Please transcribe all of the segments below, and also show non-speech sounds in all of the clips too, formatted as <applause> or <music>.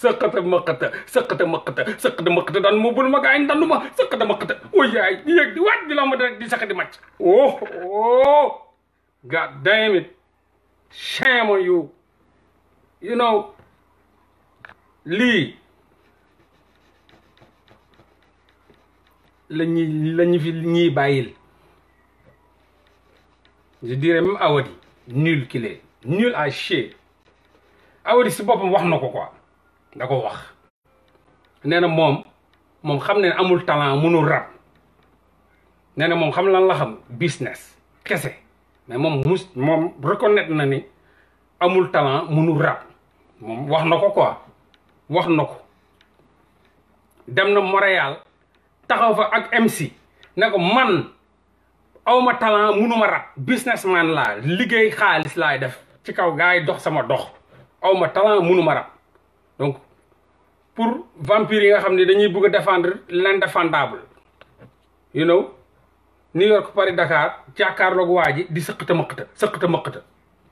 sëqata maqata sëqata maqata sëqata maqata daan ma bul ma gaañ dandu ma sëqata maqata ooy yaay di yëg di waat di lamba rek di sëqati màcc oh oh god damn it shame on know lii la ñuy fi ñuy bàyyil je dirais même awadi nul qu'il nul à chier awari si boppam wax na ko quoi nga ko wax nee na moom moom xam ne amul talent mënul rab nee na moom xam lan la xam kese mais moom mus na ni amul talent munu rab moom wax na ko quoi wax na ko dem na Montréal taxaw fa ak MC na ko man awma talent mënuma rab businessman laa liggéey xaalis laay def ci kaw gars yi dox sama dox aw ma talent mënuma rab donc pour vampire yi nga xam ne dañuy bëgg a défendre l'indéfendable you know New York Paris Dakar jàkkaarloog waa ji di sëqata mëqata sëqata mëqata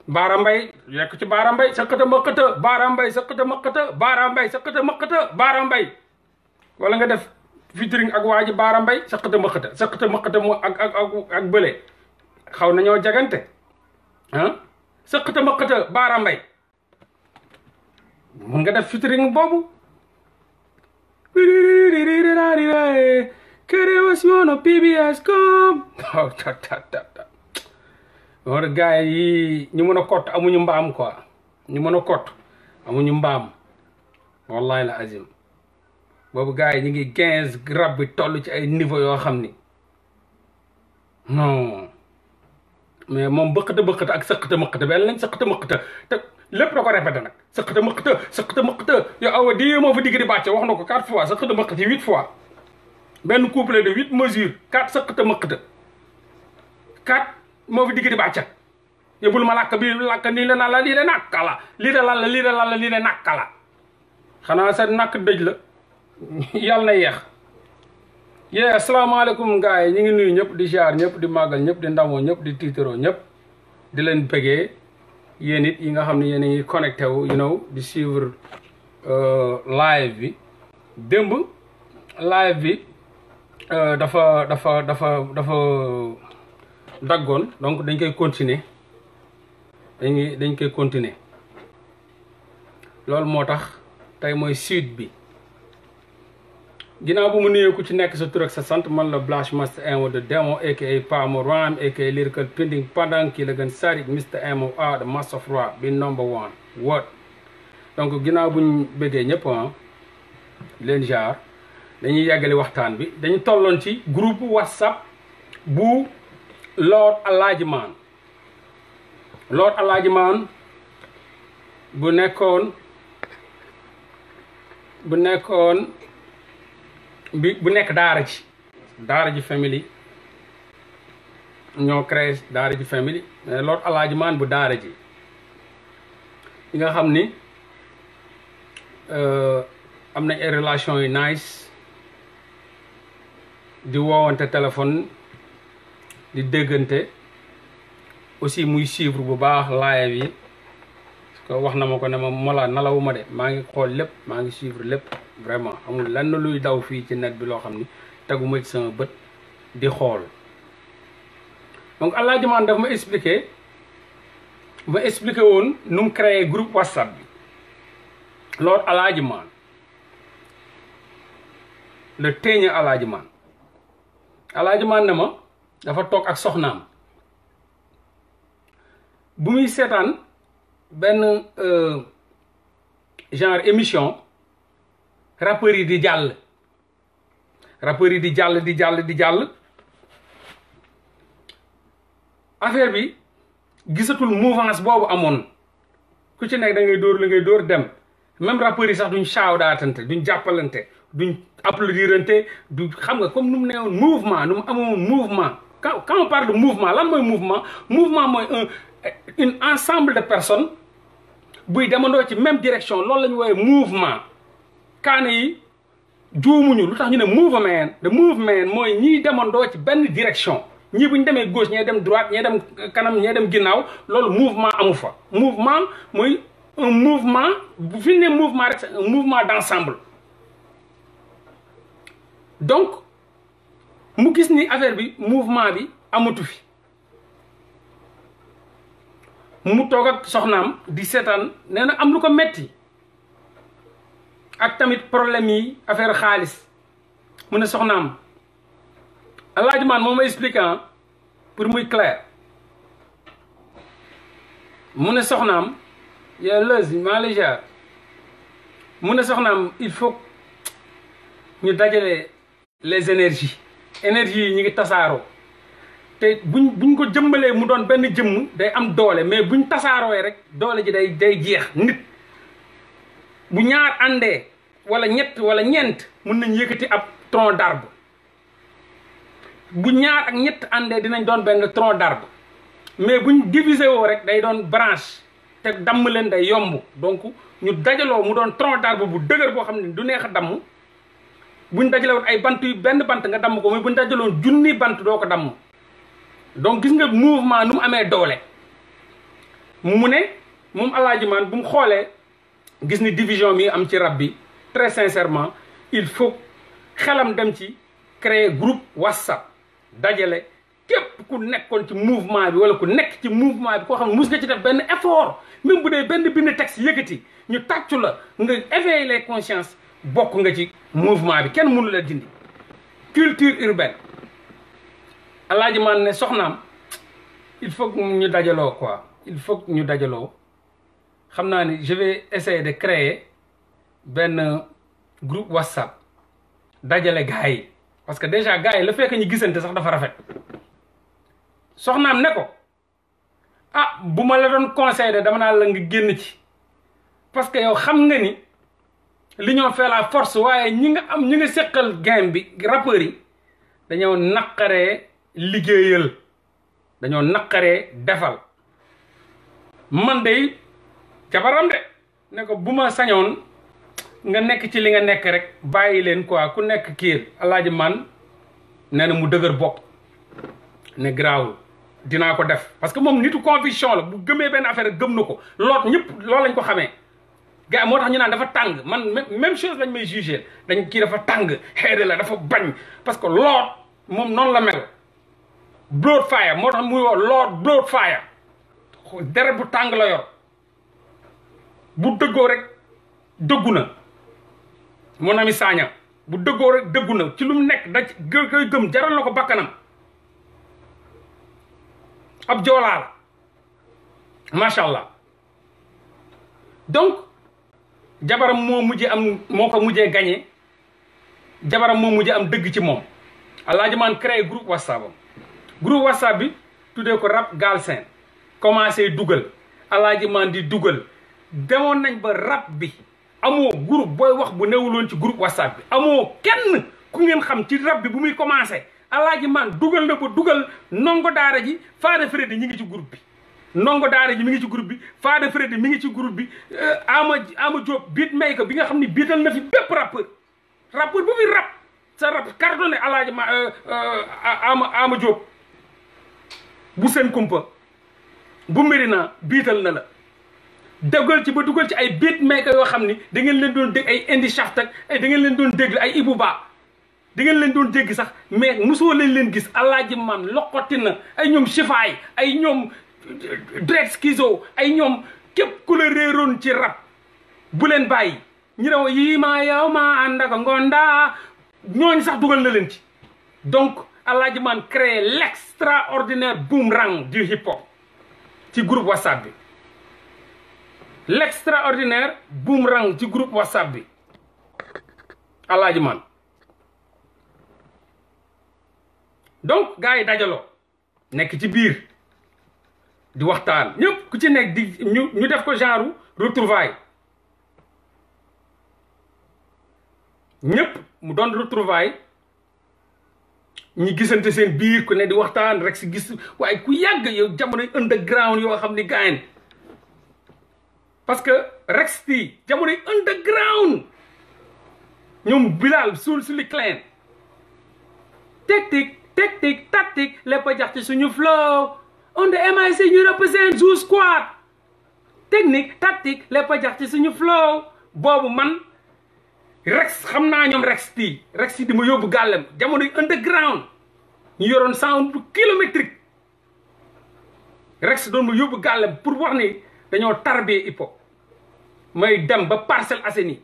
baara mbay lekk ci baara mbay sëqata mëqata baara mbay sëqata mëqata baara mbay sëqata mëqata baara mbay wala nga def featuring ak waa ji baara mbay sëqata mëqata sëqata mëqata mu ak ak ak ak bële xaw nañoo jagante ah sëqata mëqata baara mun nga def featuring boobu création PBS com war gars yi ñu mën a kott amuñu mbaam quoi ñu mën a kott amuñu mbaam wallahi la azim boobu gars yi ñu ngi quinze rab bi toll ci ay niveau yoo xam ni non mais moom bëqata bëqata ak sëqata mëqata benn lañ sëqata mëqata te lépp da ko répété nag sëqta mëqta sëqta mëqta yow awa di moo fa digg di bàcce wax na ko quatre fois sëqta mëqta huit fois benn couplet de huit mesures quatre sëqta mëqta quatre moo fa digg di bàcce yóbbul ma làkk bi làkk nii la naa la lii la nàkka la lii la lalla lii la lii la nàkka xanaa sa nàkk dëj la <laughs> yàlla na yeex yee asalaamaaleykum gars yi ñu ngi nuyu ñëpp di ziar ñëpp di màggal ñëpp di ndamoo ñëpp di tiitaroo ñëpp di leen bëggee yéen it yi nga xam ne yéen a ngi connecté wu you know di suivre euh, live bi démb live bi euh, dafa dafa dafa dafa daggoon donc dañ koy continuer dañ dañ koy continuer loolu moo tax tey mooy suite bi ginnaaw bu mu nuyee ku ci nekk sa tur sa sant man la Black Master Emo the Demon aka Pamo Rhyme aka Lyrical Pending Pandang kii la gën sarik Mr Emo ah bi number one word donc ginnaaw buñ bëggee ñëpp ah leen jaar dañuy yàggale waxtaan bi dañu tolloon ci group whatsapp bu Lord Alaaji Maan Lord Alaaji bu nekkoon bu nekkoon bi bu nekk daara ji daara ji family ñoo créé daara ji family eh, lor alaaji maan bu daara ji yi nga xam ni eh, am na ay relation yu nice di woowante téléphone di déggante aussi muy suivre bu baax live yi ko wax na ma ko ne ma Mollah nalawuma de maa ngi xool lépp maa ngi suivre lépp vraiment amul lan lenn luy daw fii ci net bi loo xam ni teguma ci sama bët di xool donc allah jimaan ma expliqué ma expliqué woon nu mu créé groupe whatsapp bi loolu allah jimaan le téeña allah jimaan allah jimaan ma dafa toog ak soxnaam bu muy seetaan benn euh, genre émission rappeurs yi di jàll rappeurs yi di jàll di jàll di jàll affaire bi gisatul mouvance boobu amoon ku ci nekk da ngay dóor la ngay dóor dem même rappeurs yi sax duñ saaw daatante duñ jàppalante duñ applaudirante du xam nga comme nu mu neewoon mouvement nu mu mouvement quand on parle de mouvement lan mooy mouvement mouvement mooy un une ensemble de personnes buy demandoo ci même direction loolu lañu ñu mouvement kaane yi juumuñu lu tax ñu ne mouvement de mouvement mooy ñiy demandoo ci benn direction ñii bu ñu demee gauche ñee dem droite ñee dem kanam ñee dem ginnaaw loolu mouvement amu fa mouvement mooy un mouvement bu fi ne mouvement rek un mouvement d'ensemble donc mu gis ni affaire bi mouvement bi amatu fi mu toog ak soxnaam di seetaan nee na am lu ko metti ak tamit problème yi affaire xaalis mu ne soxnaam alaajumaan moom ma expliquant ah, pour muy clair mu ne soxnaam yaa lëz maa lay jaar mu ne soxnaam il faut ñu dajale les énergies énergie yi ñu ngi tasaaroo te buñ buñ ko jëmbalee mu doon benn jëmm day am doole mais bu buñ tasaarooy rek doole ji day day jeex nit bu ñaar àndee wala ñett wala ñeent mën nañ yëkkati ab tronc d'arbre bu ñaar ak ñett àndee dinañ doon benn tronc d'arbre mais buñ diviser woo rek day doon branche te damm leen day yomb donc ñu dajaloo mu doon tronc d'arbre bu dëgër boo xam ne du neex a damm buñ dajalewoon ay bant yu benn bant nga damm ko bu ñu dajaloon junni bant doo ko damm donc gis nga mouvement nu mu amee doole mu ne moom Alaaji Maan bu mu xoolee gis ni division mi am ci rab bi très sincèrement il faut xelam dem ci créer groupe whatsapp dajale képp ku nekkoon ci mouvement bi wala ku nekk ci mouvement bi koo xam ne mus nga ci def benn effort même bu dee benn bind texte yëkkati ñu tàccu la nga éveiller conscience bokk nga ci mouvement bi kenn mënu la dindi culture urbaine alaaji maan ne soxnaam il faut ñu dajaloo quoi il faut ñu dajaloo xam naa ni je vais essayer de créer benn groupe whatsapp dajale gars yi parce que déjà gars yi la fekk ñu gisante sax dafa rafet soxnaam ne ko ah bu ma la doon conseillé dama naa la nga génn ci parce que yow xam nga ni li fait la force waaye ñi nga am ñi nga séqal game bi rappeurs yi dañoo naqaree liggéeyal dañoo naqaree defal man de jabaram de ne ko bu ma sañoon nga nekk ci li nga nekk rek bàyyi leen quoi ku nekk kiir alaaji man nee na mu dëgër bopp ne garaawul dinaa ko def parce que moom nitu conviction la bu gëmee benn affaire gëm na ko loot ñëpp loolu lañ ko xamee gars moo tax ñu naan dafa tàng man même chose lañ may jugé dañ kii dafa tàng xeede la dafa bañ parce que loot moom noonu la mel blood fire moo tax muy woo lord blood fire deret bu tàng la yor bu dëggoo rek dëggu na mon ami Sagna bu dëggoo rek dëggu na ci lu mu nekk da koy gëm jaral na ko bakkanam ab joolaa la allah donc jabaram moo mujjee am moo ko mujjee gagné jabaram moo mujjee am dëgg ci moom alaaji maan créé groupe whatsapp group whatsapp bi tuddee ko rap galsen commencé dugal alaaji man di dugal demoon nañ ba rap bi amoo group booy wax bu newuloon ci group whatsapp bi amoo kenn ku ngeen xam ci rab bi bu muy commencé alaaji man dugal na ko dugal ndongo daara ji Fada Freddy ñu ngi ci groupe bi ndongo daara ji mi ngi ci groupe bi Fada Freddy mi ngi ci groupe bi euh, Ama Ama Diop beat maker bi nga xam ni biital na fi bépp rappeur rappeur bu fi rap sa rap cartonné alaaji ma euh, euh, Ama Ama Diop bu seen kumpa bu Médina biital na la déggal ci ba duggal ci ay beat maker yoo xam ni da ngeen leen doon dégg ay indi shaft ak leen doon dégg ay Ibou Ba da ngeen leen doon dégg sax mais mosoo leen leen gis alaaji maam loqoti na ay ñoom chifaay ay ñoom euh, dread schizo ay ñoom képp ku la réeroon ci rab bu leen bàyyi ñu ne yii maa yow maa ànd ak ngonda ñooñ sax dugal na leen ci donc Aladji Man créé l'extraordinaire boomerang du hip hop ci group whatsapp bi l'extraordinaire boomerang ci groupe whatsapp bi Aladji Man donc gars yi dajaloo nekk ci biir di waxtaan ñëpp ku ci nekk di ñu ñu def ko genre retrouvaille ñépp mu doon retrouvaille ñu gisante seen biir ku ne di waxtaan rek si gis waaye ku yàgg yow jamonoy underground yoo xam ni gaayen parce que Rex T jamonoy underground ñoom Bilal suul su li client tactique tactique tactique jax ci suñu flow on the MIC ñu représente Zou Squad technique tactique lépp jax ci suñu flow boobu man rex xam naa ñoom rex tii rex yi di ma yóbbu gàllem jamono yu underground ñu yoroon sound bu kilométrique rex doon ma yóbbu gàllem pour wax ni dañoo tarbee hip hop may dem ba Parcelles Assainies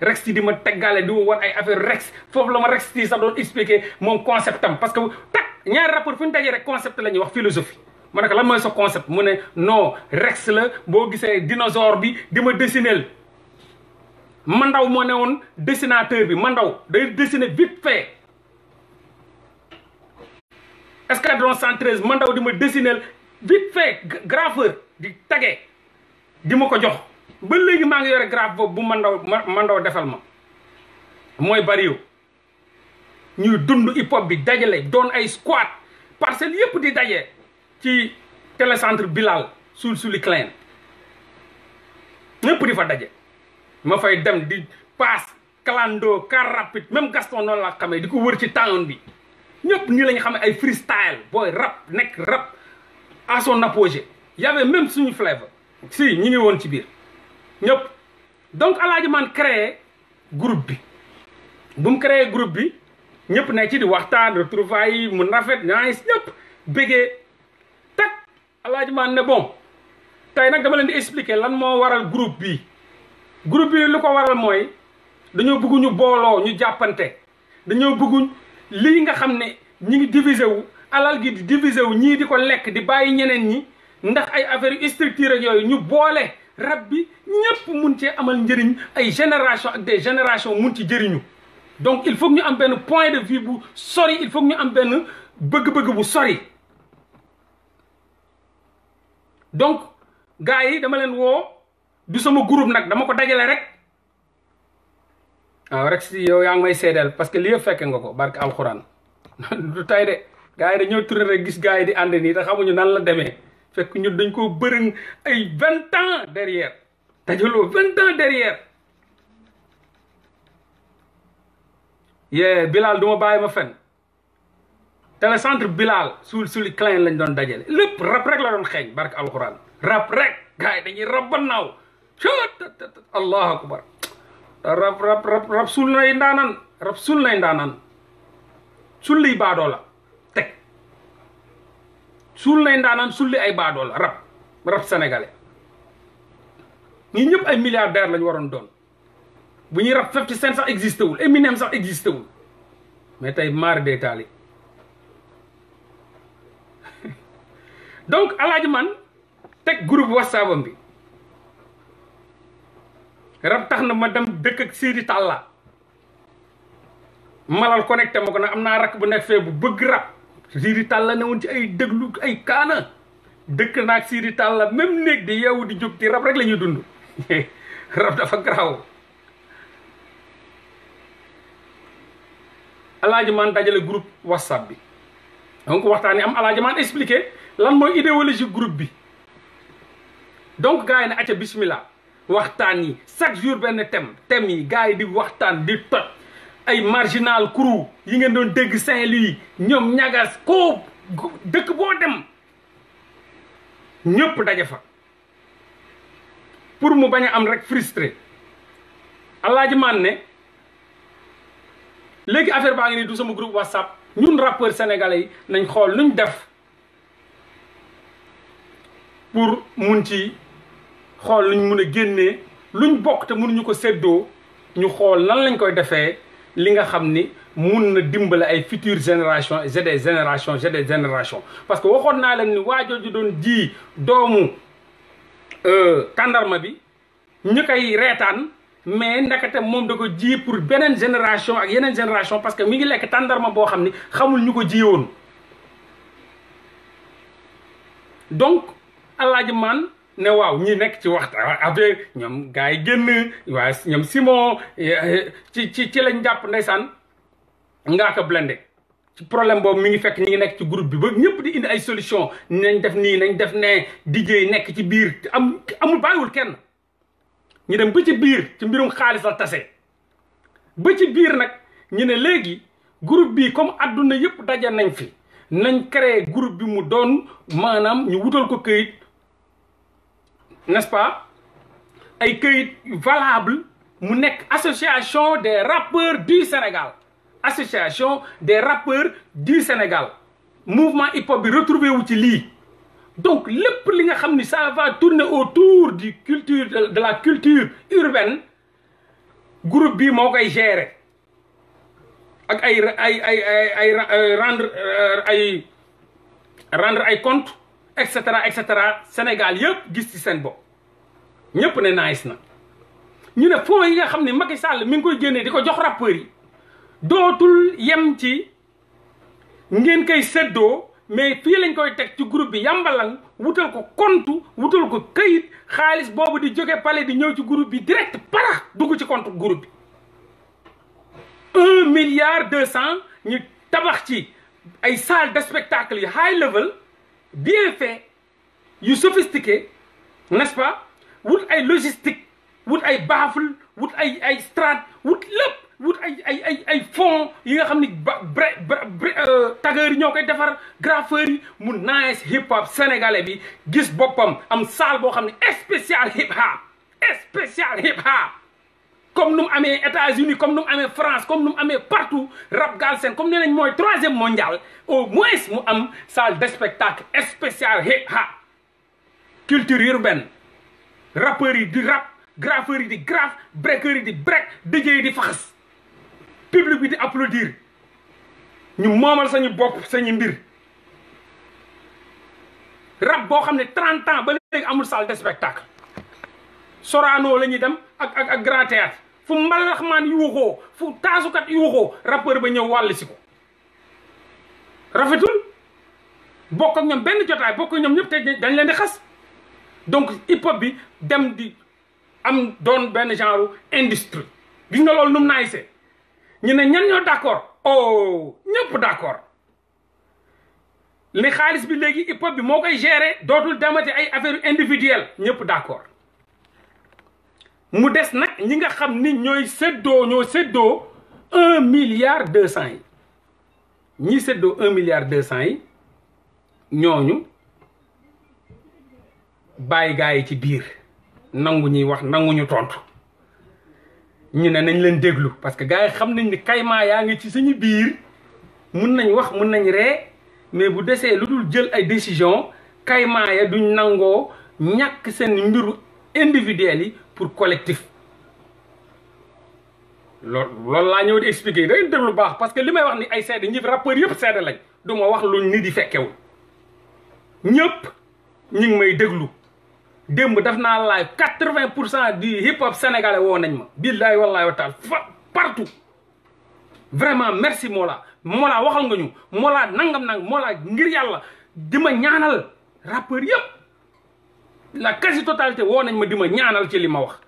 rex yi di ma teggaale di ma wan ay affaire rex foofu la ma rex tii sax doon expliqué moom concept parce que tak ñaari rapport fu ñu dajee rek concept la ñuy wax philosophie ma ne ko lan mooy sa concept mu ne noo rex la boo gisee dinosaure bi di ma dessinéel Mandaw moo ne woon dessinateur bi Mandaw day dessiner vite fait escadron 113 Mandaw di ma dessiner vite fait graveur di tage di ma ko jox ba léegi maa ngi yore grave boobu bu Mandaw Mandaw defal ma mooy bariw ñuy dund hip hop bi dajale doon ay squat parcelles yëpp di daje ci télécentre Bilal suul suli client ñëpp di fa daje ma fay dem di paas clando car rapide même Gaston noonu laa xamee di ko wër ci tàngoon bi ñëpp nii lañ xamee ay freestyle booy rap nekk rap à son apogée y avait même suñu fleuve si ñi ngi woon ci biir ñëpp donc Alaaji Man créé groupe bi bu mu créé groupe bi ñëpp ne ci di waxtaan retrouvailles yi mu rafet nice ñëpp bégee tak Alaaji Man ne bon tey nag dama leen di expliquer lan moo waral groupe bi groupe yi lu ko waral mooy dañoo bëgg ñu booloo ñu jàppante dañoo bëgg lii nga xam ne ñi ngi divisé wu alal gi di divisé wu ñii di ko lekk di bàyyi ñeneen ñi ndax ay affaire structure ak yooyu ñu boole rab bi ñëpp mun cee amal njëriñ ay génération ak des générations mun ci jëriñu donc il faut ñu am benn point de vue bu sori il faut ñu am benn bëgg-bëgg bu sori donc gars yi dama leen woo du sama group nag dama ko dajale rek waaw rek si yow yaa ngi may seedeel parce que li yëpp fekke nga ko barke alxuraan <laughs> du tay de gars yi dañoo turé rek gis gars yi di ànd nii te xamuñu nan la demee fekk ñun dañ koo bërëng ay vingt ans derrière dajaloo vingt ans derrière yee Bilal du ma bàyyi ma fen télécentre Bilal suul suuli client lañ doon dajale lépp rab rek la doon xeeñ barke alxuraan rab rek gars yi dañuy rab ba naaw allahu akbar rab rab rab rab suul nay ndaanan rab suul nay ndaanan sulli la teg suul nay ndaanan sulli ay baadoo la rab rab sénégalais ñi ñëpp ay milliardaire lañu waroon doon bu ñuy rab fifty cent sax existé wul Eminem sax existé wul mais tey maar dee taali <laughs> donc alaaji man teg groupe whatsapp am bi rab tax na ma dem dëkk ak Sidi Talla malal connecté ma ko nag am naa rakk bu nekk fee bu bëgg rab Sidi Talla ne woon ci ay déglu ay kaana dëkk naa ak Sidi Talla même néeg di yeewu di jóg di rab rek lañu dund <laughs> rab dafa garaaw alaaji maan dajale groupe whatsapp bi donc waxtaan yi am alaaji maan expliqué lan mooy idéologie groupe bi donc gars yi ne acca bismillah waxtaan yi chaque jour benn thème thème yi gaa yi di waxtaan di toj ay marginal crew yi ngeen doon dégg Saint-Louis ñoom ñagas ko dëkk boo dem ñëpp daje fa pour mu bañ a am rek frustré alaaji maan ne léegi affaire baa ngi nii du sama groupe whatsapp ñun rappeur sénégalais yi nañ xool nuñ def pour mun ci xool luñ mun a génnee luñ bokk te mënuñu ko seddoo ñu xool lan lañ koy defee li nga xam ni mun na dimbale ay future génération j'ai des génération j'ai des génération parce que waxoon naa leen ni waajooju doon ji doomu euh, tàndarma bi ñu koy reetaan mais ndakate moom da ko ji pour beneen génération ak yeneen génération parce que mi ngi lekk tàndarma boo xam ni xamul ñu ko ji woon donc alaaji maan ne waaw ñi nekk ci waxtaan avec ñoom gars yi génn waa ñoom Simon eh, ci ci ci lañ jàpp ndeysaan Ngaaka Blindé ci problème boobu mi ngi fekk ñi ngi nekk ci groupe bi ba ñëpp di indi ay solution nañ def nii nañ def ne DJ nekk ci biir am amul bàyyiwul kenn ñu dem ba ci biir ci mbirum xaalis la tase ba ci biir nag ñu ne léegi groupe bi comme adduna yëpp daje nañ fi nañ créer groupe bi mu doon maanaam ñu wutal ko këyit n'est-ce pas ay këyit valable mu nekk association des rappeurs du Sénégal association des rappeur du Sénégal mouvement hip hop bi retrouvé wu ci lii donc lépp li nga xam ni ça va tourner autour du culture de la culture urbaine groupe bi moo koy gérer ak ay ay ay ay rendre euh, ay rendre ay compte et cetera et cetera Sénégal yëpp gis ci seen bopp ñëpp ne nice na ñu ne fonds yi nga xam ne Macky Sall mi ngi koy génnee di ko jox rappeurs yi dootul yem ci ngeen koy seddoo mais fii lañ koy teg ci groupe bi yàmbalan wutal ko kont wutal ko kayit xaalis boobu di jóge palais di ñëw ci groupe bi direct para dugg ci compte groupe bi un milliard deux cent ñu tabax ci ay salle de spectacle yi high level bien fait yu sophistiqué n'est-ce pas wut ay logistique wut ay baaful wut ay ay strate wut lépp wut ay ay ay ay fonds yi nga xam ni ba euh, taggeurs yi ñoo koy defar graffeurs yi mu nice hip hop sénégalais bi gis boppam am salle boo xam ne spécial hip hop spécial hip hop comme nu mu amee États-Unis comme nu amee France comme nu mu amee partout rap galsen comme nee nañ mooy troisième mondial au moins mu am salle de spectacle spécial hip hop culture urbaine rappeurs yi di rap graffeurs di graff breakeurs yi di break DJ yi di faxas public bi di applaudir ñu moomal sañu bopp sañu mbir rap boo xam ne 30 ans ba léegi amul salle de spectacle. Sorano la ñuy dem ak ak ak Grand Théâtre fu mbalaxmaan yuuxoo fu taasukat yuuxoo rapport ba ñëw wàll si ko rafetul bokk ñoom benn jotaay bokk ñoom ñëpp te dañ leen di xas donc hip hop bi dem di am doon benn genre industrie gis nga lool nu mu naay see ñu ne ñan ñoo d' accord oh ñëpp d' accord li xaalis bi léegi hip hop bi moo koy gérer dootul demati ay affaire individuelle ñëpp d' accord mu des nag ñi nga xam ni ñooy seddoo ñoo séddoo un milliard deux cent yi ñi seddoo un milliard deux cent yi ñooñu bàyyi gaa yi ci biir nangu ñuy wax nangu ñu tontu ñu ne nañ leen déglu parce que gaa yi xam nañ ni kaymaa yaa ngi ci suñu biir mun nañ wax mun nañ ree mais bu desee lu dul jël ay décision kaymaa ya duñ nangoo ñàkk seen mbiru individuel yi pour collectif loolu loolu laa ñëw di expliquer da ngeen lu baax parce que li may wax ni ay seede ñi rappeurs yëpp seede lañ du ma wax lu nit di fekkewul ñëpp ñu ngi may déglu démb daf naa laay quatre-vingt pour cent du hip hop sénégalais woo nañ ma billaay wallaay wa taal fa partout vraiment merci Mollah Mollah waxal nga ñu Mollah nangam nang Mollah ngir yàlla di ma ñaanal rappeurs yëpp la quasi totalité woo nañ ma di ma ñaanal ci li ma wax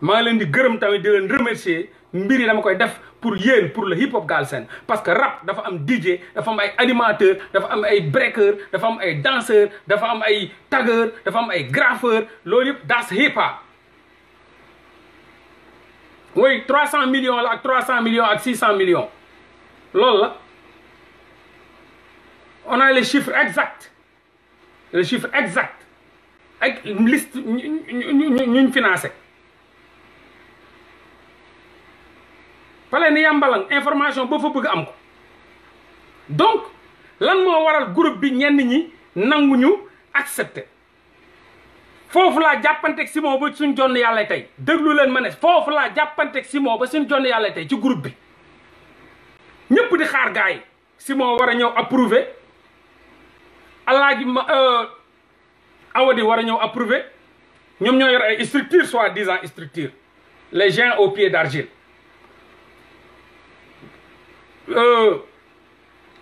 maa ngi leen di gërëm tamit di leen remercier mbir yi dama koy def pour yéen pour la hip hop Galsen parce que rap dafa am DJ dafa am ay animateur dafa am ay breaker dafa am ay danseur dafa am ay tagueur dafa am ay graffeur loolu yëpp das hip hop mooy 300 millions la ak 300 millions ak 600 millions loolu la on a les chiffres exacts le chiffre exact ak liste ñuñ financé pale ni yàmbalang information boo fa bëgg am ko donc lan moo waral groupe bi ñenn ñi nanguñu accepté foofu laa jàppanteeg Simon ba suñ jonn yàlla tey déglu leen ma ne foofu laa jàppanteeg Simon ba suñ jonn yàlla tey ci groupe bi ñëpp di xaar gars yi Simon war a ñëw approuvé alaaji ma euh, awadi war a ñëw approuvé ñoom ñoo yor ay structure soi-disant structure les gens aux pieds d'argile euh,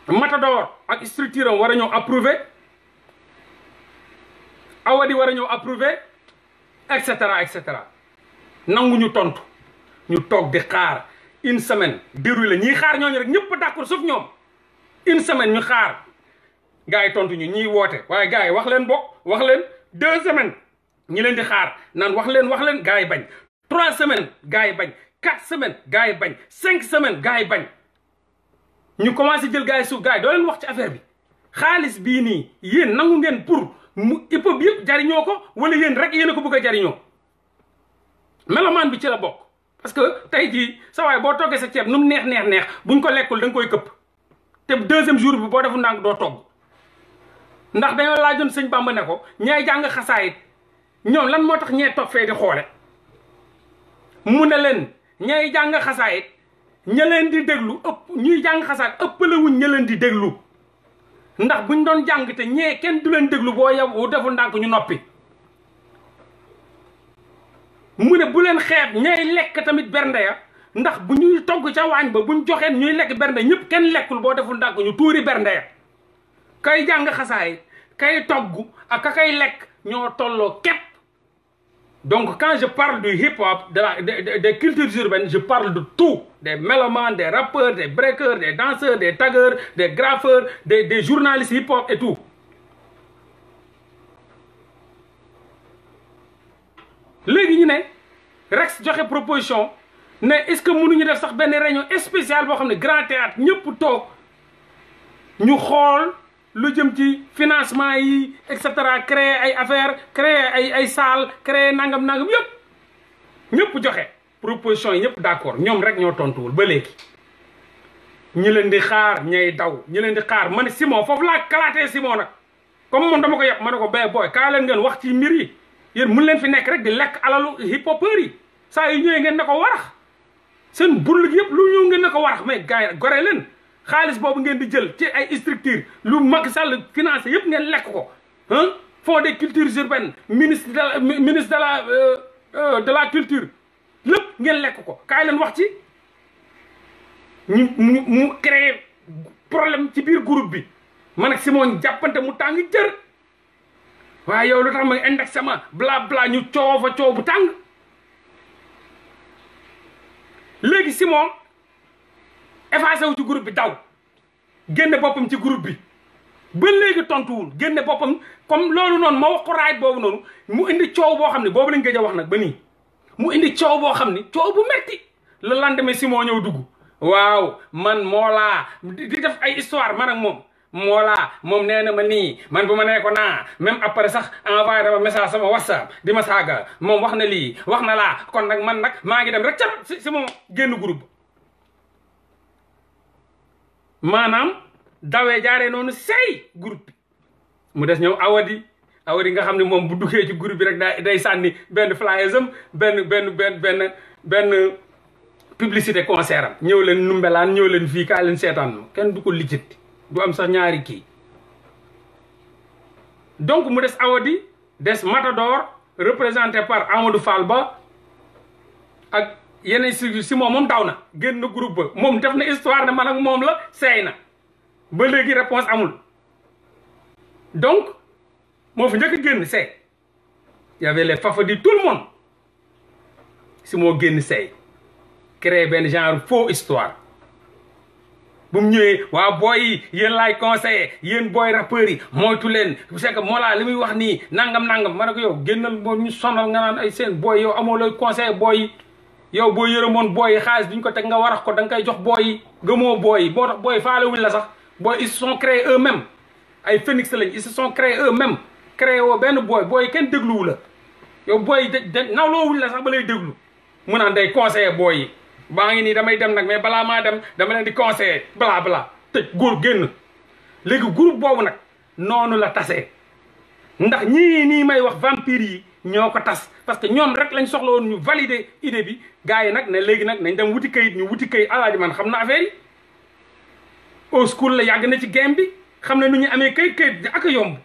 matador ak structure am war a ñëw approuvé awadi war a ñëw approuvé et cetera et cetera nangu ñu tontu ñu toog di xaar une semaine déroulé ñiy xaar ñooñu rek ñëpp d'accord sauf ñoom une semaine ñu xaar gars yi tontu ñu ñiy woote waaye gars yi wax leen bokk wax leen deux semaines ñi leen di xaar naan wax leen wax leen gaa yi bañ trois semaines gars yi bañ quatre semaines gars yi bañ cinq semaines gars yi bañ ñu commencé jël gars yi suuf gars doo leen wax ci affaire bi xaalis bii nii yéen nangu ngeen pour mu hip hop jariñoo ko wala yéen rek yéen a ko bëgg jariñoo melomaan bi ci la bokk parce que tey jii sa boo toggee sa ceeb nu mu neex neex buñ ko lekkul da koy këpp te deuxième jour bi boo defu ndànk doo togg ndax dañoo laajoon sëñ Bàmba ne ko ñay jàng xasaayit ñoom lan moo tax ñee toog fee di xoole mu ne leen ñay jàng xasaayit ña leen di déglu ëpp ñuy jàng xasaayit ëppalewuñ ña leen di déglu ndax buñ doon jàng te ñee kenn du leen déglu boo yow deful ndànk ñu noppi mu ne bu leen xeeb ñay lekk tamit bernde ya ndax bu ñuy togg ca waañ ba buñ joxee ñuy lekk bernde ñëpp kenn lekkul boo deful ndànk ñu tuuri bernde ya kay jàng xasaay kay toggu ak kay lekk ñoo tolloo képp donc quand je parle du hip hop de la des des cultures urbaines je parle de tout des mélomanes des rappeurs des breakers des danseurs des taggeurs des graffeurs des des journalistes hip hop et tout. léegi ñu ne Rex joxe proposition ne est-ce que ñu def sax benn réunion spéciale boo xam ne grand théâtre ñëpp toog ñu xool lu jëm ci financement yi et cetera créer ay affaire créer ay ay salle créer nangam nangam yëpp ñëpp joxe proposition yi ñëpp d'accord ñoom rek ñoo tontuwul ba léegi ñu leen di xaar ñay daw ñu leen di xaar ma ne Simon foofu laa kalaatee Simon nag comme moom dama ko yàpp ma ne ko bay booy kaa leen ngeen wax ci mbir yi yéen mun leen fi nekk rek di lekk alalu hip hopeur yi saa yi ñëwee ngeen ne ko warax seen burul gi yëpp lu ñëw ngeen ne ko warax mais gars yi gore leen xaalis boobu ngeen di jël ci ay structure lu Macky sal financé yëpp ngeen lekk ko ah fonds des cultures urbaines ministre de la ministre de la euh, euh, de la culture lépp ngeen lekk ko kaay leen wax ci ñu mu mu créé problème ci biir groupe bi man ak Simon jàppante mu tàng jër waaye yow lu tax ma indexé ma bla bla ñu coow fa coow bu tàng léegi Simon effacé wu ci groupe bi daw génne boppam ci groupe bi ba léegi tontuwul génne boppam comme loolu noonu ma wax ko boobu noonu mu indi coow boo xam ne boobu lañ gëj a wax nag ba nii mu indi coow boo xam ne coow bu metti le lendemain si moo ñëw dugg waaw man moo moolaa di def ay histoire man ak moom laa moom nee na ma nii man bu ma nee ko naa même après sax envoyé dama message sama whatsapp di ma saaga moom wax na lii wax na laa kon nag man nag maa ngi dem rek ca si si moom génn groupe maanaam dawee jaaree noonu sey groupe bi mu des ñëw awadi awadi nga xam ne moom bu duggee ci groupe bi rek day day sànni benn flyers benn benn benn benn benn publicité concert am ñëw leen numbelaan ñëw leen fii kaa leen seetaan nu kenn du ko lijjanti du am sax ñaari kii donc mu des awadi des matador représenté par Amadou Fall Ba ak yeneen si si moom moom daw na génn groupe ba moom def na histoire ne man ak moom la seey na ba léegi réponse amul donc moo fi njëkk génn seey y avait les fafadi tout le monde si moo génn seey créer benn genre faux histoire bu mu ñëwee waa booy yi yéen laay conseillé yéen booy rappeurs yi moytu leen c'est que li muy wax nii nangam nangam ma ne ko yow génnal moo ñu sonal nga naan ay seen booy yow amoo looy conseillé booy yow boo yërëmoon booy yi xaalis duñ ko teg nga warax ko danga nga koy jox booy yi gëmoo booy yi boo tax booy wuñ la sax booy ils se sont créés ay phénix lañ ils se sont créés eux-mêmes créé woo benn booy booy kenn dégluwu la yow booy de nawloowuñ la sax ba lay déglu mu naan day conseiller booy yi baa ngi nii damay dem nag mais balaa maa dem dama leen di conseiller balaa balaa tëj góor génn léegi groupe boobu nag noonu la tasee ndax ñii nii may wax vampire yi ñoo ko tas parce que ñoom rek lañ soxla woon ñu valider idée bi gars yi nag ne léegi nag nañ dem wuti kayit ñu wuti kayit alaaji man xam na affaire au school la yàgg na ci game bi xam ne nu ñuy amee kayit kayit ak a yomb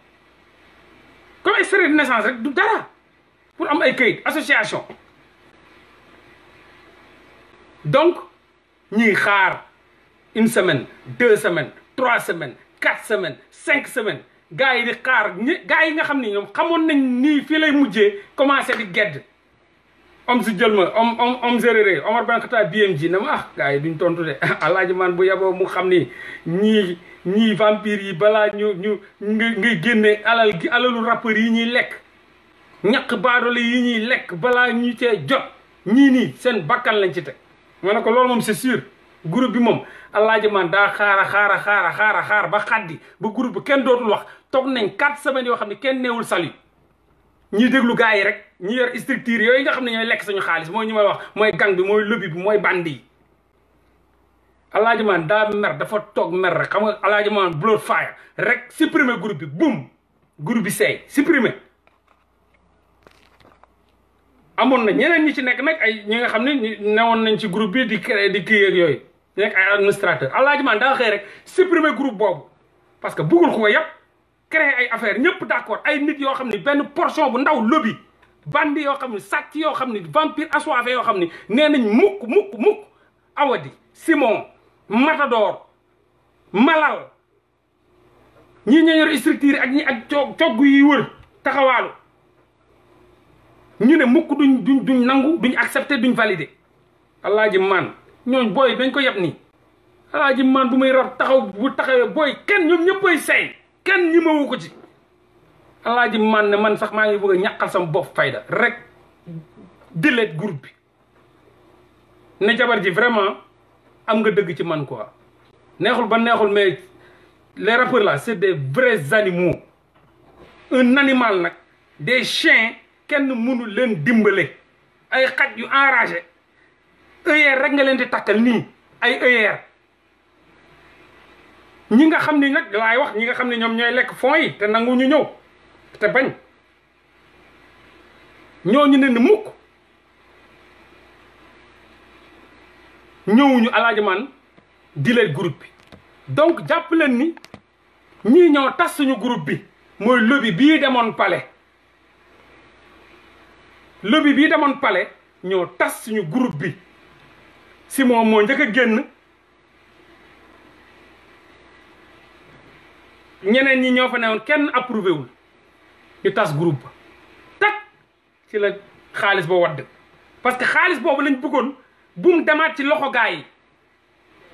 comme extrait de naissance rek du dara pour am ay kayit association donc ñuy xaar une semaine deux semaine trois semaines quatre semaines cinq semaines gaa yi di xaar ñi gaa yi nga xam ni ñoom xamoon nañ nii fii lay mujjee commencé di gedd om si jël ma om om om séréré Omar Ben Khattab BMG na ma ah gaa yi duñ tontu de <laughs> alaaji man bu yeboo mu xam ni ñii ñii vampire yi balaa ñu ñu nga ngay génne alal gi alalu rappeurs yi ñuy lekk ñaq baadole yi ñuy lekk balaa ñu cee jot ñii nii seen bakkan lañ ci teg ma ne ko loolu moom c'est sûr groupe bi moom Alaaji Man daa xaara xaara xaara xaara xaar ba xaddi ba groupe bi kenn dootul wax toog nañ quatre semaines yoo xam ne kenn neewul salut ñi déglu gars yi rek ñi yor structure yooyu nga xam ne ñooy lekk suñu xaalis mooy ñu may wax mooy gang bi mooy lobby bi mooy bandi yi Alaaji Man daa mer dafa toog mer rek xam nga Alaaji Man blood fire rek supprimer groupe bi boum group bi seey supprimer amoon na ñeneen ñi ci nekk nag ay ñi nga xam ne newoon nañ ci group bi di créé di kii ak yooyu nekk ay administrateur alaaji maan daa xëy rek supprimer groupe boobu parce que buggul ko yàpp créé ay affaire ñëpp d' accord ay nit yoo xam ne benn portion bu ndaw lobby bandi yoo xam ne sàcc yoo xam ne vampire assoiffé yoo xam ne nee nañ mukk mukk muk awadi simon matador malal ñi ñoo yor ak ñi ak coog cogg yi wër taxawaalu ñu ne mukk duñ duñ duñ nangu duñ accepté duñ validé alaaji maan ñooñ booy dañ ko yeb nii alaaji maan bu may rab taxaw bu taxawee booy kenn ñoom ñëppay say kenn ñi mawu ko ci alaaji maan ne man sax maa ngi bëgg a ñàqal sama bopp fayda rek dileet groupe bi ne jabar ji vraiment am nga dëgg ci man quoi neexul ba neexul mais les rappeurs là c'est des vrais animaux un animal nag des chiens kenn mënu leen dimbale ay xaj yu enragé œillère rek nga leen di takkal nii ay œillère ñi nga xam ni nag laay wax ñi nga xam ne ñoom ñooy lekk fonds yi te nangu ñu ñëw te bañ ñoo ñu ne ni mukk ñëwuñu alaaji man di leen groupe bi donc jàpp leen ni ñii ñoo tas suñu groupe bi mooy lobby bii demoon pale lobby bii demoon palais ñoo tas suñu groupe bi si moom moo njëkk a génn ñeneen ñi ñoo fa newoon kenn approuvé wul ñu tas groupe ba tak ci la xaalis ba wadd parce que xaalis boobu lañ bëggoon bum demaat ci loxo gaa yi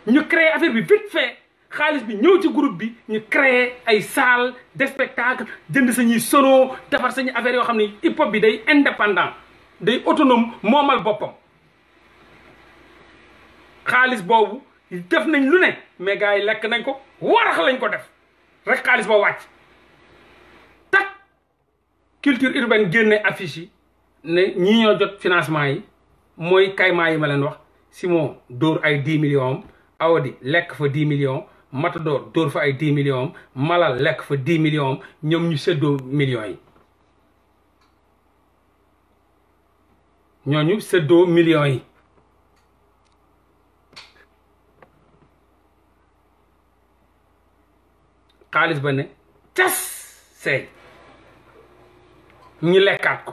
ñu créé affaire bi vite fait xaalis bi ñëw ci groupe bi ñu créé ay salle de jënd sañuy sono defar sañu affaire yoo xam ni hip hop bi day indépendant day autonome moomal boppam xaalis boobu def nañ lu ne mais gars yi lekk nañ ko warax lañ ko def rek xaalis ba wàcc tak culture urbaine génne affiche yi ne ñi ñoo jot financement yi mooy kaymaa yi ma leen wax Simon dóor ay 10 millions am Awadi lekk fa 10 millions Matador dóor fa ay 10 millions am Malal lekk fa 10 millions am ñoom ñu séddoo millions yi ñooñu séddoo millions yi xaalis ba ne cas seey ñu lekkaat ko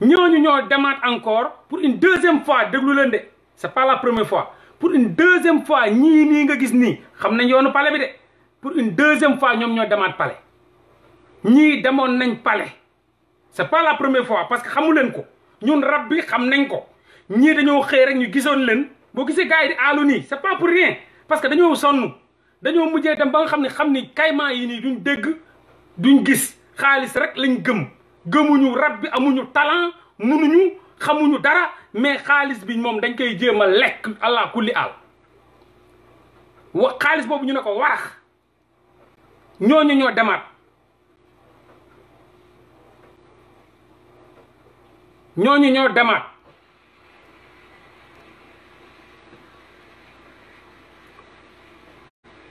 ñooñu ñoo demaat encore pour une deuxième fois déglu leen de c'est pas la première fois pour une deuxième fois ñii nii nga gis nii xam nañ yoonu palais bi de pour une deuxième fois ñoom ñoo demaat palais ñii demoon nañ pale c'est pas la première fois parce que xamu leen ko ñun rab bi xam nañ ko ñii dañoo xëy rek ñu gisoon leen boo gisee gars yi di aalu nii c'est pas pour rien parce que dañoo sonn dañoo mujjee dem ba nga xam ne xam ni kaymaa yi nii duñ dégg duñ gis xaalis rek lañ gëm gëmuñu rab bi amuñu talent munuñu xamuñu dara mais xaalis bi moom dañ koy jéem a lekk allah kulli al xaalis boobu ñu ne ko warax ñooñu ñoo demaat ñoo ñooñu ñoo demaat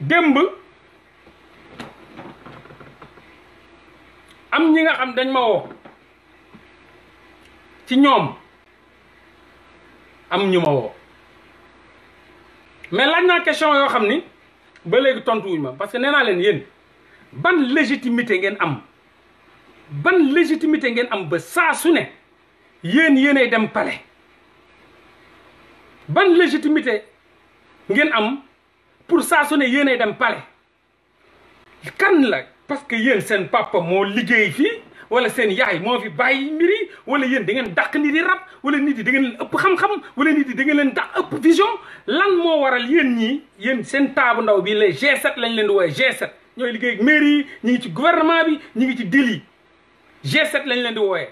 démb am ñi nga xam dañ ma woo ci ñoom am ñu ma woo mais laaj naa question yoo xam ni ba léegi tontuwuñ ma parce que nee naa leen yéen ban légitimité ngeen am ban légitimité ngeen am ba saa su ne yéen yéenay dem palais ban légitimité ngeen am pour saa su ne dem palais kan la parce que yéen seen papa moo liggéey fii wala seen yaay moo fi bàyyi mbir yi wala yéen da ngeen dàq nit yi rab wala nit yi da ngeen ëpp xam-xam wala nit di da ngeen leen dàq ëpp vision lan moo waral yéen ñii yéen seen taabu ndaw bi les g set lañ leen di wooye G7 ñooy liggéey ak mairie yi ñi ngi ci gouvernement bi ñi ngi ci dil yi G7 lañ leen di wooye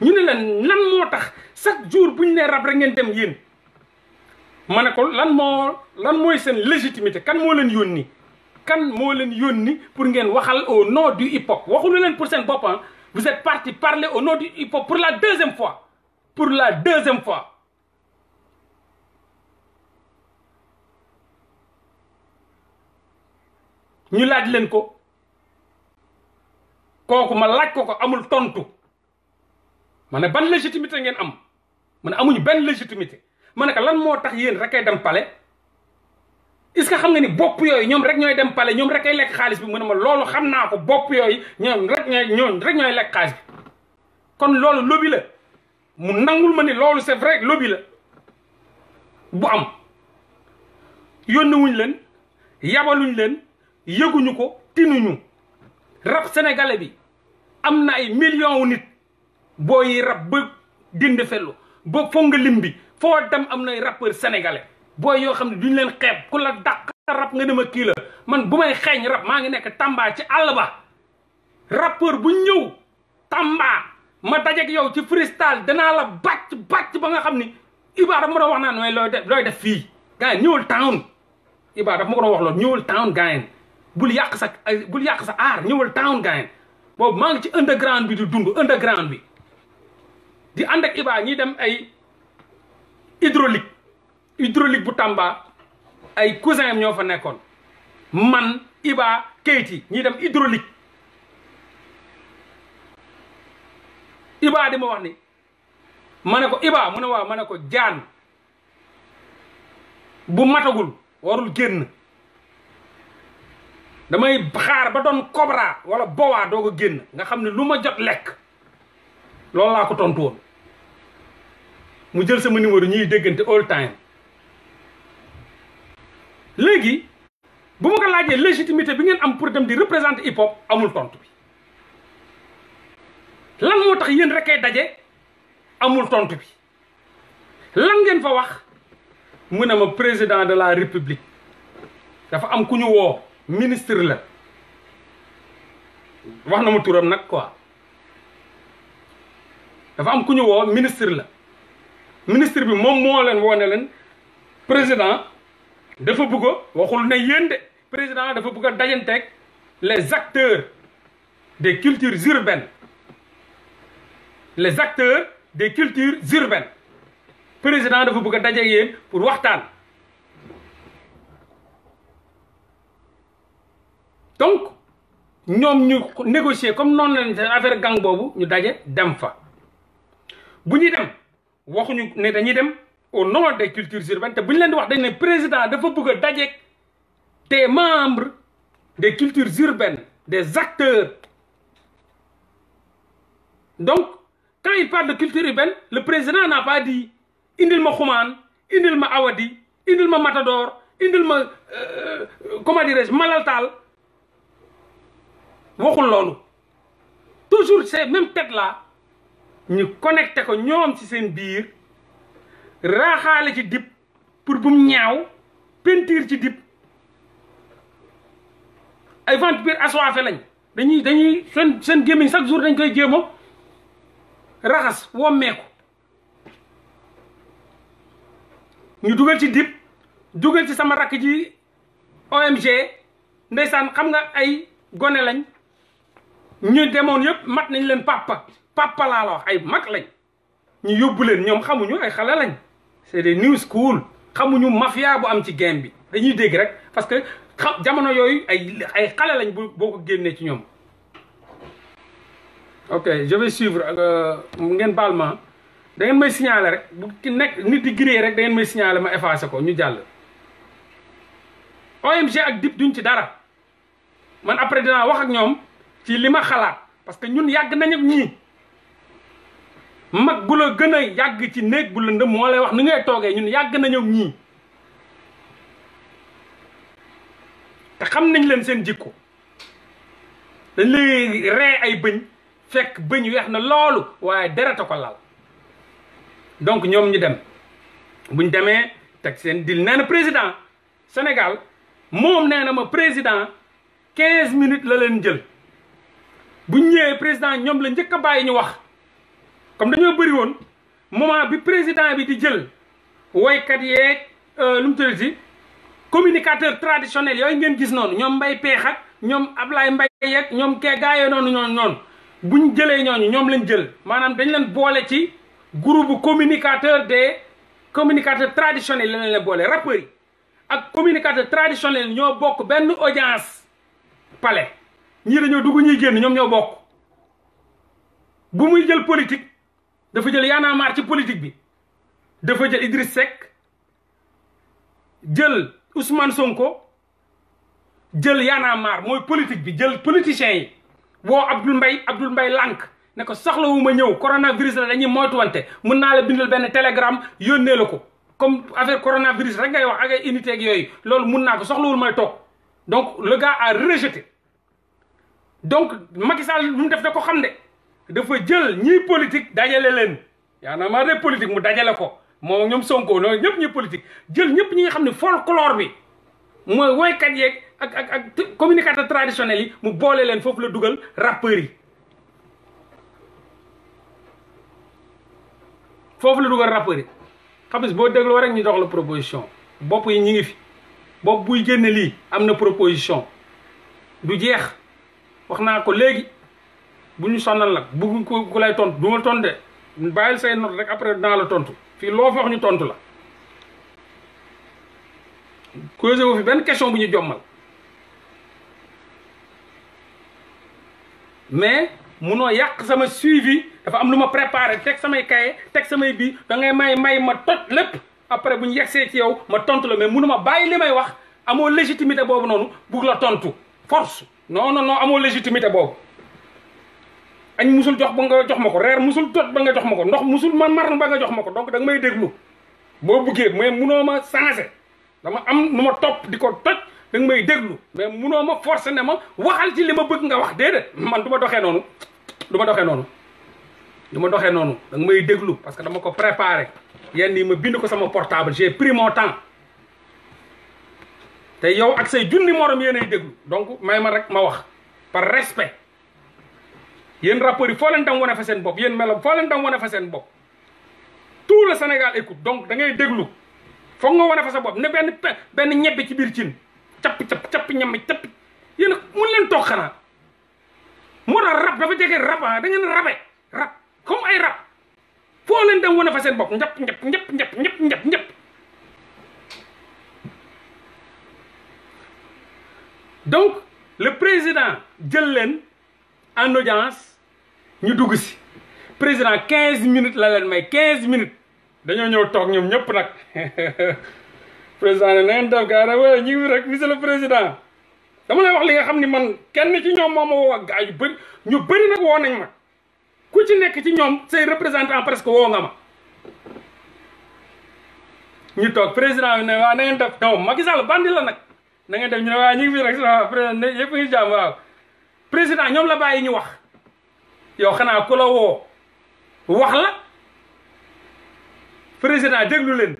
ñu ne leen lan moo tax chaque jour bu ñu nee rab rek ngeen dem yéen moo ne ko lan moo lan mooy seen légitimité kan moo leen yónni kan moo leen yónni pour ngeen waxal au nom du hip hop waxuñu leen pour seen boppam vous êtes parti parle au nom du hip hop pour la deuxième fois pour la deuxième fois ñu laaj leen ko kooku ma laaj ko ko amul tontu ma ne ban légitimité ngeen am ma ne amuñu benn légitimité ma ne ko lan moo tax yéen rek ay dem pale est-ce que xam nga ni bopp yooyu ñoom rek ñooy dem pale ñoom rek ay lekk xaalis bi mu ne ma loolu xam naa ko bopp yooyu ñoom rek ñooy ñoom rek ñooy lekk xaalis bi kon loolu lobby la mu nangul ma ni loolu c'est vrai lobby la bu am yónnewuñ leen yabaluñ leen yëguñu ko tinuñu rab sénégalais bi am na ay millions wu nit booy rap ba dindi fellu ba foog nga foo dem am nay rappeur sénégalais booy yoo xam ne duñ leen xeeb ku la dàq rap nga dem a kii man bu may xeeñ rap maa ngi nekk tambaa ci àll ba rappeur bu ñëw Tamba ma dajeeg yow ci freestyle danaa la bàcc bàcc ba nga xam ni Iba daf ma doon wax naan mooy looy def looy def fii gars ñëwul town Iba daf ma ko doon wax loolu ñëwul town gars bul yàq sa bul yàq sa aar ñëwul town gars yi boobu maa ngi ci underground bi di dund underground bi di ànd ak ibaa ñi dem ay hydraulique hydraulique bu Tamba ay cousin am ñoo fa nekkoon man Iba Keyti ñi dem hydraulique Iba di ma wax ni ma ne ko ibaa mu ne waaw ma ne ko jaan bu matagul warul génn damay xaar ba doon kobra wala bowaa doo génn nga xam ne lu ma jot lekk loolu laa ko tontu woon mu jël sama numéro ñuy déggante all time léegi bu ma ko laajee légitimité bi ngeen am pour dem di représenter hip hop amul tontu bi lan moo tax yéen rek ay daje amul tontu bi lan ngeen fa wax mu ne ma président de la république dafa am ku ñu woo ministre la wax na ma turam nag quoi dafa am ku ñu woo ministre la. ministre bi moom moo leen woone leen président dafa bugg a waxul ne yéen de président dafa bugg a dajanteeg les acteurs des cultures urbaines les acteurs des cultures urbaines président dafa bugg a daje pour waxtaan donc ñoom ñu négocier comme noonu lañ affaire gang boobu ñu daje dem fa bu ñuy dem waxuñu ne dañuy dem au nom des cultures urbaines te bu ñu leen di wax ne président dafa bëgg a dajeeg des membres des cultures urbaines des acteurs donc quand il parle de culture urbaine le président n'a pas di indil ma xumaan indil ma awadi indil ma matador indil ma euh, comment dirais-je malaltal waxul loonu toujours ces même têtes là ñu connecté ko ñoom ci seen biir raaxaale ci dib pour bum ñaaw peinture ci dib ay vampire assoiffé lañ dañuy dañuy seen seen gémmiñ chaque jour dañ koy jéem a raxas wommeeku ñu dugal ci dib dugal ci sama rakk ji OMG ndeysaan xam nga ay gone lañ ñu demoon yëpp mat nañ leen papa papa laa wax ay mag lañ ñu yóbbu leen ñoom xamuñu ay xale lañ c'est des new school xamuñu mafia bu am ci game bi dañuy dégg rek parce que xam jamono yooyu ay ay xale lañ bu boo ko génnee ci ñoom ok je vais suivre euh, ngeen baal ma da may signaler rek bu ki nekk nit di gré rek da ngeen may signaler ma effacé ko ñu jàll OMG ak DIP duñ ci dara man après dinaa wax ak ñoom ci li ma xalaat parce que ñun yàgg nañ ak ñii mag bu la gën a yàgg ci néeg bu lëndëm moo lay wax ni ngay toogee ñun yàgg nañu ñii te xam nañ leen seen jikko dañ lay ree ay bëñ fekk bëñ weex na loolu waaye dereta ko lal donc ñoom ñu dem buñ demee teg seen dil nee na président Sénégal moom nee na ma président quinze minutes la leen jël buñ ñëwee président ñoom la njëkk a bàyyi ñu wax comme dañoo bëri woon moment bi président bi di jël woykat yee euh, lu mu tëdd si communicateur traditionnel yooyu ngeen gis noonu ñoom mbay Peex ak ñoom Ablaye Mbaye yeeg ñoom kee gaayee noonu ñoonu noonu buñ jëlee ñooñu ñoom lañ jël maanaam dañ leen boole ci groupe communicateur des communicateur traditionnels lañ leen boole rappeurs yi ak communicateur traditionnel ñoo bokk benn audience pale ñii dañoo dugg ñuy génn ñoom ñoo bokk bu muy jël politique dafa jël Y'en a ci politique bi dafa jël Idriss Seck jël Ousmane Sonko jël Y'en a mooy politique bi jël politiciens yi woo Abdoul Mbaye Abdoul Mbaye lànk ne ko soxlawuma ñëw coronavirus la dañuy moytuwante mën naa la bindal benn télégramme yónnee la ko comme affaire coronavirus rek ngay wax ak ay yooyu loolu mun naa ko soxlawul may toog donc le gars a rejeté donc Macky Sall def da ko xam ne dafa jël ñiy politique dajale leen yaa na ma de politique mu dajale ko moom ñoom Sonko noonu ñëpp ñuy politique jël ñëpp ñi nga xam ne folklore bi mooy woykat yeeg ak ak ak communicateur traditionnel yi mu boole leen foofu la dugal rappeurs foofu la dugal rappeurs yi xam nga boo dégloo rek ñu dox la proposition bopp yi ñu ngi fi bopp buy génne lii am na proposition du jeex wax naa ko léegi bu ñu sonal nag bugg ku ku lay tontu du ma tontu de bàyyil say note rek après dinaa la tontu fii loo fi wax ñu tontu la. causé wu fi benn question bu ñu jommal mais munoo yàq sama suivi dafa am lu ma préparé teg samay kaye teg samay bii da ngay may may ma toj lépp après bu ñu yegsee ci yow ma tontu la mais munuma bàyyi li may wax amoo légitimité boobu noonu bugg la tontu force non non non amoo légitimité boobu. añ musul jox ba nga jox ma ko reer musul tot ba nga jox ma ko ndox musul ma mar ba nga jox ma ko donc da nga may déglu boo buggee mais munoo ma changé dama am nu ma topp di ko toj da nga may déglu mais munoo ma forcé ne ma waxal ci li ma bëgg nga wax déedéet man du ma doxee noonu du ma doxee noonu du ma doxee noonu da nga may déglu parce que dama ko préparé yenn yi ma bind ko sama portable j'ai pris mon temps te yow ak say junni morom yéenay déglu donc may ma rek ma wax par respect yéen rappeurs yi foo leen tam wane fa sen bopp yéen melam foo leen tam wane fa seen bopp tout le Sénégal écoute donc da ngay déglu foog nga wane fa sa bopp ne benn benn ñebbe ci biir cin capp capp capp ñam capp yéen mun leen toog xanaa moo tax rab dafa jege rab ah da ngeen rabe rab comme ay rab foo leen dem wane fa seen bopp njëpp njëpp njëpp njëpp njëpp njëpp njëpp donc le président jël leen en ñu dugg si président 15 minutes la leen may 15 minutes dañoo ñëw toog ñoom ñëpp nag <laughs> président ne na ngeen def ñu ngi rek monsieur le président dama lay wax li nga xam ni man kenn ci ñoom moo ma woo ak gars ñu bëri nag woo nañ ma ku ci nekk ci ñoom say représentant presque woo nga ma. ñu toog président bi ne waaw na ngeen def non Macky Sall bandi la nag na ngeen def ñu ne waaw ñu ngi fi rek président yëpp ngi jàmm waaw président ñoom la bàyyi ñu wax. yow xanaa ku la woo wax la président déglu leen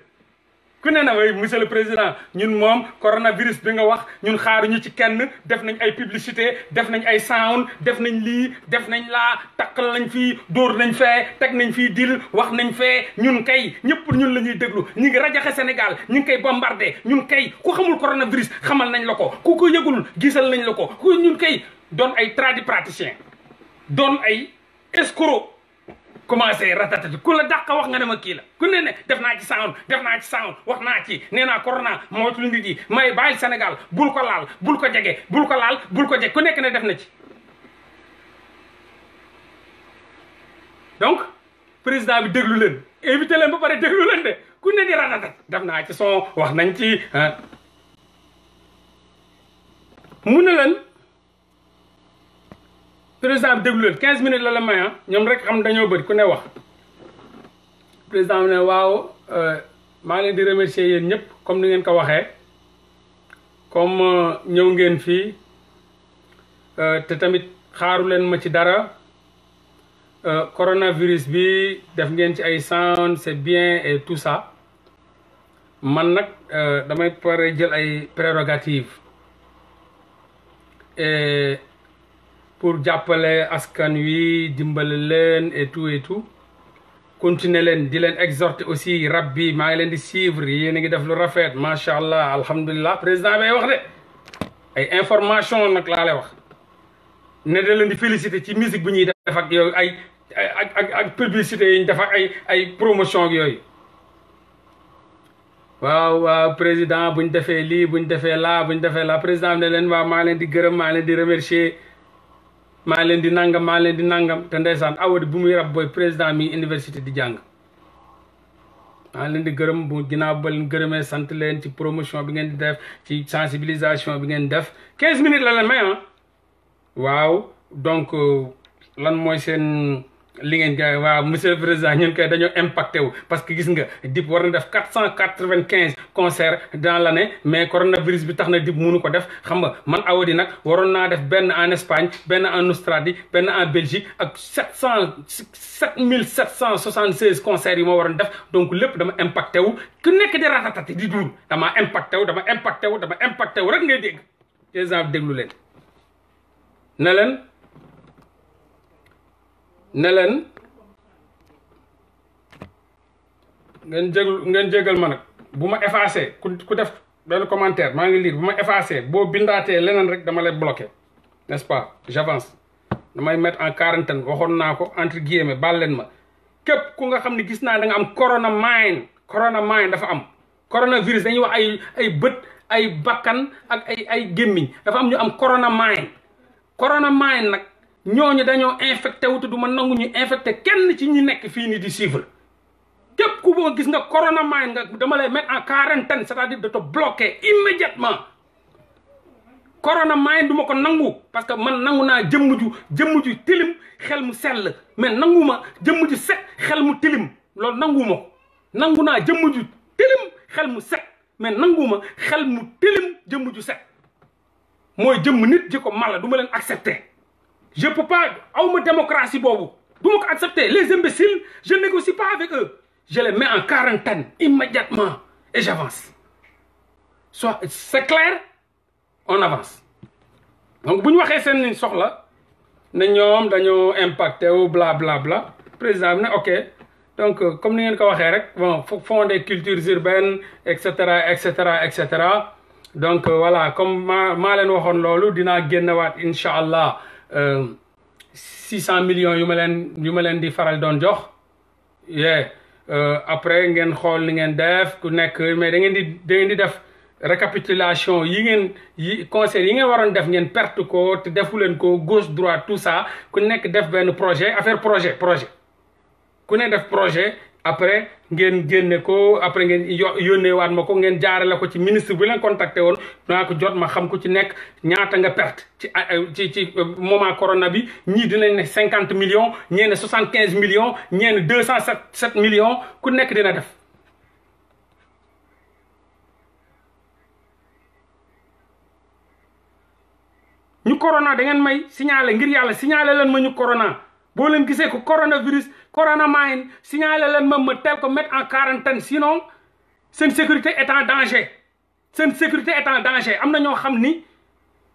ku ne na way monsieur le président ñun moom coronavirus bi nga wax ñun xaaruñu ci kenn def nañ ay publicité def nañ ay sound def nañ lii def nañ laa takkal nañ fii dóor nañ fee teg nañ fii dil wax nañ fee ñun kay ñëpp ñun la ñuy déglu ñu ngi rajaxe Sénégal ñu ngi koy bombardé ñun kay ku xamul coronavirus xamal nañ la ko ku ko yëgul gisal nañu la ko ku ñun kay doon ay tradipraticien doon ay escroc commencé ratatati ku la dàq wax nga ne ma kii la ku ne ne def naa ci sangam def naa ci sangam wax naa ci nee naa corona moytu nit yi may bàyyil Sénégal bul ko laal bul ko jege bul ko laal bul ko jege ku nekk na def na ci donc président bi déglu leen éviter leen ba pare déglu leen de ku ne di ratatat def naa ci son wax nañ ci mu ne leen président déglu leen 15 la la may ah. ñoom rek am dañoo bëri ku ne wax président ne waaw euh, maa ngi leen di remercier yéen ñëpp comme ni ngeen ko waxee comme euh, ñëw ngeen fii euh, te tamit xaaru leen ma ci dara coronavirus bi def ngeen ci ay sound c'est bien et tout ça man nag damay pare jël ay prérogatives et pour jàppale askan wi dimbale leen et tout et tout continuer leen di leen exhorter aussi rab bi maa ngi leen di suivre yéen a ngi def lu rafet macha allah alhamdulilah président bay wax de ay information nag laa lay wax ne da leen di féliciter ci musique bu ñuy def ak yooyu ay ak ak ak publicité yi ñu ay ay promotion yooyu waaw waaw président bu ñu defee lii bu ñu defee laa bu ñu defee laa président ne leen waaw maa leen di gërëm maa leen di remercier maa leen di nangam maa leen di nangam te ndeysaan awadi bu muy rab boy président mi université di jàng maa leen di gërëm bu ginnaaw ba leen gërëmee sant leen ci promotion bi ngeen di def ci sensibilisation bi ngeen def quinze minutes la leen may ah waaw donc euh, lan mooy seen li ngeen jaay waaw monsieur le président ñun kay dañoo impacté wu parce que gis nga Dip war na def quatre cent quatre vingt quinze concert dans l' année mais coronavirus bi tax na Dip nu ko def xam nga man awadi nag waroon naa def benn en Espagne benn en Australie benn en Belgique ak sept cent sept mille sept cent soixante seize concerts yi ma waroon def donc lépp dama impacté wu ku nekk di ratatati di duur dama impacté dama impacté wu dama impacté wu rek ngay dégg les gens déglu leen ne leen ne leen ngeen jéglu ngeen jégal ma nag bu ma effacé ku ku def benn commentaire maa ngi liir bu ma effacé boo bindaatee leneen rek dama lay bloqué n'est-ce pas j'avance damay mettre en quarantaine waxoon naa ko entre guillemets baal leen ma képp ku nga xam ne gis naa danga nga am corona mine corona mine dafa am coronavirus dañuy wax ay ay bët ay bakkan ak ay ay gémmiñ dafa am ñu am corona mine corona mine nag ñooñu dañoo infecté wutu du ma nangu ñu infecté kenn ci ñi nekk fii nii di suivre képp ku boo gis nga corona mind nga dama lay mettre en quarantaine c'est-à-dire de te bloquer immédiatement corona mind du ma ko nangu parce que man nangu naa jëmm ju jëmm ju tilim xel mu sell mais nangu ma jëmm ju set xel mu tilim loolu nangu ma nangu naa jëmm ju tilim xel mu set mais nangu ma xel mu tilim jëmm ju set mooy jëmm nit ji ko mala du ma leen accepté je peux pas aw ma démocratie boobu du ma accepter les imbéciles je négocie pas avec eux je les mets en quarantaine immédiatement et j'avance soit c'est clair on avance donc bu ñu waxee seen soxla ne ñoom dañoo impacté wu bla bla bla président bi ne ok donc euh, comme ni ngeen ko waxee rek bon fonds des cultures urbaines et cetera et cetera et cetera donc euh, voilà comme ma maa leen waxoon loolu dinaa génnewaat incha allah Euh, six cent millions yu ma leen yu ma leen di faral doon jox yee euh, après ngeen xool li ngeen def ku nekk mais da ngeen di da di def récapitulation yi ngeen yi conseil yi ngeen waroon def ngeen perte ko te defu leen ko gauche droite tout ça ku nekk def benn projet affaire projet projet ku ne def projet après ngeen génne ko après ngeen yo yónnee waat ma ko ngeen jaarale ko ci ministre bi leen contacté woon naa ko jot ma xam ko ci nekk ñaata nga perte ci ci ci euh, moment corona bi ñii dinañ ne cinquante million ñee ne quinze millions ñee ne deux cent sept ku nekk dina def ñu corona da ngeen may signalé ngir yàlla signalé leen ma ñu corona boo leen gisee ko coronavirus corona mine signaler leen ma ma teel ko mettre en quarantaine sinon seen sécurité est en danger seen sécurité est danger am na ñoo xam ni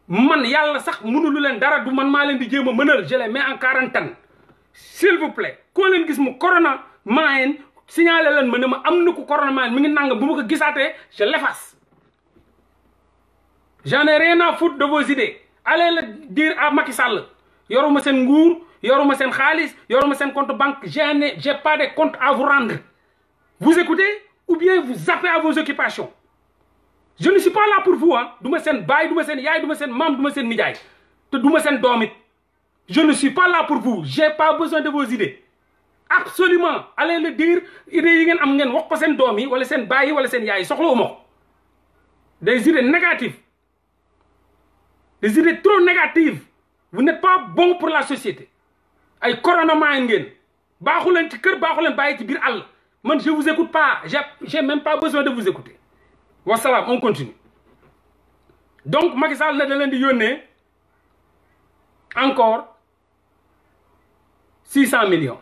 man yàlla sax mënulu leen dara du man maa leen di jéem a mënal je les mets en quarantaine s'il vous plaît leen gis mu corona mine signaler leen ma ma am na ko corona mine mi ngi nangam bu ma ko gisaatee je l'efface j'en na rien à foutre de vos idées allez le dire à Macky Sall yoruma seen nguur yoruma seen xaalis yoruma seen compte banque j'ai j'ai pas de compte à vous rendre vous écoutez ou bien vous zappez à vos occupations je ne suis pas là pour vous ah du ma seen baay du ma seen yaay du ma seen maam du ma seen nijaay te du ma seen doom it je ne suis pas là pour vous j'ai pas besoin de vos idées absolument allez le dire idées yi ngeen am ngeen wax ko seen doom yi wala seen baay yi wala seen yaay yi soxla wu des idées négatives des idées trop négatives vous n'êtes pas pour la société ay coronament maa ngeen baaxu leen ci kër baaxuleen leen bàyyi ci biir àll man je vous écoute pas j'ai j'ai même pas besoin de vous écouter wasalaam on continue donc Macky Sall na da leen di yónnee encore six cent millions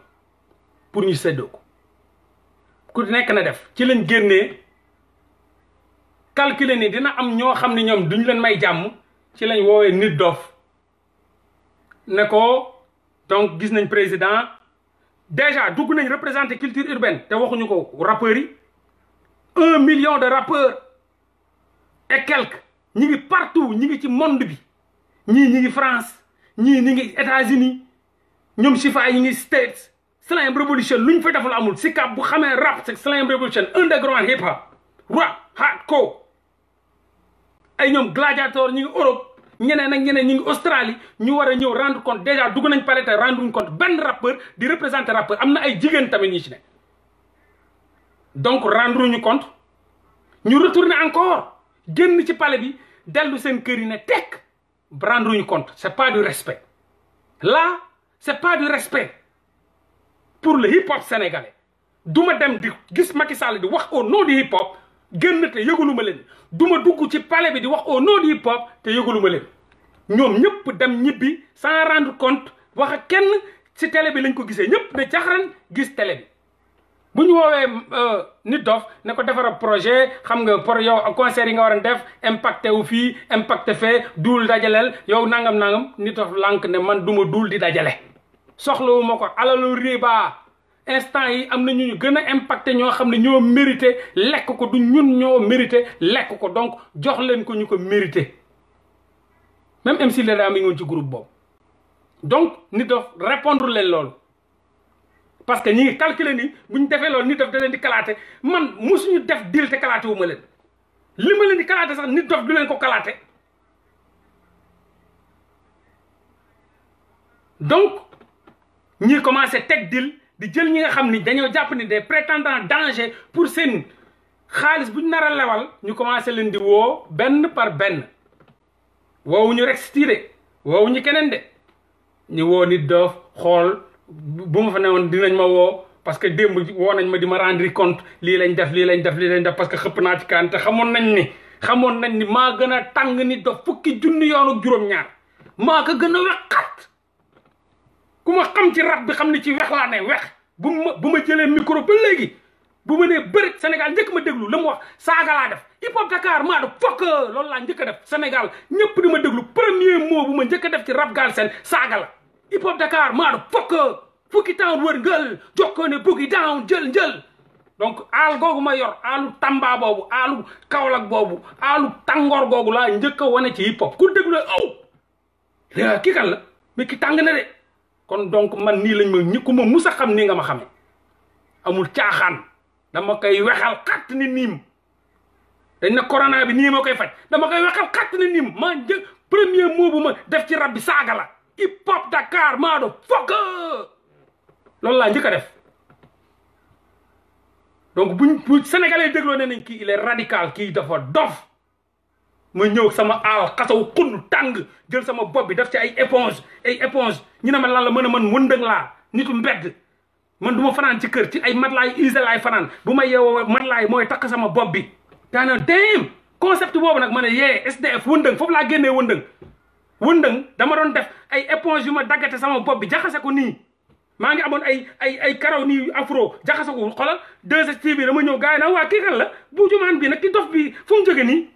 pour ñu seddoo ko ku nekk na def ci leen génnee calculer ni dina am ñoo xam ni ñoom duñ leen may jàmm ci lañ woowee nit dof ne ko donc gis nañ président déjà dugg nañ représenter culture urbaine te waxuñu ko rappeurs yi un million de rappeurs e quelques ñi ngi partout ñi ngi ci monde bi ñii ñi ngi France ñii ñi ngi États-Unis ñoom Chifa ñi ngi States Slam Revolution luñ fa deful amul Sicap bu xamee rap c'est Slam Revolution underground hip hop rap hardcore ay ñoom gladiator ñi ngi Europe ñeneen ak ñeneen ñu ngi Australie ñu war a ñëw rendre compte déjà dugg nañ palais te rendre compte benn rappeur di représenter rappeur am na ay jigéen tamit ñi ci ne donc rendre ñu compte ñu retourner encore génn ci pale bi dellu seen kër yi ne tekk rendre ñu compte c'est pas du respect là c'est pas du respect pour le hip hop sénégalais duma dem di gis Macky Sall di wax ko nom du hip hop génn te yëgaluma leen du ma dugg ci palais bi di wax au nom du peuple te yëgaluma leen ñoom ñëpp dem ñibbi sans rendre compte wax ak kenn ci télé bi lañ ko gisee ñëpp ne jaxaran gis tele bi bu ñu woowee euh, nit dof ne ko defar projet xam nga pour yow concert yi nga war a def impacté wu fii impacté fee duul dajaleel yow nangam nangam nit dof lànk ne man duma duul di dajale soxlawu ma ko alalu riba instant yi am na ñu ñu gën a impacté ñoo xam ne ñoo mérité lekk ko du ñun ñoo mérité lekk ko donc jox leen ko ñu ko mérité même MC Leda am ngi woon ci groupe boobu donc nit dof répondre leen loolu parce que ñi ngi calculer ni bu ñu defee loolu nit dof de leen di kalaate man mosuñu def dil te kalaate wu ma leen li ma leen di kalaate sax nit dof du leen ko kalaate donc ñi commencé teg dil di jël ñi nga xam ni dañoo jàpp ni des prétendants danger pour seen xaalis bu ñu nar a lewal ñu commencé leen di woo benn par benn woowu ñu rek stiré woowu ñu keneen de ñu woo nit doof xool bu ma fa newoon dinañ ma woo parce que démb woo nañ ma di ma rendre compte lii lañ def lii lañ def lii lañ def parce que xëpp naa ci kaan te xamoon nañ ni xamoon nañ ni maa gën a tàng nit dof fukki junni yoonu ak juróom-ñaar maa ko gën a wexat ku ma xam ci rab bi xam ne ci wex laa ne wex bu ma bu ma jëlee micro ba bu ma nee bër Sénégal njëkk ma déglu la mu wax def hip hop Dakar maa de fokk loolu laa njëkk def senegal ñëpp di ma déglu premier mot bu ma njëkk a def ci rab Galsen saaga la hip hop Dakar maa de fokk fukki town wër ngël jokkoo ne buggi down jël njël donc aal googu ma yor aalu Tamba boobu aalu Kaolack boobu aalu tàngoor googu la njëkk a wane ci hip hop ku déglu oh, aw la mais tàng na kon donc man nii lañ ma ñi ku ma mus a xam nii nga ma xame amul caaxaan dama koy wexal xatt ni niim dañ ne corona bi nii moo koy faj dama koy wexal xatt ni niim maa jël premier mot bu ma def ci rab bi saaga la hip hop Dakar maa do fokk loolu laa njëkk a def donc buñ bu sénégalais dégloo ne nañ kii il est radical kii dafa dof ma ñëw sama aal xasaw xunn tàng jël sama bopp bi def ci ay éponge ay éponge ñu ne ma lan la mën a man wëndëng laa nitu mbedd man du ma fanaan ci kër ci ay matlaay usé laay fanaan bu ma yeewoo laay mooy takk sama bopp bi daana dem concept boobu nag ma ne yee SDF wëndëng foofu laa génnee wëndëng wëndëng dama doon def ay éponge yu ma daggate sama bopp bi jaxase ko nii maa ngi amoon ay ay ay karaw nii afro jaxase ko xoolal 2STV dama ñëw gars yi nag waa kii kan la bu jumaan bi nag jóge nii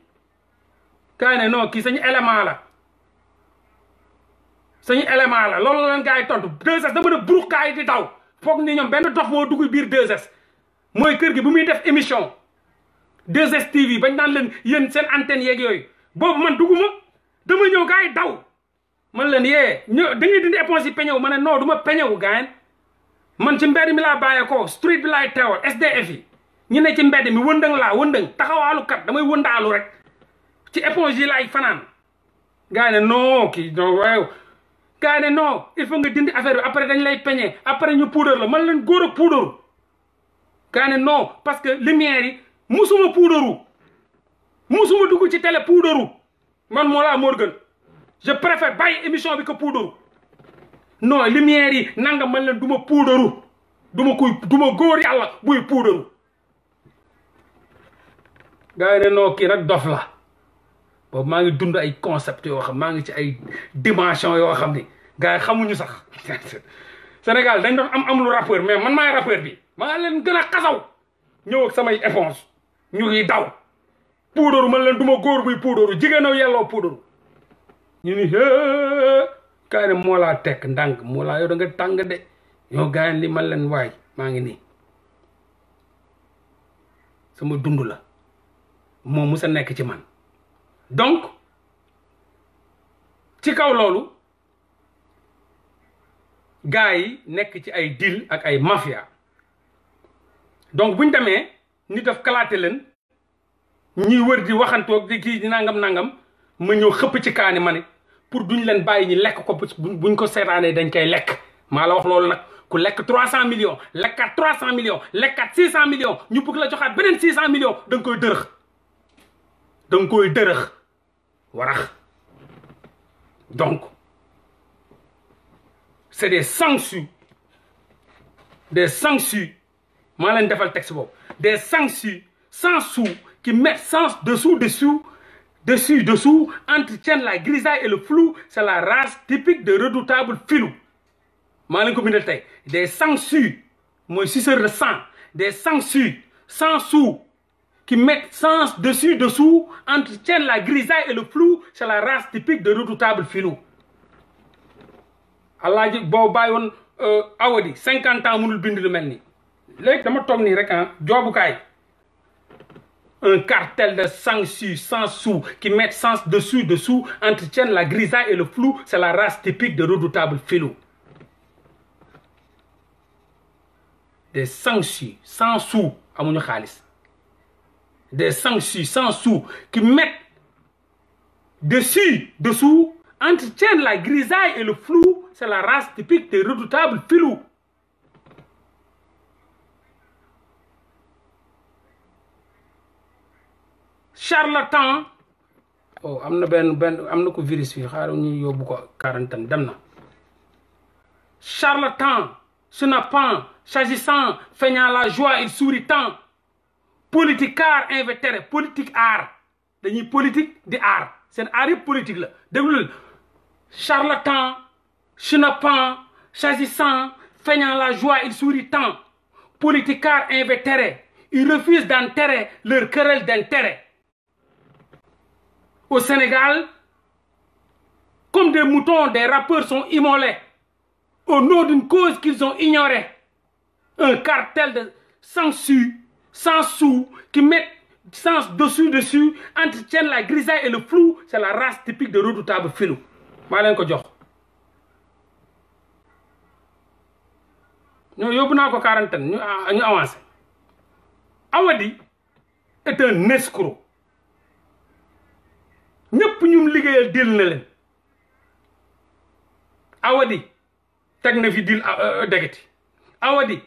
gars yi ne non kii sañu élément la sañu élément la loolu la leen tontu 2S dama ne burux gars yi di daw foog ni ñoom benn dox moo dugg biir 2S mooy kër gi bu muy def émission 2S TV bañ naan leen yéen seen antenne yeeg yooyu boobu man duguma dama ñëw gars yi daw man leen yee ñëw da ngay dindi éponge yi peñewu ma ne non du ma peñewu gars yi man ci mbedd mi laa bàyyeekoo street bi laay teewal SDF yi ñu ne ci mbedd mi wëndëng laa wëndëng taxawaalu kat damay wëndaalu rek ci éponge yi laay fanaan gars yi ne non kii non waaw gars ne non il faut nga dindi affaire bi après dañ lay peñe après ñu puudar la man leen góor ak puudar gars yi ne non parce que lumière yi musuma puudaru musuma dugg ci télé puudaru man moo laa Morgan je préfère bàyyi émission bi que puudaru non lumière yi nanga man leen du ma puudaru du ma kuy du ma góor buy puudaru gars yi ne non kii nag dof la boobu maa ngi dund ay concept yoo xam maa ngi ci ay dimension yoo xam ni gars yi xamuñu sax <laughs> Sénégal dañ doon am am lu rappeur mais man maay rappeur bi maa leen gën a xasaw ñëw ak samay éponge ñu ngi daw puudaru man leen du ma góor buy puudaru jigéenaw yelloo puudaru ñu ni kaay ne moo laa tekk ndànk moo laa tàng de ñoo gars yi man leen waay maa ngi nii sama dund la moom musa nekk ci man donc ci kaw loolu gars yi nekk ci ay deal ak ay mafia donc buñ demee ni daf kalaate leen ñuy wër di waxantoog di kii nangam nangam ma ñëw xëpp ci kaani ma ne pour duñ leen bàyyi ñu lekk ko buñ ko seetaanee dañ koy lekk maa la wax loolu nag ku lekk trois cent millions lekkat trois cent millions lekkat six cent millions ñu bëgg la joxaat beneen six cent millions da nga koy dërëx da koy dërëx warax donc c'est des cent sangsues des sangsues maa leen defal texte boobu des sangsues sans sous qui mettent sens dessous dessous dessus dessous entretiennent la grisaille et le flou c'est la race typique de redoutable filou maa leen ko bindal tey des sangsues mooy suceur de sang des cent sangsues cent sous qui mettent sens dessus-dessous, entretiennent la grisaille et le flou, c'est la race typique de redoutable filou. Alaaji boo bàyyiwoon euh, awadi cinquante ans mënul bind lu mel ni léegi dama toog nii rek ah joobukaay un cartel de sangsues sans sous qui mettent sens dessus-dessous, entretiennent la grisaille et le flou, c'est la race typique de redoutable filou. des sangsues sans sou amuñu xaalis des cent sous cent sous qui mettent dessus, dessous, entretiennent la grisaille et le flou. C'est la race typique des redoutables filous. charlatan oh am na benn benn am na ko virus fii xaaral ñu yóbbu ko quarantaine dem na charlatan chenapan chagissant feignant la joie et sourit tant politique car invétéré politique dañuy politique di aar seen aar yëpp politique la déglul charlatan chenapan chagissant feignant la joie il sourit tant politique car invétéré ils refusent d'enterrer leur querelle d'intérêt au Sénégal comme des moutons des rappeurs sont immolés au nom d'une cause qu'ils ont ignorée un cartel de sangsues sans-sous, qui mettent sans dessus-dessus, entretiennent la grisaille et le flou, c'est la race typique de redoutable filou. maa leen ko jox ñoo yóbbu naa ko quarantaine ñu ah, ñu avancé Awadi est un escroc ñëpp ñum liggéeyal dil na leen Awadi teg na fi dil euh, euh, degeti Awadi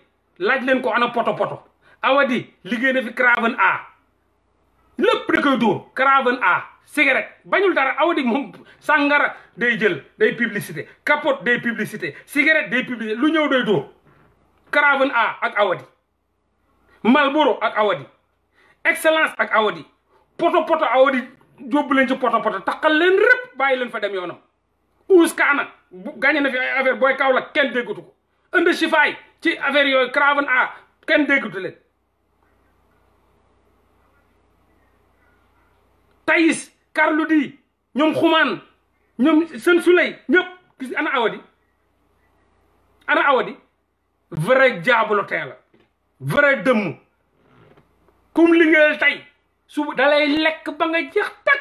laaj leen ko ana poto poto awadi liggéey na fi craven a lépp da koy craven a cigarette bañul dara awadi moom sàngara day jël day publicité capot day publicité cigarette day publicité lu ñëw day dóor craven a ak awadi malboro ak awadi excellence ak awadi poto poto awadi jóbbu leen ci poto poto taxal leen rëpp bàyyi leen fa dem yoonam uus kaana gàññe na fi ay affaire booy kawla kenn déggatu ko ënd chifaay ci affaire yooyu craven a kenn déggatu leen Thaïs Carlou D ñoom xumaan ñoom seen suley ñëpp gis ana awadi ana awadi vrai jaabulotee la vrai dëmm kum liggéeyal tey su da lekk ba nga jeex tak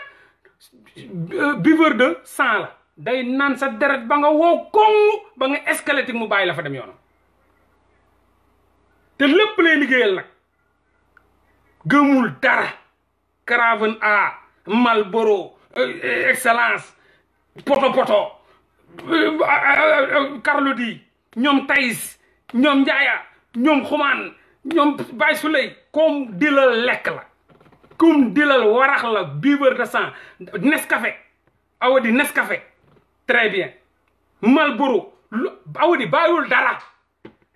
euh, buveur de sang la day naan sa deret ba nga woo koŋŋ ba nga esquelettique mu bàyyi la fa dem yoonam te lépp lay liggéeyal nag gëmul dara craven a Malboro euh, excellence poto poto Carlodi euh, euh, ñoom Taïs ñoom Njaaya ñoom Xumaan ñoom Baye Souley comme dilal lekk la comme dilal warax la buveur de sang Nescafé nes Nescafé très bien Malboro awadi bàyyiwul dara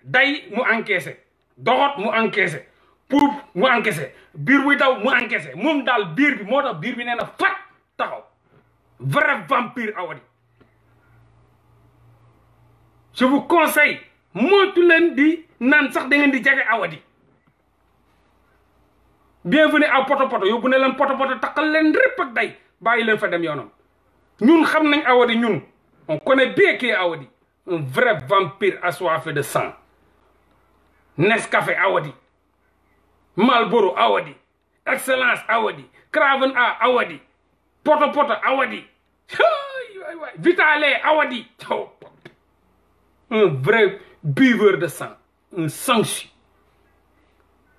day mu encaissé doxot mu encaissé puub mu encaissé biir buy daw mu encaissé moom daal biir bi moo tax biir bi nee na fat taxaw vrai vampire Awadi je vous conseille moytu leen di naan sax da di jege Awadi bienvenue à poto poto yóbbu ne leen poto poto takkal leen rëpp ak day bàyyi leen fa dem yoonam ñun xam nañ Awadi ñun on connaît bien qui est Awadi un vrai vampire assoiffé de sang Nescafé Awadi Marlboro awadi excellence awadi Craven A awadi poto poto awadi Vitale awadi un vrai buveur de sang un sangsu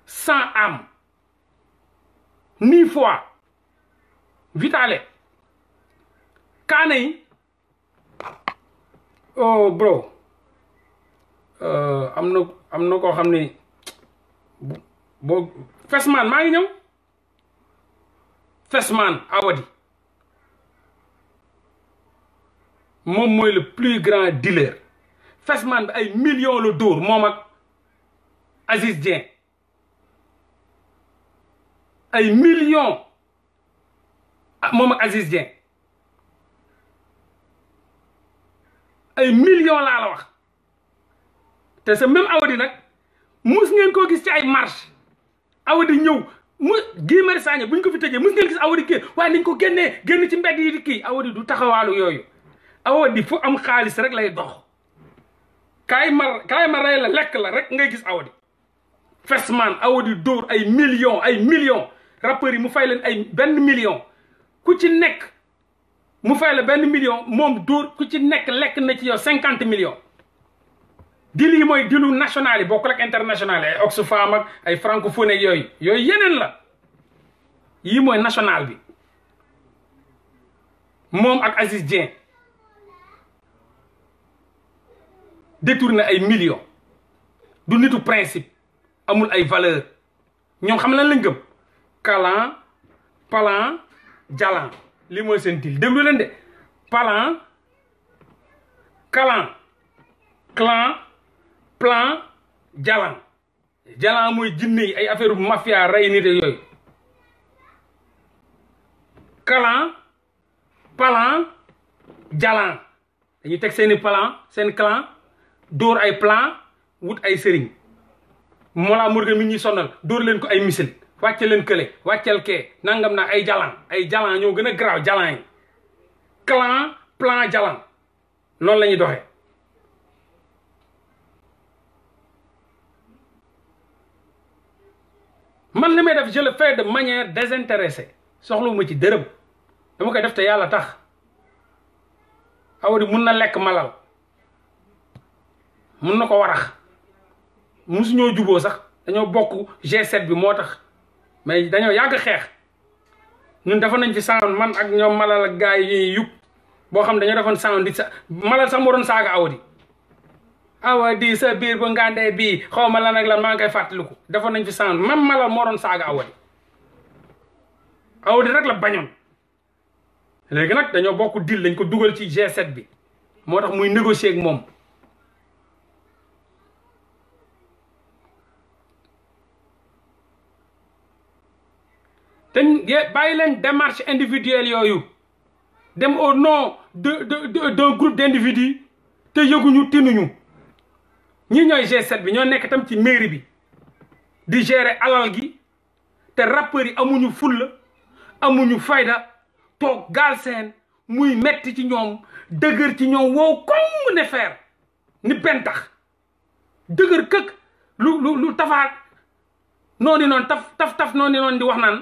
sans âme ni foi Vitale kaane oh bro euh, am na am na koo xam ne boo fesmaan maa ngi ñëw fesmaan awadi moom mooy le plus grand dealer fesmaan bi ay millions la dóor moom ak Aziz Dieng ay millions ah, moom ak Aziz Dieng ay millions laa wax te sa même awadi nag mus ngeen koo gis ci ay marche awadi ñëw mu Guy Marius Sagna buñ ko fi tëjee mës ngeen gis awadi génn waaye nañ ko génnee génn ci mbedd yi di kii awadi du taxawaalu yooyu awadi fu am xaalis rek lay dox kaay ma kaay ma rey la lekk la rek ngay gis awadi fesman awadi dóor ay million ay million rappeurs yi mu fay leen ay benn million ku ci nekk mu fay la benn million moom dóor ku ci nekk lekk na ci yow cinquante millions dil yi mooy dilu national yi bokkul ak international ay Oxfam ak ay francophone ak yooyu yooyu yeneen la yii mooy national bi moom ak Aziz Dieng détourné ay million du nitu principe amul ay valeur ñoom xam lan lañ gëm kalan palan jalan li mooy seen dil déglu leen de palan kalan clan plan jalan jalan mooy jinne yi ay affaire mafia rey nit yooyu kalan palan jalan dañu teg seeni plan seen clan dóor ay plan wut ay sëriñ Mollah Morgun mi ñuy sonal dóor leen ko ay misil wàcce leen kële wàcceel kee nangam naa ay jalan ay jalan ñoo gën a garaaw jalan yi clan plan jalan loolu la doxe man li may def je le fais de manière désintéressée soxlawuma ci dërëm dama koy def te yàlla tax awadi mun na lekk malal mun na ko warax musuñoo juboo sax dañoo bokk G7 bi moo tax mais dañoo yàgg xeex ñun dafa nañ fi sound man ak ñoom malal ak gars yi yuy yub boo xam dañoo defoon sound di sa malal sax moo doon saaga awadi awaa di sa biir bu ngàndee bii xaw ma lan ak lan maa ngi fàttaliku defoon nañ fi sànq mam malal moo doon saaga awa di awa di rek la bañoon léegi nag dañoo bokk dil lañ ko dugal ci g bi moo tax muy négocier ak moom te bàyyi leen démarche individuelle yooyu dem au nom de te yëguñu tinuñu ñi ñooy G7 bi ñoo nekk tam ci mairie bi di gérer alal gi te rappeurs yi amuñu fulla amuñu fayda toog gaal seen muy metti ci ñoom dëgër ci ñoom wow koŋŋ ne feer ni pentax dëgër këkk lu lu lu tafaat noonu noonu taf taf taf noonu noonu di wax naan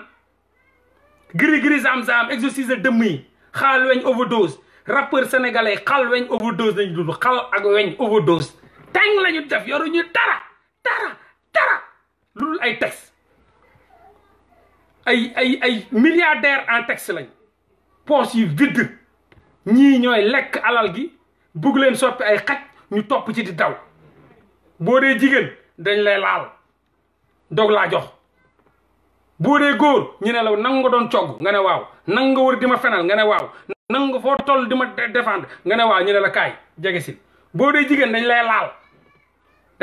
giri giri zaam zaam exorcise dëmm yi xaal weñ overdose rappeur sénégalais xaal weñ overdose lañ dund xaal ak weñ overdose teng la ñu def yoruñu dara dara dara lu dul ay texte ay ay ay milliardaire en texte lañ poches yi vide ñii ñooy lekk alal gi bugg leen soppi ay xaj ñu topp ci di daw boo dee jigéen dañ lay laal dog laa jox boo dee góor ñu ne la nang nga doon cogg nga ne waaw nang nga wër di ma fenal nga ne waaw nang nga foo toll di ma défendre nga ne waaw ñu ne la kaay jege si boo dee jigéen dañ lay laal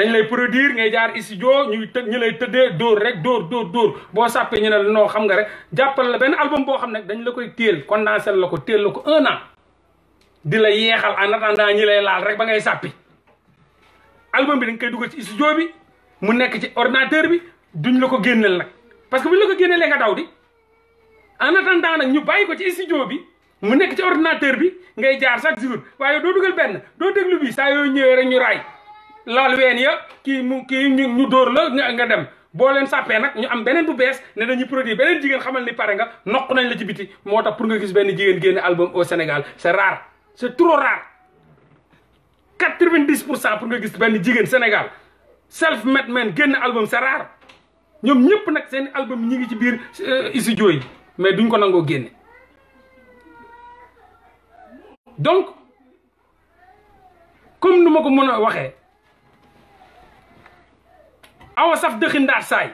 dañ lay produire ngay jaar studio ñuy të ñu lay tëddee dóor rek dóor dóor dóor boo sàppee ñu ne la noo xam nga rek jàppal la benn album boo xam ne dañ la koy téel condensé la ko téel la ko un an di la yeexal en attendant ñi lay laal rek ba ngay sàppi album bi dañ koy dugal ci studio bi mu nekk ci ordinateur bi duñ la ko génneel nag parce que buñ la ko génnelee nga daw di en attendant nag ñu bàyyi ko ci studio bi mu nekk ci ordinateur bi ngay jaar chaque jour waaye doo dugal benn doo déglu bi saa yoo ñëwee rek ñu raay laal ween ya kii mu kii ñu ñu dóor la nga dem boo leen sàppee nag ñu am beneen bu bees ne dañuy produit beneen jigéen xamal ni pare nga noq nañ la ci biti moo tax pour nga gis benn jigéen génn album au Sénégal c'est rare c'est trop rare quatre vingt pour cent pour nga gis benn jigéen Sénégal self made man génn album c'est rare ñoom ñëpp nag seen album ñi ngi ci biir euh, studio yi mais duñ ko nangoo génne donc comme nu ma ko mën a waxee awa saf dëxin ndaar saay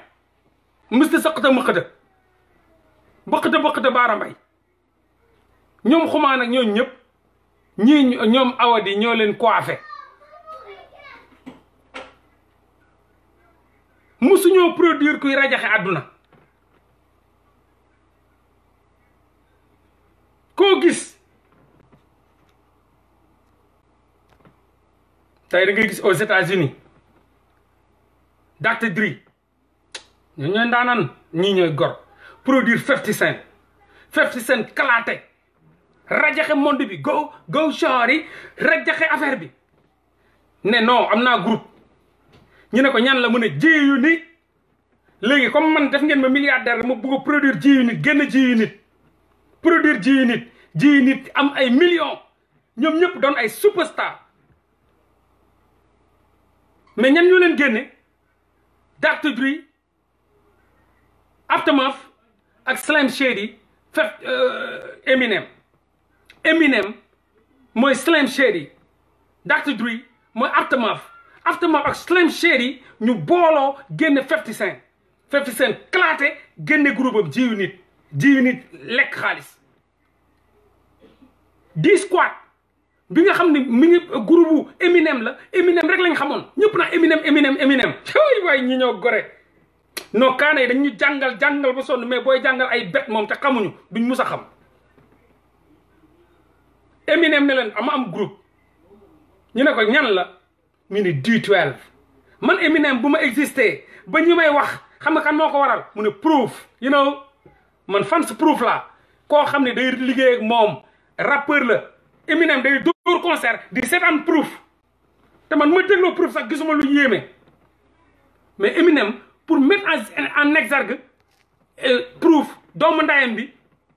mista saqata mëqata bëqata bëqata baara mbay ñoom xumaan ak ñooñu ñëpp ñii ñoom awa di ñoo leen coiffé musuñoo produire kuy rajaxe àdduna koo gis tey da ngay gis aux États-Unis Dacte Dri ñoo ñooy ndaanan ñii ñooy gor produire Fifty Cent Fifty Cent kalaate rajaxe monde bi go go genre yi rajaxe affaire bi ne noo am naa groupe ñu ne ko ñan la mu ne ji yu léegi comme man def ngeen ma milliardaire ma bëgg a produire ji yu nit génn ji yu nit produire ji yu nit ji yu am ay millions ñoom ñëpp doon ay superstar mais ñan ñu leen génne Dartudry Aftermath ak Slim Shady fef euh, Eminem Eminem mooy Slim Shady Dartudry mooy Aftermath Aftermath ak Slim Shady ñu booloo génne 50 Cent 50 Cent claté génne group am G-Unit G-Unit lekk xaalis 10 squad bi nga xam ne mi ngi groupe Eminem la Eminem rek lañ xamoon ñëpp naa Eminem Eminem Eminem waay <laughs> waay ñi ñoo gore non kaana yi dañ ñu jàngal jàngal ba sonn mais booy jàngal ay bet moom te xamuñu duñ mus a xam Eminem ne leen ama am groupe ñu ne ko ñan la mu ne d man Eminem bu ma existé ba ñu may wax xam nga kan moo ko waral mu ne proof you know man fan fans proof la koo xam ne day liggéey moom rappeur la Eminem day pour concert di seetaan proof te man ma dégloo proof sax gisuma lu yéeme mais Eminem pour mettre en exergue euh, proof doomu ndayam bi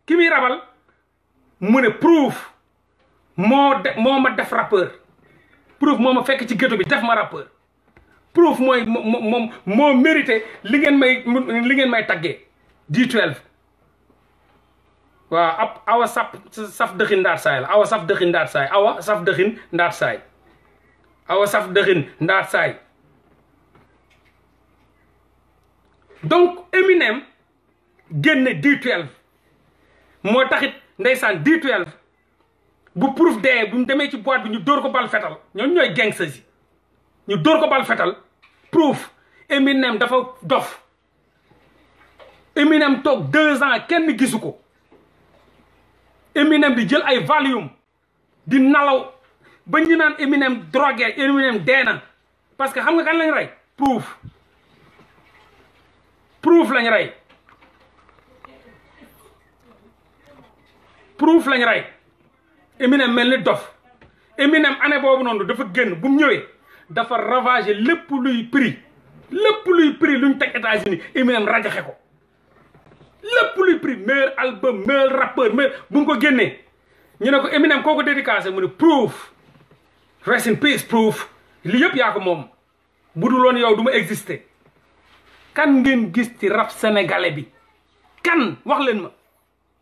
ki muy rabal mu ne proof moo de moo ma def rappeur proof moo ma fekk ci ghetto bi def ma rappeur proof mooy moom moo mérité li ngeen may li ngeen may taggee d waaw ab awa sap saf dëxin ndaat saay la awa saf dëxin ndaat saay awa saf dëxin ndaat saay awa saay donc Eminem génne D12 moo taxit ndeysaan D12 bu proof dee bu mu demee ci boîte bi ñu dóor ko bal fetal ñoom ñooy gangsters yi ñu dóor ko bal fetal proof Eminem dafa dof Eminem toog deux ans kenn gisu ko Eminem di jël ay Valium di nalaw ba ñu naan Eminem drogué Eminem dee na parce que xam nga kan lañ rey proof proof lañ rey proof lañ rey Eminem mel ni dof Eminem année boobu noonu dafa génn bu mu ñëwee dafa ravager lépp luy pri lépp luy prix luñ teg États-Unis Eminem rajaxe ko lépp luy prix meilleur album meilleur rappeur meilleur bu mu ko génnee ñu ne ko Eminem koo ko dédicacé mu ne proof rest in peace proof li yëpp yaa ko moom bu dul woon yow duma existe kan ngeen gis ci rap sénégalais bi kan wax leen ma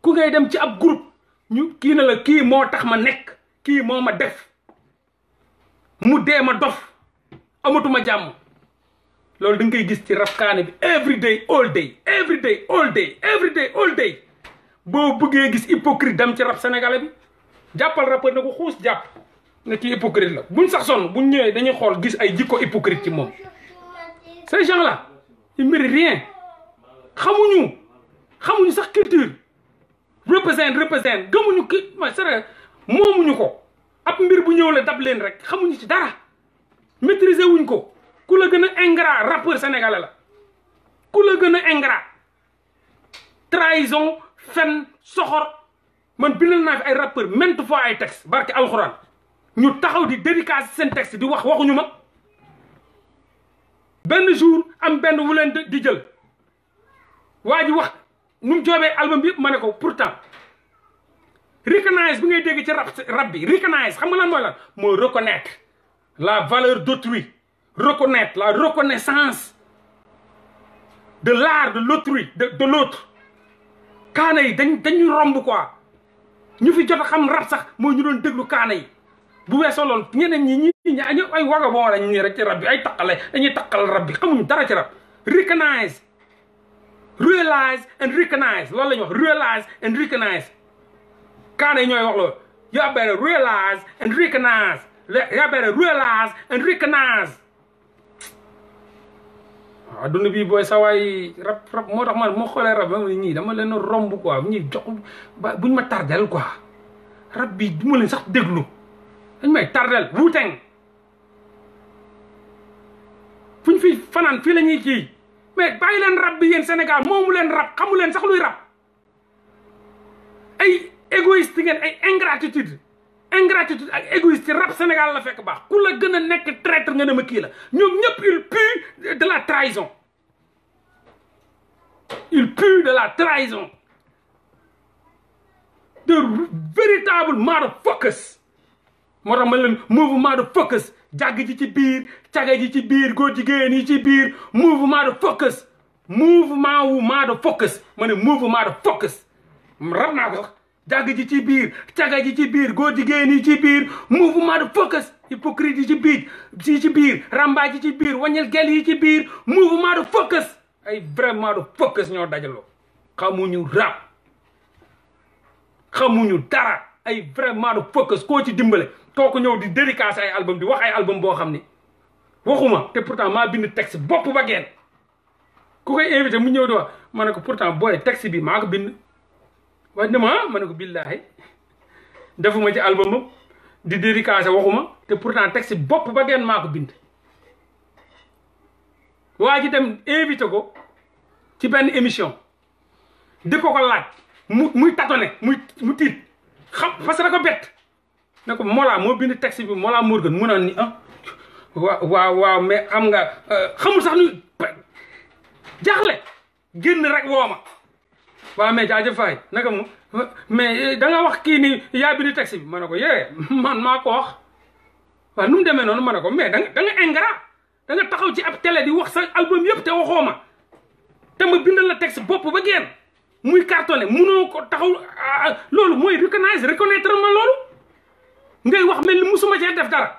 ku ngay dem ci ab groupe ñu kii na la kii moo tax ma nekk kii moo ma def mu dee ma dof amatuma jàmm loolu da koy gis ci rafkaane bi every day all day every day all day every day all day boo bëggee gis hypocrite dem ci rab sénégalais bi jàppal rappeur na ko xuus jàpp ne ci hypocrite la buñ sax sonn buñ ñëwee dañuy xool gis ay jikko hypocrite ci moom ces gens là ils méritent rien xamuñu xamuñu sax culture represent represent gëmuñu ki ma sere moomuñu ko ab mbir bu ñëw la dab leen rek xamuñu ci dara maîtriser wuñ ko ku la gën a ingrat rappeur sénégalais la ku la gën a ingrat trahison fen soxor man bindal naa fi ay rappeur maintes fois ay texte barke alxuraan ñu taxaw di dédicace seen texte di wax waxuñu ma benn jour am benn wu leen di jël waa ji wax nu mu joobee album bi yëpp ma ne ko pour pourtant recognize bi ngay dégg ci rap rap bi recognize xam nga lan mooy lan mooy reconnaître la valeur d'autrui reconnaître la reconnaissance de l'art de l'autrui de de l'autre kaana yi dañ dañu romb quoi ñu fi jot a xam rab sax mooy ñu doon déglu kaana yi bu weesoo loolu ñi ñi ñi ay waga lañ nii ci rab bi ay taqale dañuy taqal rab bi xamuñ dara ci rab recognize realize and recognize loolu la wax realize and recognize kaana yi ñooy wax loolu yaa beere realize and recognize yaa beere realize and recognize adduna bi booy sawaay rab rab moo tax man moo xoolee rab ma ñii dama leen romb quoi bu ñuy jox ba buñ ma tardel quoi rab bi du ma leen sax déglu dañ may tardel wuuteng fuñ fi fanaan fii la ñuy kii mais bàyyi leen rab bi yéen Sénégal moomu leen rab xamu leen sax luy rab ay égoïste ngeen ay ingratitude ingratitude ak égoïste rap Sénégal la fekk baax ku la gën a nekk traître nga ne ma kii la ñoom ñëpp il pue de la trahison il pue de la trahison de véritable motherfuckers moo tax ma focus jàgg ji ci biir caga ji ci biir góor jigéen yi ci biir mouvement de focus mouvement wu focus ma ne mouvement de focus rab naa ko sax dagg ji ci biir caga ji ci biir góor jigéen yi ci biir mouvement de focus hypocrite yi ci biir yi ci biir rambaaj yi ci biir waññel gel yi ci biir mouvement de focus ay vraiment de focus ñoo dajaloo xamuñu rab xamuñu dara ay vraiment de focus koo ci dimbale kooku ñëw di dédicacer ay album di wax ay album boo xam ni waxuma te pourtant maa bind texte bopp ba geen ku koy invité mu ñëw di wax ma ne ko pourtant booy texte bi maa ko bind waaye ne ma ne ko billaahi defuma ci album di dédicacé waxuma te pourtant texte bopp ba genn maa ko bind waa ji dem invité ko ci benn émission di ko laaj mu muy tatone mu tiit xam parce que da ko bett ne ko Mollah moo bind texte bi Mollah Morgun mu naan ni ah waaw waaw waaw mais xam nga euh, xamul sax nu jaaxle génn rek wooma waaw mais jaajëf fay naka mu mais eh, da wax kii yaa bi di taxi bi ma ne ko yee man maa ko wax waaw nu mu demee noonu ma ne ko mais da nga da nga ingrat da nga taxaw ci ab tele di wax sa album yëpp te waxoo ma te ma bindal la texte bopp ba geen muy cartonné munoo ko taxaw ah, ah, loolu mooy recognize reconnaître ma loolu ngay wax mel ni musuma cee def dara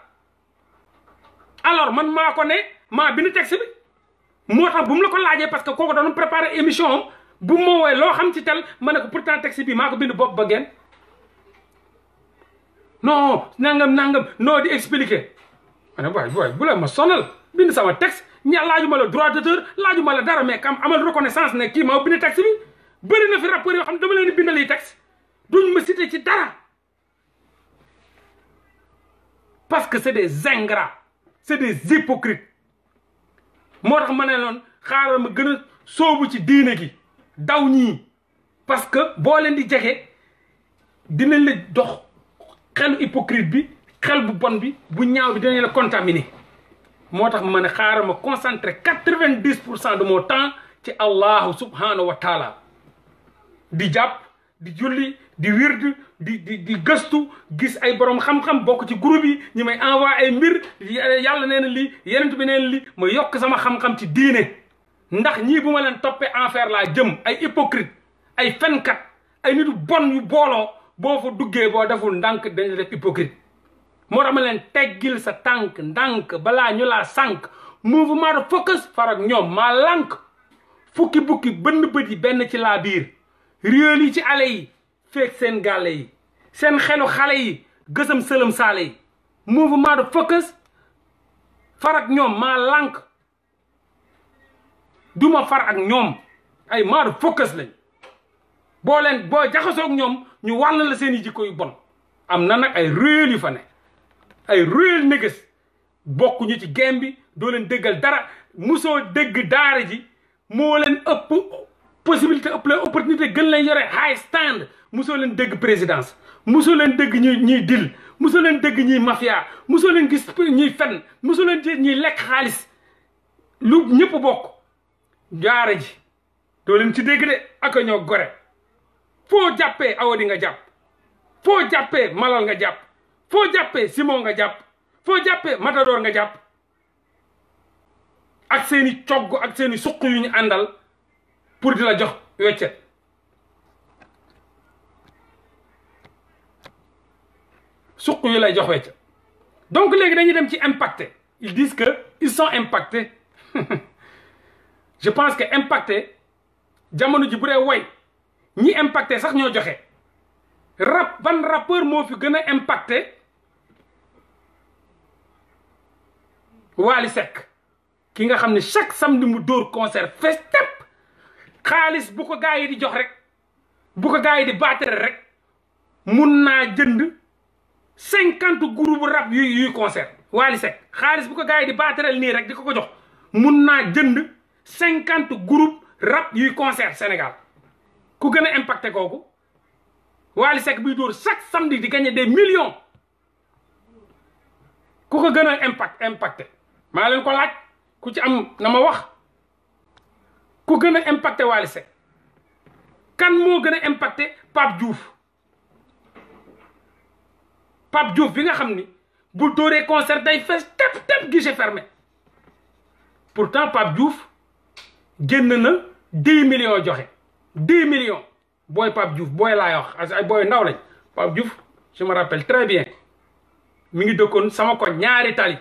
alors man maa ko ne maa bind texte bi moo tax bu mu la ko laajee parce que kooku doon préparé émission bu ma woowee loo xam ci tel ma ne ko pourtant texte bi maa ko bind bopp ba ngeen non nangam nangam noo di expliquer ma ne waay waay bu la ma sonal bind sama texte ña laaju ma la droit d'auteur laaju ma la dara mais kam amal reconnaissance ne kii maa bind texte bi bëri na fi rapport yoo xam ne dama leen bind lii texte duñ ma site ci dara parce que c'est des ingrats c'est des hypocrites moo tax ma ne noonu xaaral ma gën a soobu ci diine gi daw ñii parce que boo leen di jege dinañ la dox xelu hypocrite bi xel bu bon bi bu ñaaw bi dinañ la contaminer moo tax ma ne xaaral ma concentré quatre-vingt-dix pour cent de mon temps ci allahu subhanahu wa taala di jàpp di julli di wird di di di gëstu gis ay borom xam-xam bokk ci group yi ñi may envoyé ay mbir yàlla nee na li yenent bi nee na lii ma yokk sama xam-xam ci diine ndax ñii bu ma leen toppee enfer laa jëm ay hypocrite ay fenkat ay nit bon yu booloo boo fa duggee boo deful ndànk dañu def hypocrite moo tax ma leen teggil sa tànk ndànk balaa ñu laa sànk mouvement de focus farak ñoom maa lànk fukki bukki bënn bët yi benn ci laa biir réel yi ci ale yi feeg seen gàlle yi seen xelu xale yi gësëm sëlëm saale yi mouvement de focus farak ñoom maa lànk du far ak ñoom ay maar focus lañ boo leen boo jaxasook ñoom ñu wàll la seen i jikko yu bon am na nag ay réel yu fa ne ay réel négus bokkuñu ci game bi doo leen déggal dara musoo dégg daara ji moo leen ëpp possibilité ëpp leen opportunité gën leen yore high stand musoo leen dégg présidence musoo leen dëgg ñuy ñuy dil musoo leen dégg ñuy mafia musoo leen gis ñuy fen musoo leen gis ñuy lekk xaalis lu ñëpp bokk jaara ji doo leen ci dégg de ak ñoo gore foo jàppee awadi nga jàpp foo jàppee malal nga jàpp foo jàppee simon nga jàpp foo jàppee matadoor nga jàpp ak seeni cogg ak seeni suq yu ñu àndal pour di la jox weccet suq yu lay jox donc léegi dañuy dem ci impacté ils disent que ils sont impactés <laughs> je pense que impacté jamono ji bu dee way ñi impacté sax ñoo joxe rap ban rappeur moo fi gën a impacté Wally Seck ki nga xam ne chaque samedi mu dóor concert festep xaalis bu ko gaa yi di jox rek bu ko gaa yi di baatere rek mun naa jënd cinquante groupe rap yuy yuy concert Wally Seck xaalis bu ko gaa yi di baatereel nii rek di ko ko jox mun naa jënd cinquante groupe rap yuy concert Sénégal ku gën a impacté kooku Wally biy door dóor chaque samedi di gagné des million ku ko gën a impacte impacté maa leen ko laaj ku ci am na ma wax ku gën a impacté Wally Seck kan moo gën a impacté Pape Diouf Pape Diouf bi nga xam ni bu dóoree concert day fees tep tep guichet fermé pourtant Pape juuf génn na dix millions joxe dix million booy Pape Diouf booy laay wax ay booy ndaw lañ Pape Diouf je me rappelle très bien mi ngi dëkkoon sama ko ñaari tali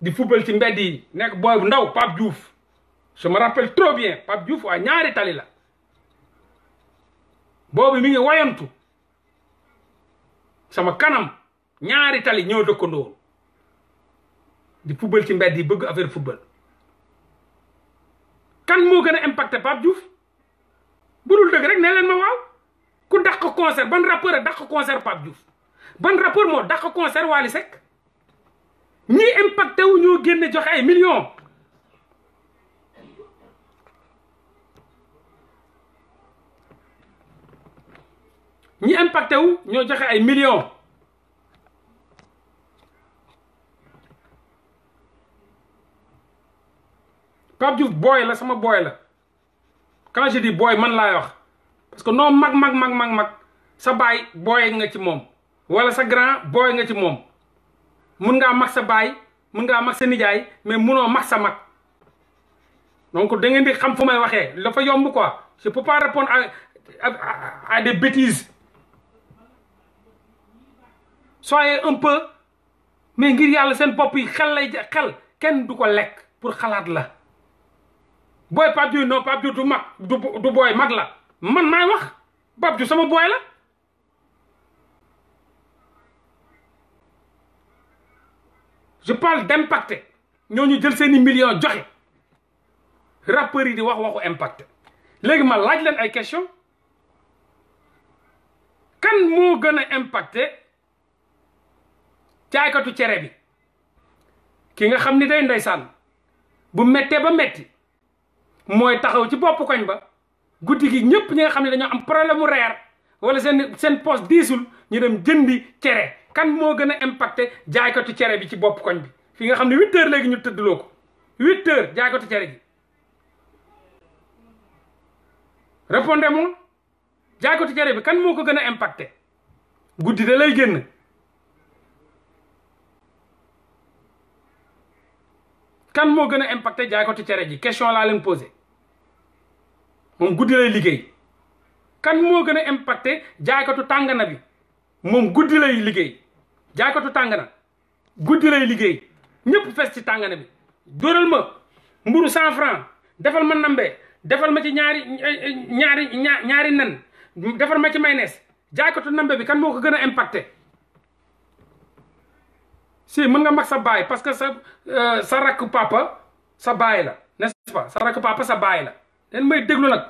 di football ci mbedd yi nekk booy bu ndaw Pape Diouf je me rappelle trop bien Pape Diouf waa ñaari tali la boobu mi ngi wayantu sama kanam ñaari tali ñoo dëkkandoo di football ci mbedd yi bëgg affaire football kan moo gën a impacté Pape Diouf bu dul dëgg rek ne leen ma waaw ku daq concert ban rappeur a dàq concert Pape ban rappeur moo dàq concert Wally Seck ñi impacté wu ñoo génne joxe ay millions ñi impacté wu ñoo joxe ay millions Pape Diouf booy la sama booy la quand je dis booy man laay wax parce que noo mag mag mag mag mag sa baay booy nga ci moom wala sa grand booy nga ci moom mun ngaa mag sa baay mun ngaa mag sa nijaay mais munoo mag sa mag donc da ngeen di xam fu may waxee dafa yomb ko je peux pas répondre à à des bêtises soyez un peu mais ngir yàlla seen bopp yi xel lay xel kenn du ko lekk pour xalaat la booy Pape Diouf non Pape du mag du du booy mag la man maay wax Pape Diouf sama booy la je parle ñoo ñu jël seeni million joxe rappeurs yi di wax waxu impacté léegi ma laaj leen ay question kan moo gën a impacté jaaykatu cere bi ki nga xam ni day ndeysaan bu méttee ba metti mooy taxaw ci bopp koñ ba guddi gi ñëpp ñi nga xam ne dañoo am problème mu reer wala seen seen poste diisul ñu dem jëndi cere kan moo gën a impacté jaaykatu cere bi ci bopp koñ bi fi nga xam ne huit heures léegi ñu tëddloo ko huit heures jaaykatu cere gi répondez moom jaaykatu cere bi kan moo ko gën a impacté guddi da lay génn kan moo gën a impacte jaaykatu cere ji question laa leen posé moom guddi lay liggéey kan moo gën a impacté jaaykatu tàngana bi moom guddi lay liggéey jaaykatu tàngana guddi lay liggéey ñëpp fees ci tàngana bi dóoral ma mburu cent franc defal ma nambe defal ma ci ñaari ñaari ñaari nen defal ma ci mayonnaise jaaykatu nambe bi kan moo ko gën a impacté si mën nga mag sa baay parce que sa euh, sa rakk papa sa baay la n'est-ce pas sa rakk papa sa baay la leen may déglu nag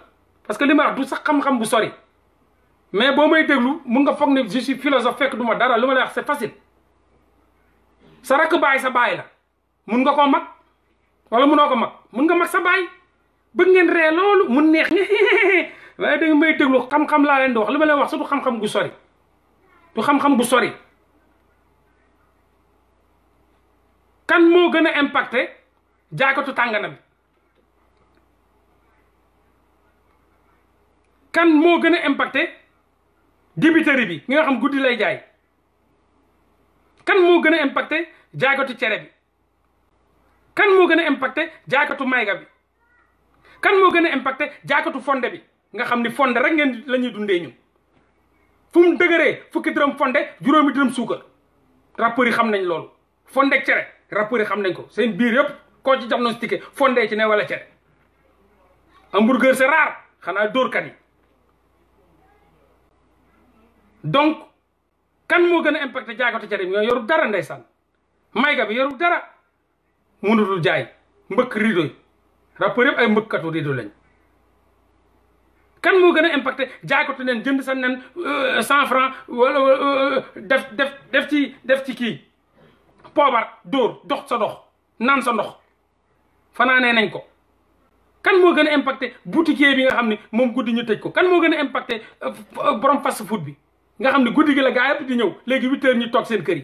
parce que li ma wax du sax xam-xam bu sori mais boo may déglu mun nga foog ne je suis philosophe fekk du ma dara li ma lay wax c'est facile sa rakk baay sa baay la mun nga koo mag wala munoo ko mag mun nga mag sa baay bëgg ngeen ree loolu mun neex <laughs> waaye da may déglu xam-xam laa leen di wax li ma leen wax su du xam-xam gu sori du xam-xam bu sori kan moo gën a impacté jaaykatu tànganam kan moo gën a impacté débiteri bi nga xam guddi lay jaay kan moo gën a impacté jaaykatu cere bi kan moo gën a impacté jaaykatu mayga bi kan moo gën a impacté jaakatu fonde bi nga xam ni fonde rek ngeen la ñuy dundee ñu fu mu dëgëree fukki dërëm fonde juróomi dërëm suukar rappeurs yi xam nañ loolu fonde ak cere rappeurs xam nañ ko seen biir yëpp koo ci diagnostiqué fonde ci ne wala cere hamburger c'est rare xanaa dóorkat yi donc kan moo gën a impacté jaagatu cere bi ñoo yoru dara ndeysaan mayga bi yoru dara mënutul jaay mbëkk rido yi ay mbëkkatu rido lañ kan moo gën a impacté jaagatu nen jënd sa nen euh, cent franc wala euh, euh, def def def ci def ci kii poobar dóor dox sa dox naan sa ndox fanaanee nañ ko kan moo gën a impacté boutiquier bi nga xam ne moom guddi ñu tëj ko kan moo gën a impacté borom fast bi nga xam ne guddi gi la gaa yëpp di ñëw léegi huit ñu toog seen kër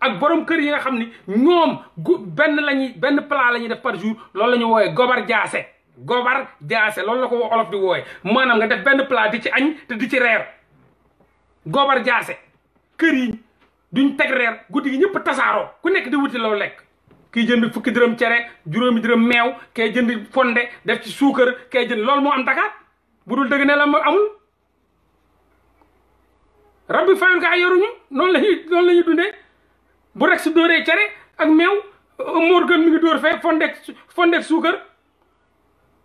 ak boroom kër yi nga xam ni ñoom gu benn lañuy benn plat la ñuy def par jour loolu la ñu wooyee gobar jaase gobar jaase loolu la ko olof di wooyee maanaam nga def benn plat di ci añ te di ci reer gobar jaase kër yi duñ teg reer guddi gi ñëpp tasaaroo ku nekk di wuti loolu lekk kii jënd fukki dërëm cere juróomi dërëm meew kee jënd fonde def ci suukar kee jënd loolu moo am Dakar bu dul dëgg ne la amul rab bi fayul gaa yoruñu noonu la ñuy noonu dundee bu rek si dóoree cere ak meew moor gën mi ngi dóor fee fondek suukar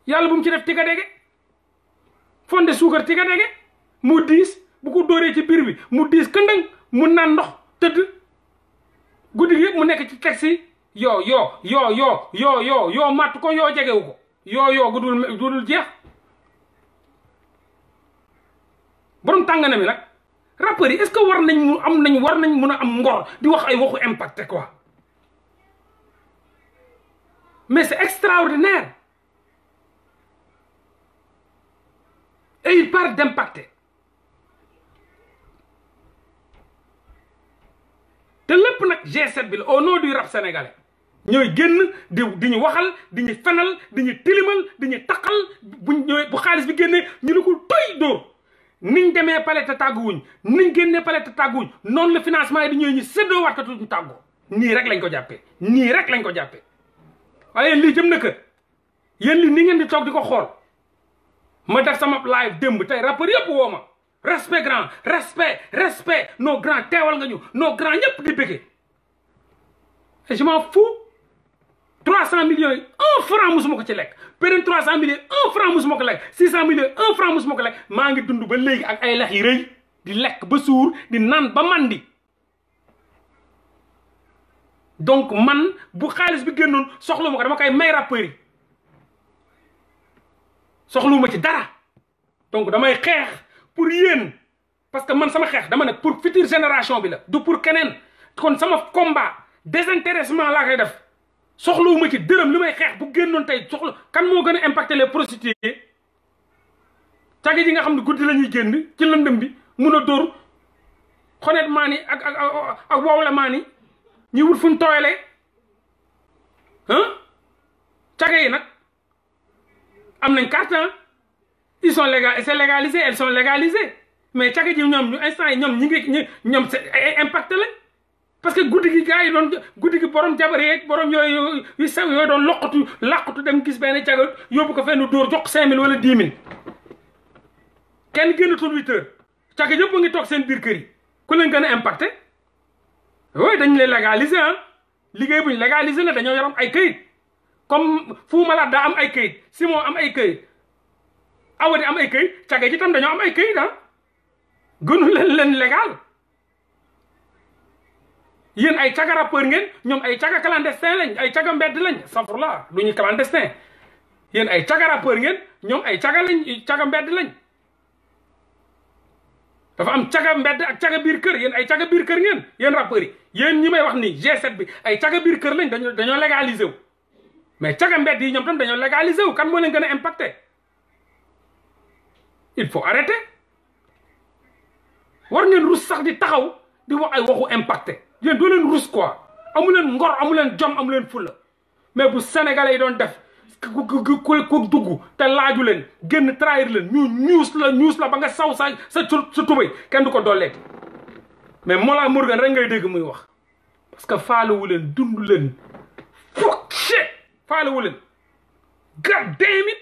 yàlla bu mu ci def tika dege fonde suukar tika dege mu diis bu ko dóoree ci biir bi mu diis këndëng mu naan ndox tëdd guddi gi yëpp mu nekk ci taxi si yoo yoo yoo yoo yoo yoo màtt ko yoo jegewu ko yoo yoo gudul gudul jeex borom tàng na mi nag rappeurs yi est-ce que war nañ mu am nañ war nañ mun a am ngor di wax ay waxu impacté quoi mais c'est extraordinaire et il parle d'impacté te lépp nag G7 bi la au nom du rap ñooy génn di di ñu waxal di ñu fenal di ñu tilimal di ñu taqal bu ñooy bu xaalis bi génnee ñu ne toy dóor niñ demee palais te tàgguwuñ niñ génnee palais te tàgguwuñ noonu la financement yi di ñëw ñu séddoo waat ko tuñ tàggu nii rek lañ ko jàppee nii rek lañ ko jàppee waaye lii jëm na kër yéen ni ngeen di toog di ko xool ma def sama live démb tey rappeur yëpp woo ma respect grand respect respect nos teewal nga ñu nos grands ñëpp di bëggee et je m'en fous trois cent millions yi un franc musuma ko ci lekk beneen trois cent millions un franc musuma ko lekk six cent millions un franc musuma lekk maa ngi dund ba léegi ak ay lex yi rëy di lekk ba suur di naan ba mandi donc man bu xaalis bi génnoon soxla ma ko dama koy may rappeurs yi soxluwuma ci dara donc damay xeex pour yéen parce que man sama xeex dama ne pour future génération bi la du pour keneen kon sama combat désintéressement laa koy def soxlawuma ci dërëm li may xeex bu génnoon tey soxla kan moo gën a impacté les prostituées cage ji nga xam ne guddi la ñuy génn ci lëndëm bi mun a dor xonet maa ak ak ak wow la ñi wut fu ñu tooyalee ah cage yi nag am nañ carte ils son légal c'est légalisé elles sont légalisées mais cage ji ñoom ñu instant yi ñoom ñu ngi ñoom c'est impacté lañ parce que guddi gi gars yi doon guddi gi borom jabar yeeg borom yooyu yu sew yooyu doon loqatu làqatu dem gis benn caga yóbbu ko fenn dóor jox cinq mille wala dix mille kenn génnatul huit heures caga yëpp a ngi toog seen biir kër ku leen gën a impacté oui dañu lay légaliser ah liggéey buñ légaliser la dañoo yaram ay këyit comme Fou malaat daa am ay këyit Simon am ay këyit Awadi am ay këyit caga ji tam dañoo am ay këyit ah gënu leen leen légal yéen ay caga rappeur ngeen ñoom ay caga clandestin lañ ay caga mbedd lañ safurla du ñu clandestin yéen ay caga rappeur ngeen ñoom ay caga lañ caga mbedd lañ dafa am caga mbedd ak caga biir kër yéen ay caga biir kër ngeen yéen rappeurs yi yéen ñi may wax nii g bi ay caga biir kër lañ dañoo dañoo légaliser wu mais caga mbedd yi ñoom tam dañoo légaliser wu kan moo leen gën a impacté il faut arrêter war ngeen rus sax di taxaw di wax ay waxu impacté yéen doo leen rus quoi amu leen ngor amu leen jom amuleen leen fulla mais bu sénégalais yi doon def ku ku ku dugg te laaju leen génn trahir leen ñu ñuus la ñuus la ba nga saw sa sa sa tubay kenn du ko dolleeti mais Mollah Morgun rek ngay dégg muy wax parce que faalewu leen dund leen fuck shit faalewu leen god damn it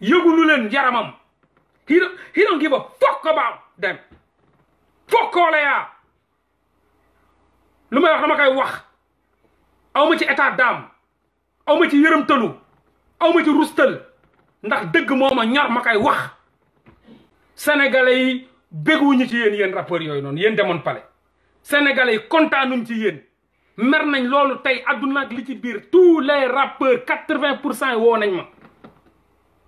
yëgulu leen yaramam ko don't give a fuck about lu may wax dama koy wax awma ci état d'âme awma ci yërëmtalu awma ci rustal ndax dëgg mooma ñor ma koy wax sénégalais yi bégguñu ci yéen yéen rappeurs yooyu noonu yéen demoon pale sénégalais yi kontaanuñ ci yéen mer nañ loolu tey àdduna ak li ci biir tous les rappeurs quatre-vingt pour cent yi woo nañ ma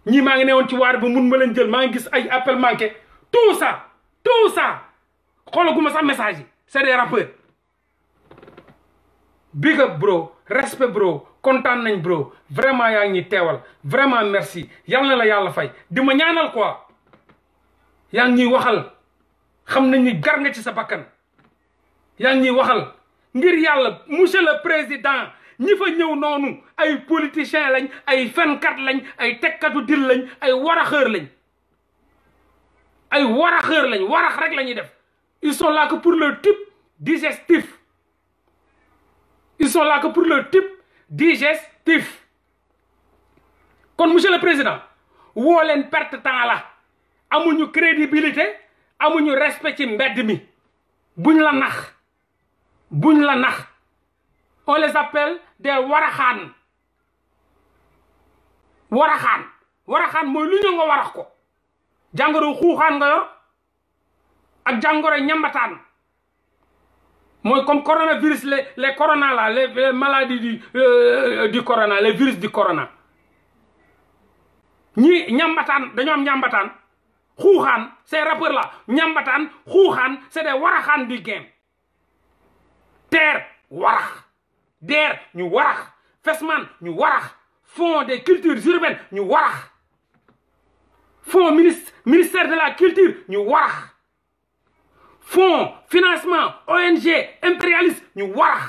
ñii maa ngi ne woon ci waar ba mun ma leen jël maa ngi gis ay appel manqué tout ça tout ça xoolaguma sax message yi c'est des big up bro respect bro kontaan nañ bro vraiment yaa ngi teewal vraiment merci yal na la yàlla fay di ma ñaanal koi yaa ngi ñuy waxal xam nañ ni gar nga ci sa bakkan yaa ngi ñuy waxal ngir yàlla monsieur le président ñi fa ñëw noonu ay politiciens lañ ay fenkat lañ ay tekkatu dil lañ ay waraxeur lañ ay waraxeur lañ warax rek lañuy def ils sont que pour le type ils sont là que pour leur type digestif kon monsieur le président woo leen perte temps la amuñu crédibilité amuñu respect ci mbedd mi buñ la nax buñ la nax on les appelle des waraxaan waraxaan waraxaan mooy lu ñu nga warax ko jàngoro xuuxaan nga yor ak jàngoro ñambataan mooy comme coronavirus les les corona là les maladies di euh, du corona les virus du corona ñi ñambataan dañoo am ñambataan xuuxaan ces rappeurs là ñambataan xuuxaan c'est des waraxaan du game teer warax deer ñu warax fesman ñu warax fonds des cultures urbaines ñu warax fonds ministère de la culture ñu warax fonds financement ONG impérialiste ñu warax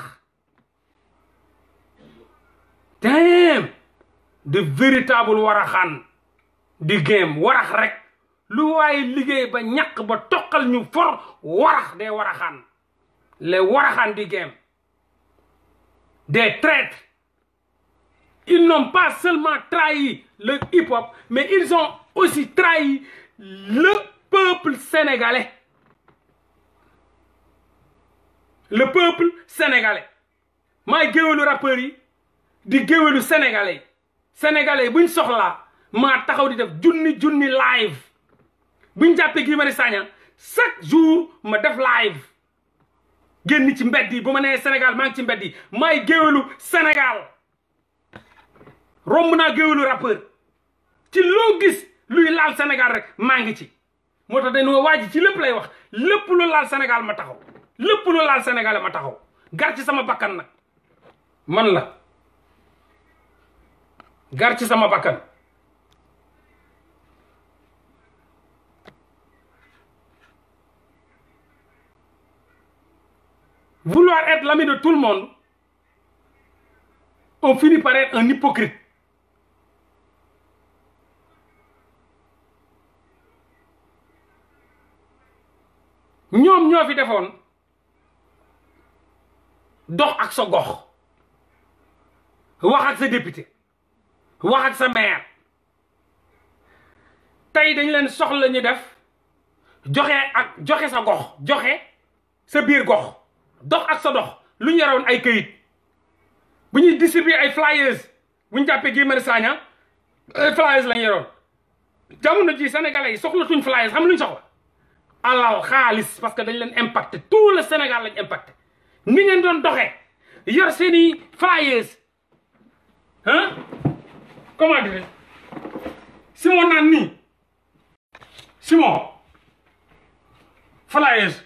damn de véritable waraxaan di game warax rek lu waaye liggéey ba ñàkk ba toqal ñu for warax des waraxaan les waraxaan di game des traîtres ils n'ont pas seulement trahi le hip-hop mais ils ont aussi trahi le peuple sénégalais le peuple sénégalais maay géwélu rappeurs yi di géwélu sénégalais yi sénégalais yi buñ soxlaa maa taxaw di def junni junni live buñ jàppee gi Marius Sagna chaque jour ma def live génn ci mbedd yi bu ma ne Sénégal maa ngi ci mbeddi yi maay géwélu Sénégal romb naa géwélu rappeur ci loo gis luy laal Sénégal rek maa ngi ci moo tax dañoo wa ji ci lépp lay wax lépp lu laal Sénégal ma taxaw lépp lu laal sénégalais ma taxaw gar ci sama bakkan nag man la gar sama bakkan vouloir être l'ami de tout le monde on finit par être un ñoom ñoo fi defoon dox ak sa gox wax sa député wax sa maire tey dañ leen soxla ñu def joxe ak joxe sa gox joxe sa biir gox dox ak sa dox lu ñu yaroon ay këyit bu ñuy distribuer ay flyers bu ñu jàppee Guy Marius Sagna ay flyers lañu yoroon jamono ji sénégalais yi soxla tuñ flyers xam luñ soxla alal xaalis parce que dañ leen impacté tout le Sénégal lañ impacté ni ngeen doon doxee yor seen i flyers ah comment dire Simon naan nii Simon flyers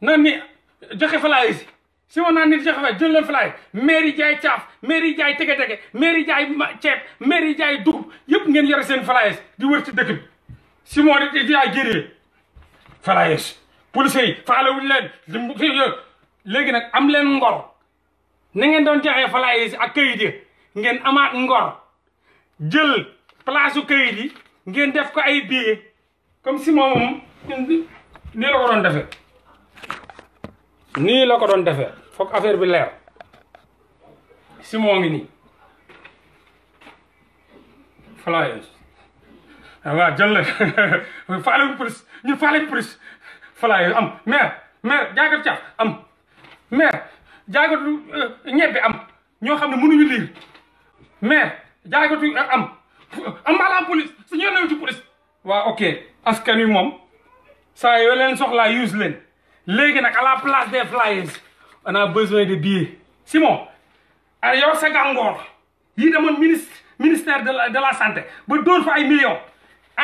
naan ni joxe flyers yi Simon naan ni joxe fa jël leen jaay caaf mairie jaay tege-tege mairie jaay ceeb mairie jaay dugub yëpp ngeen yore seen flyers di wër ci dëkk bi Simon di jaay jëree flyers police yi faale wuñu leen léegi nag am leen ngor na ngeen doon joxee flyers yi ak kayit ngeen amaat ngor jël place u kayit yi ngeen def ko ay billets comme simon moom nii la doon defee nii la ko doon defee foog affaire bi leer si ngi nii flyers waaw jël la <laughs> faale plus ñu faale plus flyers am maire maire jaagat caaf am maire jaaykatu euh, ñebbe am ñoo xam ne mënuñu liir maire jaaykatu euh, am am bala am police su ñëw nañu ci police waaw ok askan wi moom saa yoo leen soxlaa use leen léegi nag à la place des flyers on a besoin de billets Simon a ah, yow sa gàngoor yi demoon ministre ministère de la de la santé ba dóor fa ay millions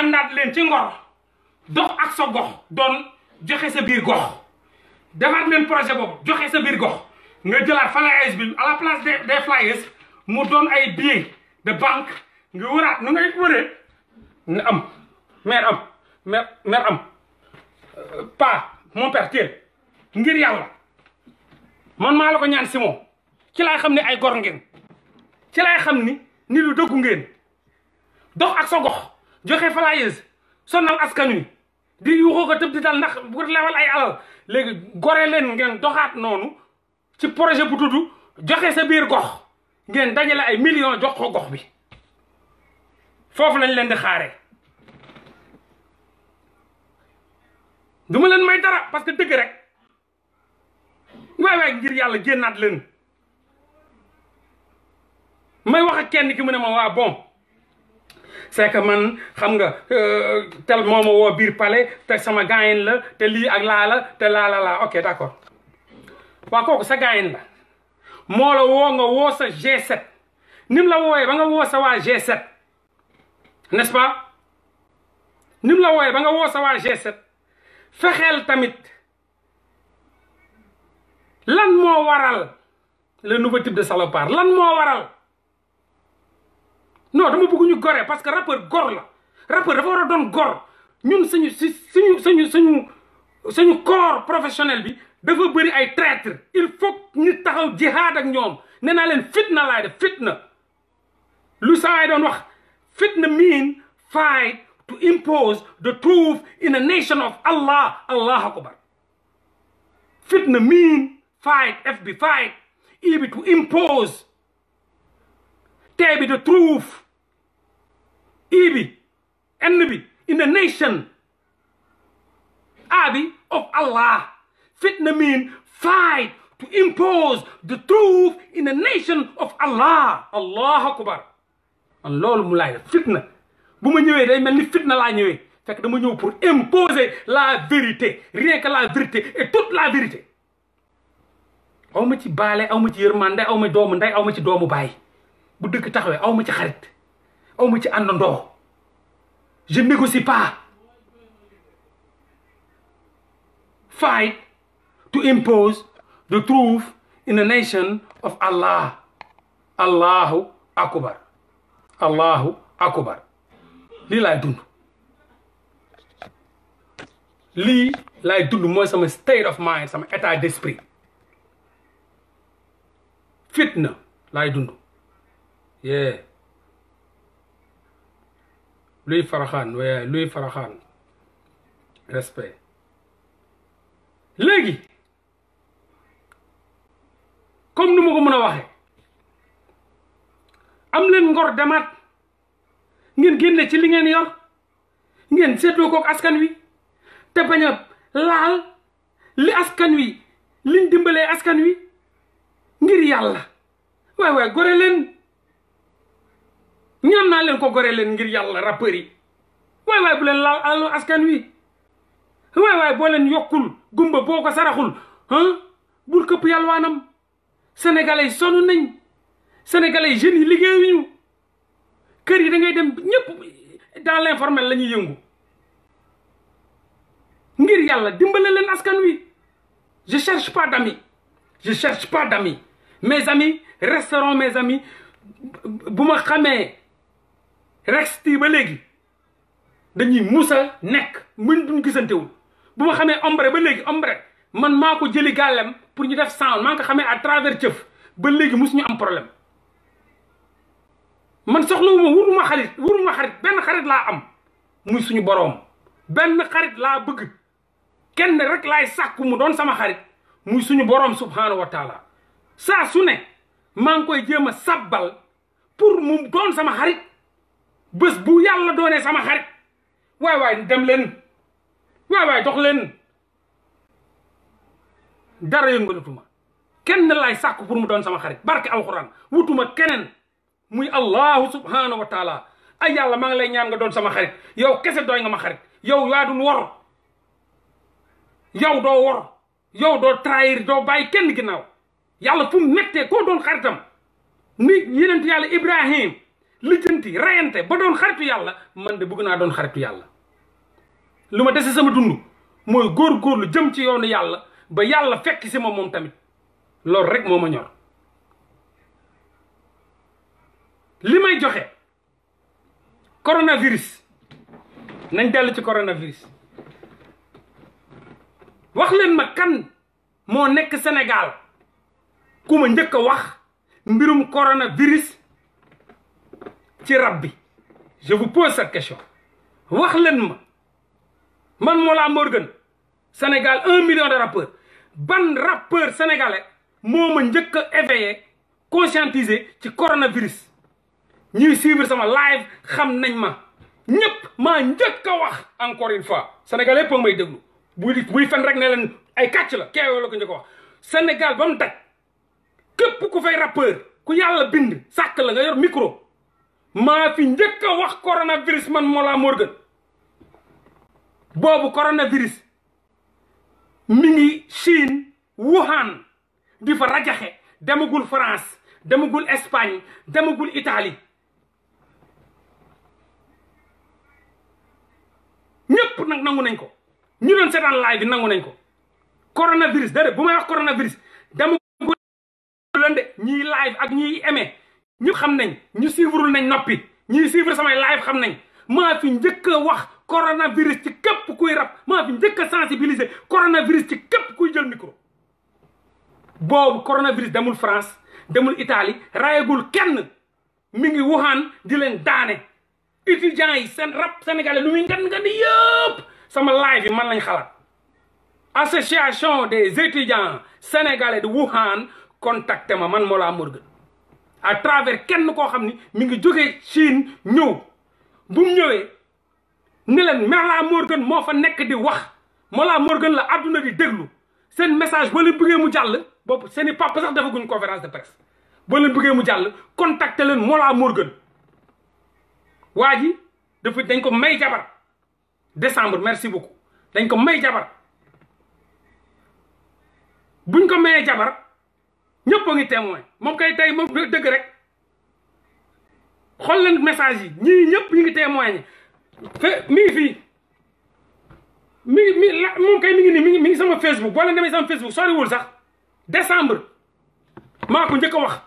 naat leen ci ngor dox ak sa gox doon joxe sa biir gox defaat leen projet boobu joxe sa biir gox nga jëlaat flyers bi à la place des des flyers mu doon ay billets de banque nga wëraat nu ngay wëree nga am maire am maire maire am euh, pa mon père teel ngir yàlla man maa la ko ñaan Simon ci laay xam ne ay gor ngeen ci laay xam ni ni lu dëggu ngeen dox ak sa gox joxe flyers sonal askan wi di yuuxoo ko tëb di dal ndax bu lewal ay alal léegi gore leen ngeen doxaat noonu ci projet bu tudd joxe sa biir gox ngeen dajale ay millions jox ko gox bi foofu lañ leen di xaare du leen may dara parce que dëgg rek waay waay ngir yàlla génnaat leen may wax ak kenn ki mu ne ma waa bon c'est que man xam nga euh, tel moo ma woo biir palais te sama gaayen la te lii ak laala la te laa la ok d'accord waa kooku sa gaayen la moo la woo nga woo sa g nim la wooyee ba nga woo sa waa G7 nest la wooyee ba nga woo sa waa G7 tamit lan moo waral le nouveau type de salopard lan moo waral non dama bëgg ñu gore parce que rappeur gor la rappeur dafa war a doon gor ñun suñu si suñu suñu suñu professionnel bi dafa bëri ay traître il faut ñu taxaw jihaad ak ñoom nee naa leen fitna laay def fitna lu saay doon wax fitna mean fight to impose the truth in a nation of Allah Allah akbar fitna mean fight f bi fight i e bi to impose tee the truth i e bi n bi in the nation a bi of Allah fitna mean fight to impose the truth in the nation of Allah allahu akbar man loolu mu laay def fitna bu ma ñëwee day mel ni fitna laa ñëwee fekk dama ñëw pour imposer la vérité rien que la vérité et toute la vérité aw ma ci baale aw ma ci yërmande aw ma doomu aw ma ci doomu baay bu dëgg taxawe aw ma ci xarit awma ci àndandoo je négocie pas fight to impose the truth in the nation of Allah allahu akbar allahu akbar lii laay dund lii laay dund mooy sama state of mind sama état d'esprit fitna laay dund yee luy faraxaan waaye luy faraxaan respect léegi comme nu ma ko mën a waxee am leen ngor demaat ngeen génne ci li ngeen yor ngeen seetloo kook askan wi te bañ a laal li askan wi liñ dimbalee askan wi ngir yàlla waay waay gore leen ñaan naa leen ko gore leen ngir yàlla rappeurs yi waay waay bu askan wi waay waay boo leen yokkul gumba boo ko saraxul bul këpp yàlwaanam sénégalais sonu nañ sénégalais yi liggéeyuñu kër yi da ngay dem ñëpp dans l'informel la ñuy yëngu ngir yàlla dimbale leen askan wi je cherche pas d'amis je cherche pas d'amis mes amis resteront mes amis ma xamee rexti ba léegi dañuy musa nekk mën duñ gisantewul bu ma xamee ombre ba léegi ombre man maa ko jëli gàllem pour ñu def sound maa ngi ko xamee à travers jëf ba léegi mus ñu am problème man soxlawuma wuruma xarit wuruma xarit benn xarit laa am muy suñu boroom benn xarit laa bëgg kenn rek laay sàkku mu doon sama xarit muy suñu boroom subhaanahu wa saa su ne maa ngi koy jéem a sabbal pour mu doon sama xarit bés bu yàlla doonee sama xarit waay waay dem leen waay waay dox leen dara yëngalatuma kenn lay sàkk pour mu doon sama xarit barke alxuraan wutuma keneen muy allahu subhanahu wa taala ay yàlla maa ngi lay ñaan nga doon sama xarit yow kese doy nga ma xarit yow yaa dul wor yow doo wor yow doo trahir doo bàyyi kenn ginnaaw yàlla fu mu koo doon xaritam ni yeneen yàlla ibrahim lijjanti reyante ba doon xaritu yàlla man de bugg naa doon xaritu yàlla lu ma dese sama dund mooy góor góor lu jëm ci yoonu yàlla ba yàlla fekk si ma moom tamit loolu rek moo ma ñor li may joxe coronavirus nañ dellu ci coronavirus wax leen ma kan moo nekk senegaal ku ma njëkk a wax mbirum coronavirus ci rab bi je vous pose cette question wax leen ma man Mollah Morgun Sénégal un million de rappeurs ban rappeur sénégalais moo ma njëkk a éveillé conscientisé ci coronavirus ñuy suivre sama live xam nañ ma ñëpp maa njëkk a wax encore une fois sénégalais yëpp may déglu buy buy fen rek ne leen ay kàcc la keewoo la ko njëkk wax Sénégal ba teg daj képp ku fay rappeur ku yàlla bind sàkk la nga yor micro maa fi njëkk a wax coronavirus man Mollah Morgun boobu coronavirus mi ngi Chine Wuhan di fa rajaxe demagul France demagul Espagne demagul Italie ñëpp nag nangu nañ ko ñu doon seetaan live bi nangu nañ ko coronavirus de bu may wax coronavirus demagul leen de ñiy live ak ñiy aimé ñu xam nañ ñu suivre nañ noppi ñuy suivre samay live xam nañ maa fi njëkk a wax coronavirus ci képp kuy rab maa fi njëkk a sensibiliser coronavirus ci képp kuy jël ni micro. boobu coronavirus demul France demul Italie rayagul kenn mi ngi Wuhan di leen daane étudiants yi seen rab sénégalais lu muy ngan ngan yëpp sama live yi man lañ xalaat. association des étudiants sénégalais de Wuhan contacté ma man Mollah Morgun à travers kenn koo xam ni mi ngi jóge Chine ñëw bu mu ñëwee ne leen Mollah Morgun moo fa nekk di wax Mollah Morgun la àdduna di déglu seen message boo leen mu jàll boobu seen i papa sax defaguñ conférence de presse boo leen bëggee mu jàll contacter leen Mollah Morgun waa ji dafa dañ ko may jabar décembre merci beaucoup dañ ko may jabar buñ ko mayee jabar ñëpp a ngi témoin moom kay tey moom dëgg rek xool leen message yi ñii ñëpp ñu ngi témoin fe mi ngi fii mi mi la moom kay mi ngi nii mi ngi mi ngi sama Facebook boo leen demee sama Facebook soriwul sax décembre maa ko njëkk a wax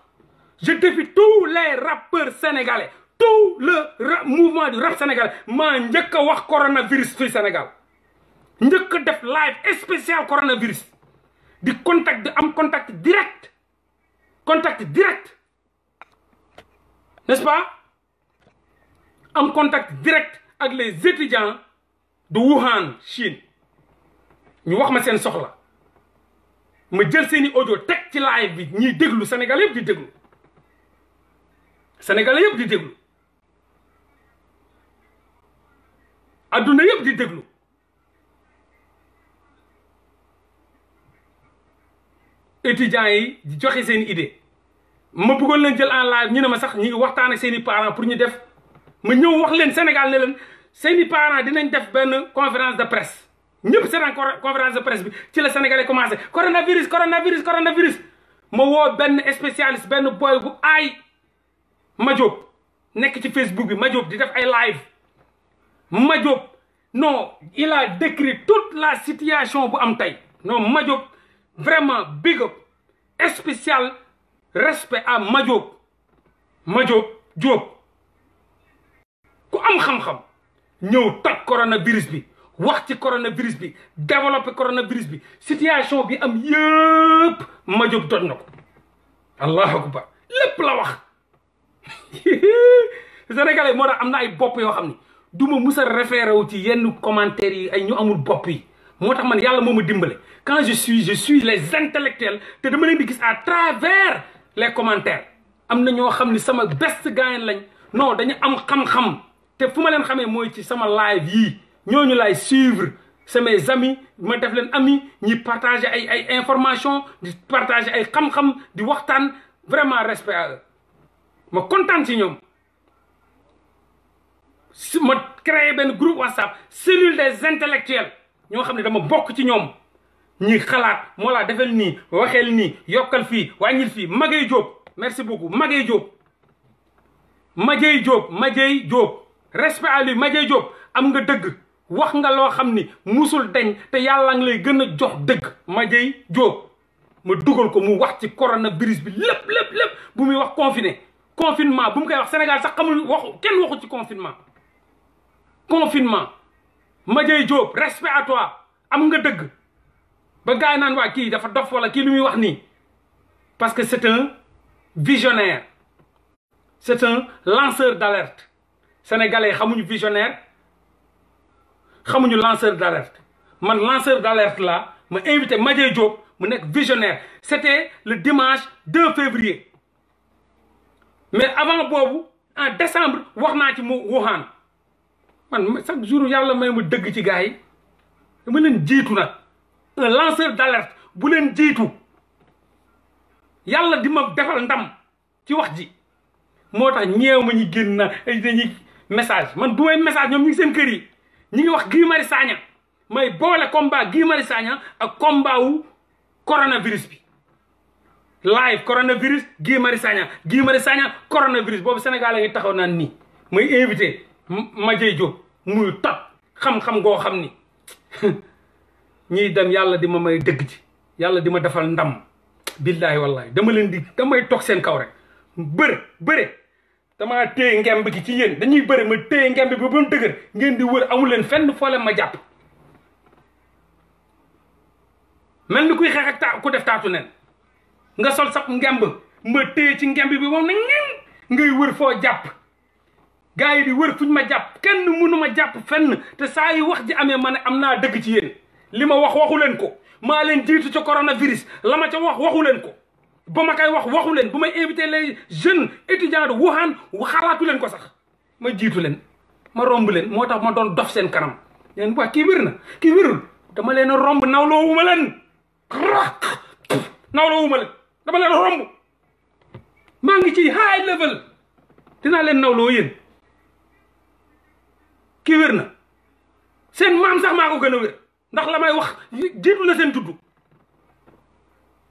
je défie tous les rappeurs sénégalais tout le rap mouvement du rap sénégalais maa njëkk a wax coronavirus fii Sénégal njëkk a def live spécial coronavirus di contact di am contact direct. contact direct n'est-ce pas am contact direct ak les étudiants de Wuhan Chine ñu wax ma seen soxla ma jël seeni audio tek ci live bi ñuy déglu senegal yëpp di déglu Sénégal yëpp di déglu adduna yëpp di déglu étudiants yi joxe seen idée ma bëggoon leen jël en live ñu ne ma sax ñu ngi waxtaan ak seen i parents pour ñu def ma ñëw wax leen Sénégal ne leen seen i parents dinañ def benn conférence de presse ñëpp seen conférence de presse bi ci la Sénégalais commencé coronavirus coronavirus coronavirus ma woo benn spécialiste benn boy bu aay Madiop nekk ci Facebook bi Madiop di def ay live Madiop non il a décrit toute la situation bu am tey non Madiop vraiment big up spécial respect à Madiop Madiop Diop ku am xam-xam ñëw toj coronavirus bi wax ci coronavirus bi développé coronavirus bi situation bi am yëpp Madiop doj na ko allahu akbar lépp la wax <laughs> sénégalais moo tax am na ay bopp yoo xam ne du ma mus a référé wu ci yenn commentaires yi ay ñu amul bopp yi moo tax man yàlla moom ma dimbale quand je suis je suis les intellectuels te dama leen di gis à travers les commentaires am na ñoo xam ni sama best gaayen lañ non dañu am xam-xam te fu ma leen xamee mooy ci sama live yii ñooñu laay suivre c'est mes amis ma def leen ami ñi partager ay ay information di partager ay xam-xam di waxtaan vraiment respect à ma kontaan ci ñoom ma créé benn groupe WhatsApp cellule des intellectuels ñoo xam ne dama bokk ci ñoom ñi xalaat moo laa defel nii waxeel nii yokkal fii wàññil fii Maguette jóob merci beaucoup Maguette Diop Maguette Diop Maguette Diop respect à lui Maguette am nga dëgg wax nga loo xam ni musul deñ te yàlla ngi lay gën a jox dëgg Maguette Diop ma dugal ko mu wax ci coronavirus bi lépp lépp lépp bu muy wax confiné confinement bu mu koy wax Sénégal sax xamul waxu kenn waxu ci confinement confinement Madiaye Diop respect à toi am nga dëgg ba gars yi naan waa kii dafa dof wala kii lu muy wax nii parce que c'est un visionnaire c'est un lanceur d'alerte sénégalais xamuñu visionnaire xamuñu lanceur d'alerte man lanceur d'alerte la ma invité Madiaye Diop mu nekk visionnaire c'était le dimanche 2 février mais avant boobu en décembre wax naa ci mu Wuhan man chaque jour yàlla may ma dëgg ci gars yi dama leen jiitu na un lanceur d'alerte bu leen jiitu yàlla di ma defal ndam ci wax ji moo tax ñeew ma ñu génn na dañuy message man bu may message ñoom ñu seen kër yi ñu ngi wax Guy mari Sagna may boole combat Guy Marius Sagna ak combat wu coronavirus bi live coronavirus Guy Marius Sagna Guy Marius Sagna coronavirus boobu Sénégal a ngi taxaw naan nii may invité Madiaye Diop muy tab xam-xam goo xam ni <laughs> ñiy dem yàlla di ma may dëgg ci yàlla di ma defal ndam billaahi wallaahi dama leen di damay toog seen kaw rek bëre bëre damaa téye ngemb gi ci yéen dañuy bëre ma téye ngemb bi ba dëgër ngeen di wër amu leen fenn foole ma jàpp mel ni kuy xeex ak taa ku def taatu nen nga sol sab ngemb ma téye ci ngemb bi moom na ngay wër foo jàpp gars yi di wër fuñ ma jàpp kenn mënu ma jàpp fenn te saa yi wax ji amee ma ne am naa dëgg ci yéen li ma wax waxu leen ko maa leen jiitu ca coronavirus la ma ca wax waxu leen ko ba ma kay wax waxu leen bu may invité les jeunes étudiants woo Wuhan xalaatu leen ko sax ma jiitu leen ma romb leen moo tax ma doon dof seen kanam leen waa kii wér na kii wérul dama leen a romb nawloowu wuma leen nawloo wuma leen dama leen romb maa ngi ci high level dinaa leen nawloo yéen kii wér na seen maam sax maa ko gën a wér ndax la may wax jiitu la seen juddu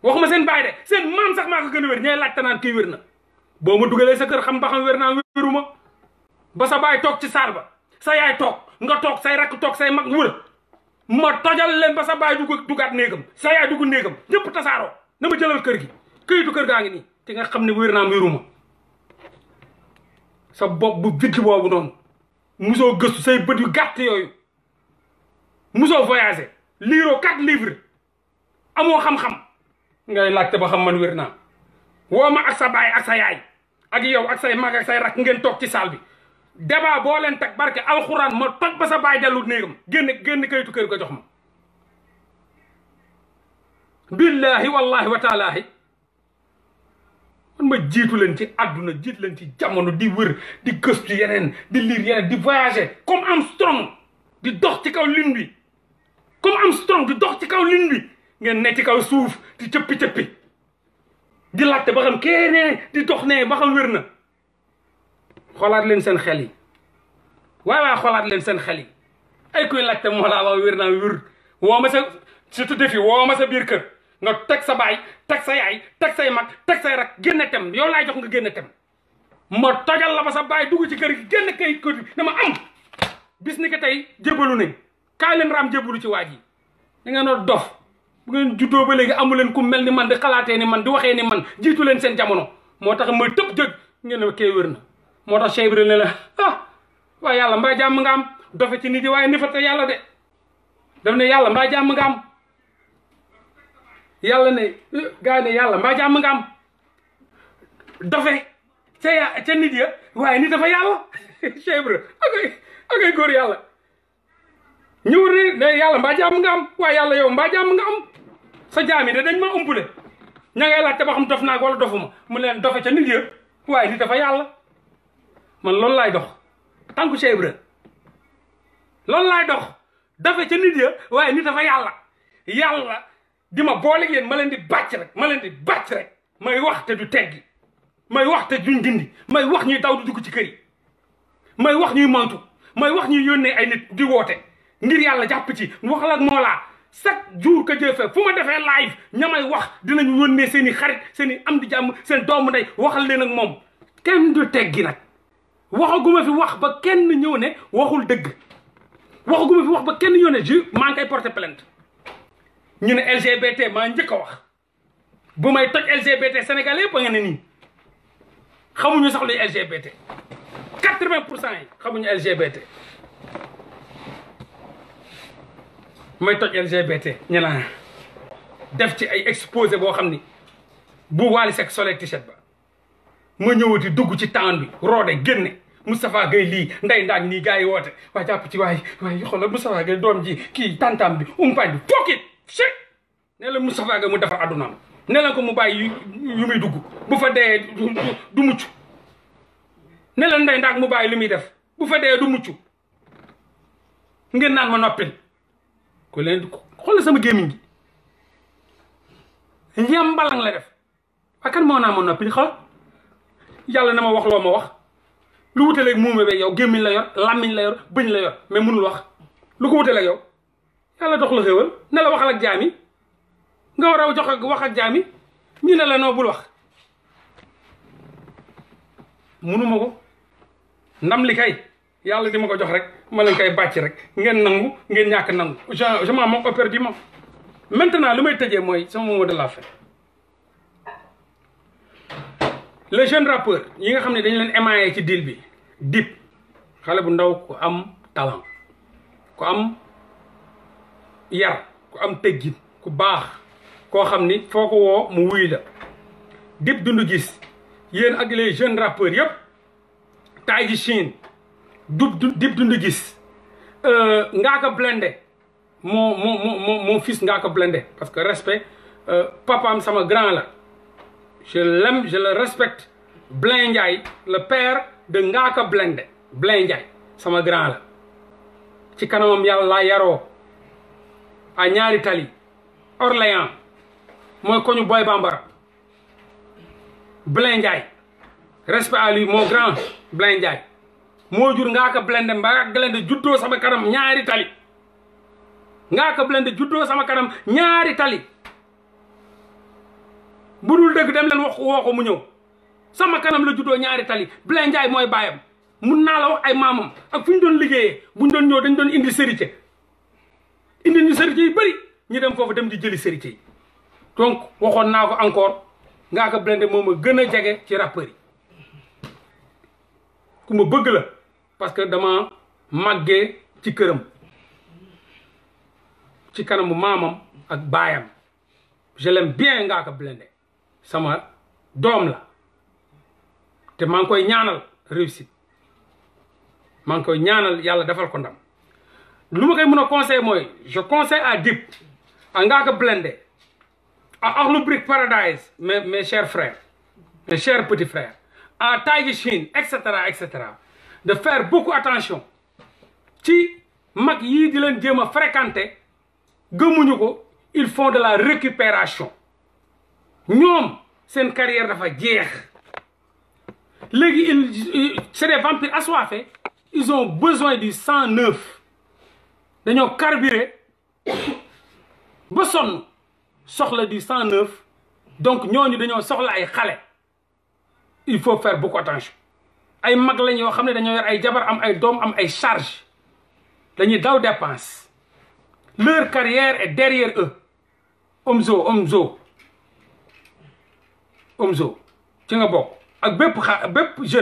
waxuma seen baay de seen maam sax maa ko gën a wér ñay laajte kii wér na boo ma dugalee sa kër xam ba xam wér naa wéruma ba sa baay toog ci saal ba sa toog nga toog say rakk toog say mag wër ma tojal leen ba sa baay dugg dugaat néegam sa yaay dugg néegam ñépp tasaaroo na ma jëlal kër gi këyitu kër gaa ngi nii te nga xam ne wér naa wéruma sa bopp bu jiggi boobu noonu musoo gëstu say bët yu gàtt yooyu musoo voyagé liiroo kat livres amoo xam-xam ngay laajte ba xam man wér naa woo ma ak sa baay ak sa ak yow ak say mag ak say rak ngeen toog ci saal bi débat boo leen tag barke alxuraan ma toj ba sa baay dellu néegam génn génn kayitu kër ga jox ma billahi wallahi wa man ma jiitu leen ci àdduna jiitu leen ci jamono di wër di gëstu yeneen di lire yeneen di voyager comme Armstrong di dox ci kaw lune wi comme Armstrong di dox ci kaw lune bi ngeen ne ci kaw suuf di cëppi cëppi di latte ba xam kee di dox nee ba xam wér na xoolaat leen seen xel yi waaw waaw xoolaat leen seen xel yi ay kuy laajte moo laa wax wér naa wér woo ma sa surtout defi woo ma sa biir kër. nga teg sa baay teg sa yaay teg say mag teg say rak génne tem yow laay jox nga génn tem ma tojal la ba sa baay dugg ci kër gi génne kay kër dama am bis ni que tey jébalu nañ kaay leen raam jébalu ci waa ji da ngeen a dof bu ngeen juddoo ba léegi amu leen ku mel ni man di xalaatee ni man di waxee ni man jiitu leen seen jamono moo tax ma tëb jëg ngeen ne kee wér na moo tax Cheikh Ibrahima ne la ah waaye yàlla mbaa jàmm nga am dofe ci nit yi waaye ni fa te yàlla de daf ne yàlla mbaa jàmm nga am yàlla ne eh, gars ne yàlla mbaa jàmm nga dofe ca ya ca waaye ni dafa yàlla chèvre akay akay góor yàlla ñu war ne ne yàlla mbaa jàmm waaye yàlla yow mbaa jàmm nga am sa jaam yi de dañ ma umpule ña ngay laajte ba xam dof naag wala mu leen dofe ca nit ya waaye nit dafa yàlla man loolu laay dox tànku chèvre loolu laay dox dofe di ma boole yéen ma leen di bàcc rek ma leen di bàcc rek may wax te du teggi may wax te duñ dindi may wax ñuy daw di dugg ci kër yi may wax ñuy mantu may wax ñuy yónnee ay nit di woote ngir yàlla jàpp ci waxal ak moo laa chaque jour que Dieu ma defee live ña may wax dinañu yónnee seen i xarit seen i am di jàmm seen doomu ndey waxal leen ak moom kenn du teggi nag waxaguma fi wax ba kenn ñëw ne waxul dëgg waxaguma fi wax ba kenn ñëw ne je maa ngi koy porter plainte ñu ne LGBT maa njëkk wax bu may toj LGBT Sénégal yëpp a nga ne nii xamuñu sax luy LGBT quatre-vingt pour cent yi xamuñu LGBT may toj LGBT ñu naan def ci ay exposé boo xam ni bu Wally Seck solee ti set ba ma ñëwati dugg ci temps bi roode génne Moustapha Gueye lii nday ndaag nii gars yi woote waa jàpp ci waay waay xoolal Moustapha Gueye doom ji kii tantam bi umpañ bi shit ne la Moustapha Gueye mu defar addunaam ne ko mu bàyyi yu muy dugg bu fa dee du mucc ne la ndey ndaak mu bàyyi li muy def bu fa dee du mucc ngeen naan ma noppil ko leen xoolal sama gémmiñ gi yambalang la def waa kan moo naan ma noppi xool yàlla na ma wax loo ma wax lu wutaleeg muumee ba yow gémmiñ la yor làmmiñ la yor bëñ la yor mais mënul wax lu ko wutaleeg yow yàlla dox la xéwal ne la waxal ak jaam nga war a jox ak wax ak jaam yi ñu la noo bul wax munuma ko ndam li kay yàlla di ma ko jox rek ma leen koy bàcc rek ngeen nangu ngeen ñàkk nangu je m'en moque éperdument maintenant lu may tëjee mooy sama mot de la fin les jeunes rappeurs yi nga xam ne dañ leen émaillé ci deal bi Dip xale bu ndaw ku am talent ku am yar ku am teggin ku baax koo xam ni foo ko woo mu wuy la dib dundu gis yéen ak les jeunes rappeurs yëpp tay ji Chine dub dib dundu gis euh, Ngaaka Blindé mon mon mon fils Ngaaka Blindé parce que respect euh, papaam sama grand la je l'aime le respecte Blin Ndiaye le père de Ngaaka Blindé Blin Ndiaye sama grand la ci kanamam yàlla laa yaroo a ñaari tali Orléans mooy koñu Boy Bambara Blin Ndiaye respect à lui mon grand Blin moo jur Ngaaka Blindé Mbaa Blindé juddoo sama kanam ñaari tali Ngaaka Blindé juddoo sama kanam ñaari tali bu dul dëgg dem leen wax woo mu ñëw sama kanam la juddoo ñaari tali Blin Ndiaye mooy baayam mun naa la wax ay maamam ak fu ñu doon liggéeyee bu ñu doon ñëw dañ doon indi sérité indi ñu charité yu bëri ñu dem foofu dem di jëli charité yi donc waxoon naa ko encore Ngaaka Blindé moom a gën a jege ci rappeurs yi ku ma bëgg la parce que dama màggee ci këram ci kanamu maamam ak baayam je l'aime bien Ngaaka Blindé sama doom la te maa ngi koy ñaanal réussite maa ngi koy ñaanal yàlla defal ko ndam lu ma koy mën a conseil mooy je conseille à Dip à Ngaaka Blindé à Akhlou Brick Paradise mes mes chers frères mes chers petits frères à Taïgi Chine et cetera et cetera de faire beaucoup attention ci mag yi di leen jéem a fréquenter gëmuñu ko ils font de la récupération ñoom seen carrière dafa jeex léegi ils c'est des vampires assoiffés ils ont besoin du sang neuf dañoo carburé ba sonn soxla di cent neuf donc ñooñu dañoo soxla ay xale il faut faire beaucoup attention ay mag lañ yoo xam ne dañoo yor ay jabar am ay doom am ay charge dañuy daw dépense leur carrière et derrière eux Omzo Omzo Omzo ci nga bokk ak bépp xa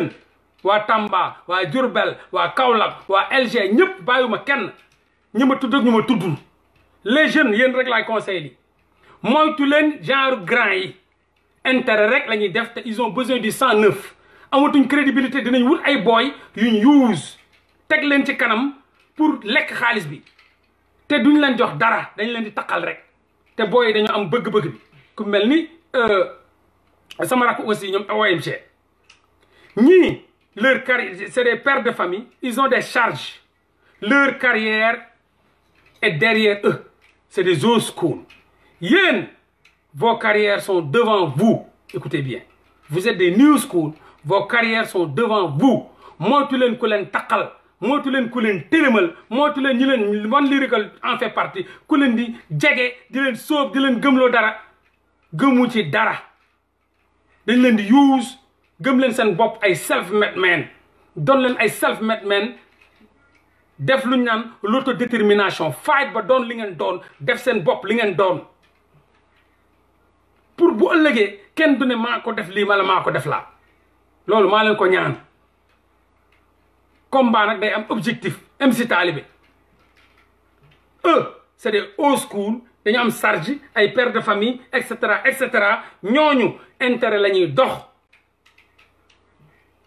waa Tamba waa Diourbel waa Kaolack waa LG ñëpp bàyyuma kenn ñi ma tudd ak ñu ma tuddul les jeunes yéen rek laay conseil yi moytu leen genre grand yi intérêt rek lañuy def te ils ont besoin du sang neuf amatuñ crédibilité dinañ wul ay booy yuñ use teg leen ci kanam pour lekk xaalis bi te duñ leen jox dara dañ leen di taqal rek te booy yi dañoo am bëgg-bëgg bi ku mel ni euh, sama rakk aussi ñoom OMG ñii leur carrière c'est des pères de famille ils ont des charges leur carrière et derrière eux, c'est des oscons. Yen, vos carrières sont devant vous. Écoutez bien. Vous êtes des new school, vos carrières sont devant vous. mootu leen ku leen taqal mootu leen ku leen tërëmal mootu leen ñi leen wan lirical en fait partie ku leen di jege di leen sóob di leen gëmloo dara gëmu ci dara dañ leen di use gëm leen seen bopp ay self made man doon leen ay self made man def lu ñu naan l'autodétermination fight ba doon li ngeen doon def seen bopp li ngeen doon pour bu ëllëgee kenn du ne maa ko def lii wala maa ko def laa loolu maa leen ko ñaan combat nag day am objectif am si taalibe e c'est des hauts school dañu am sarge ay pères de famille et cetera et cetera ñooñu intérêt la ñuy dox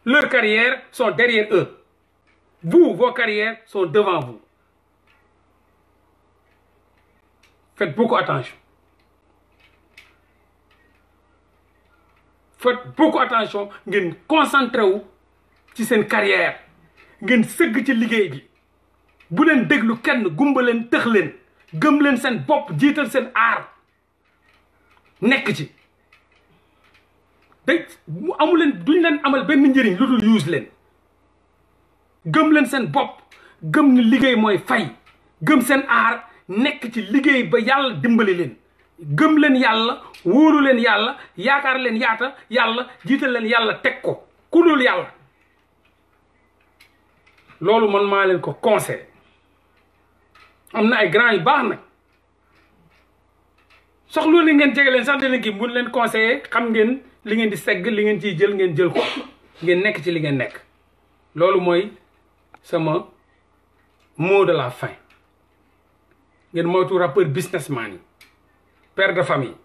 leur carrière sont derrière eux Vous, vos carrières sont devant vous. Faites beaucoup attention. Faites beaucoup attention ngeen concentré wu ci seen carrière ngeen sëgg ci liggéey bi bu leen déglu kenn gumba leen tëx leen gëm leen seen bopp jiital seen aar nekk ci day amu leen duñ leen amal benn njëriñ lu dul use leen. gëm leen seen bopp gëm ni liggéey mooy fay gëm seen aar nekk ci liggéey ba yàlla dimbali leen gëm leen yàlla wóolu leen yàlla yaakaar leen yaata yàlla jiital leen yàlla teg ko ku dul yàlla loolu man maa leen ko conseil am na ay grand yu baax nag soxlu li ngeen jege leen sax dina kii mun leen conseiller xam ngeen li ngeen di segg li ngeen ciy jël ngeen jël ko ngeen nekk ci li ngeen nekk loolu mooy sama mot de la fin ngeen moytu rappeur businessman yi per de famille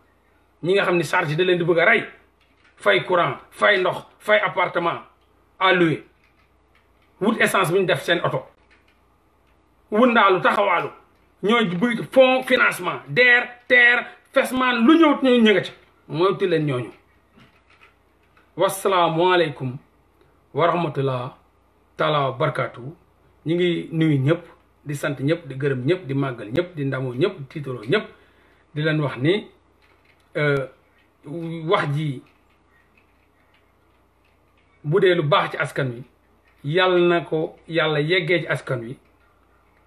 ñi nga xam ni charge da leen di bëgg rey fay courant fay ndox fay appartement à louer wut essence bi ñu def seen oto wëndaalu taxawaalu ñooy bëgg fonds financement DER TER FESMAN lu ñëwut ñu ñu nga ci moytu leen ñooñu wasalaamualeykum wa rahmatullah taala wa barkaatu ñu ngi nuyu ñëpp di sant ñëpp di gërëm ñëpp di màggal ñëpp di ndamoo ñëpp di tiitaroo ñëpp di leen wax ni euh, wax ji bu dee lu baax ci askan wi yàlla na ko yàlla yeggee ci askan wi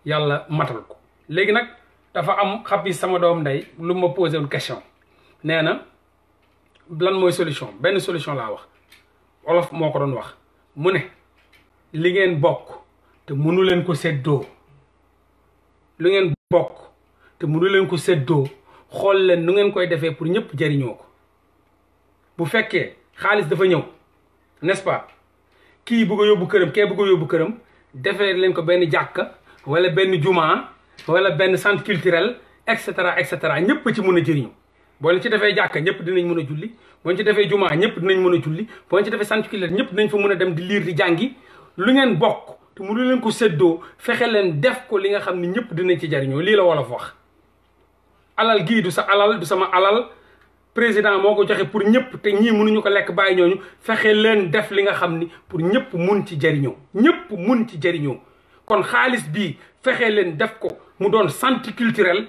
yàlla matal ko léegi nag dafa am xabis sama doom ndey lu ma posé question nee na lan mooy solution benn solution laa wax wolof moo ko doon wax mu ne li ngeen bokk te mënu leen ko seddoo lu ngeen bokk te mënu leen ko séddoo xool leen nu ngeen koy defee pour ñëpp jariñoo ko bu fekkee xaalis dafa ñëw n'est-ce pas kii bëgg a yóbbu këram kee bëgg a yóbbu këram defee leen ko benn jàkka wala benn jumaa wala benn sant culturel et cetera et cetera ñëpp ci mun a jëriñu boo leen ci defee jàkka ñëpp dinañ mën a julli boo ci defee jumaa ñëpp dinañ mën a julli boo ci defee centre culturel ñëpp dinañ mën a dem di liir di jàngi lu ngeen bokk te mënu leen ko seddoo fexe leen def ko li nga xam ne ñëpp dinañ ci jariñoo lii la wolof wax alal gii du sa alal du sama alal président moo ko joxe pour ñëpp te ñii mënuñu ko lekk bàyyi ñooñu fexee leen def li nga xam ni pour ñëpp mun ci jariñoo ñëpp mun ci jariñoo kon xaalis bii fexe leen def ko mu doon centre culturel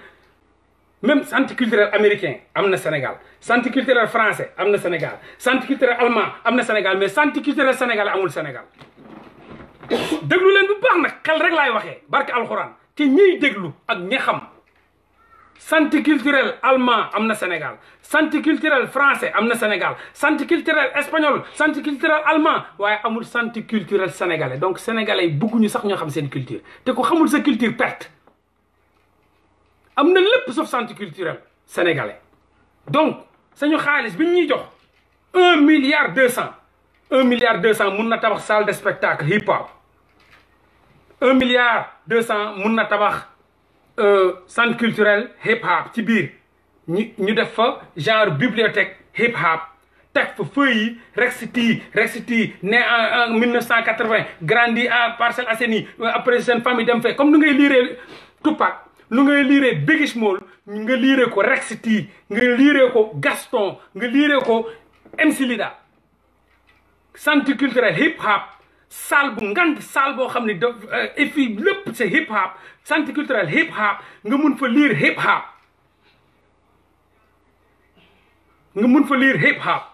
même centre culturel américain am na Sénégal centre culturel français am na Sénégal centre culturel allemand am na Sénégal mais centre culturel sénégalais amul Sénégal déglu leen bu baax nag xel rek laay waxee barke alxuraan te ñiy déglu ak ñi xam centre culturel allemand am na Sénégal centre culturel français am na Sénégal centre culturel espagnol centre culturel allemand waaye amul centre culturel sénégalais donc sénégalais yi bëgguñu sax ñoo xam seen culture te ku xamul sa culture perte am na lépp sauf centre culturel sénégalais donc sañu xaalis bi ñuy jox un milliard deux cent un milliard deux cent mun na tabax salle de spectacle hip hop un milliard deux cent mun na tabax euh, centre culturel hip hop ci biir ñu def fa genre bibliothèque hip hop teg fa feuilles yi Rexity Rexity né en en mille neuf cent quatre-vingt grandi à Parcelles Assainies euh, après seen famille dem fee comme nu ngay liiree Tupac lu ngay liiree Biggie Small nga liiree ko Rexity nga liiree ko Gaston nga liiree ko MC centre culturel hip hop salle bu ngand salle boo xam ne daf euh, et puis lépp c'est hip hop centre hip hop nga mun fa liir hip hop nga mun fa liir hip hop.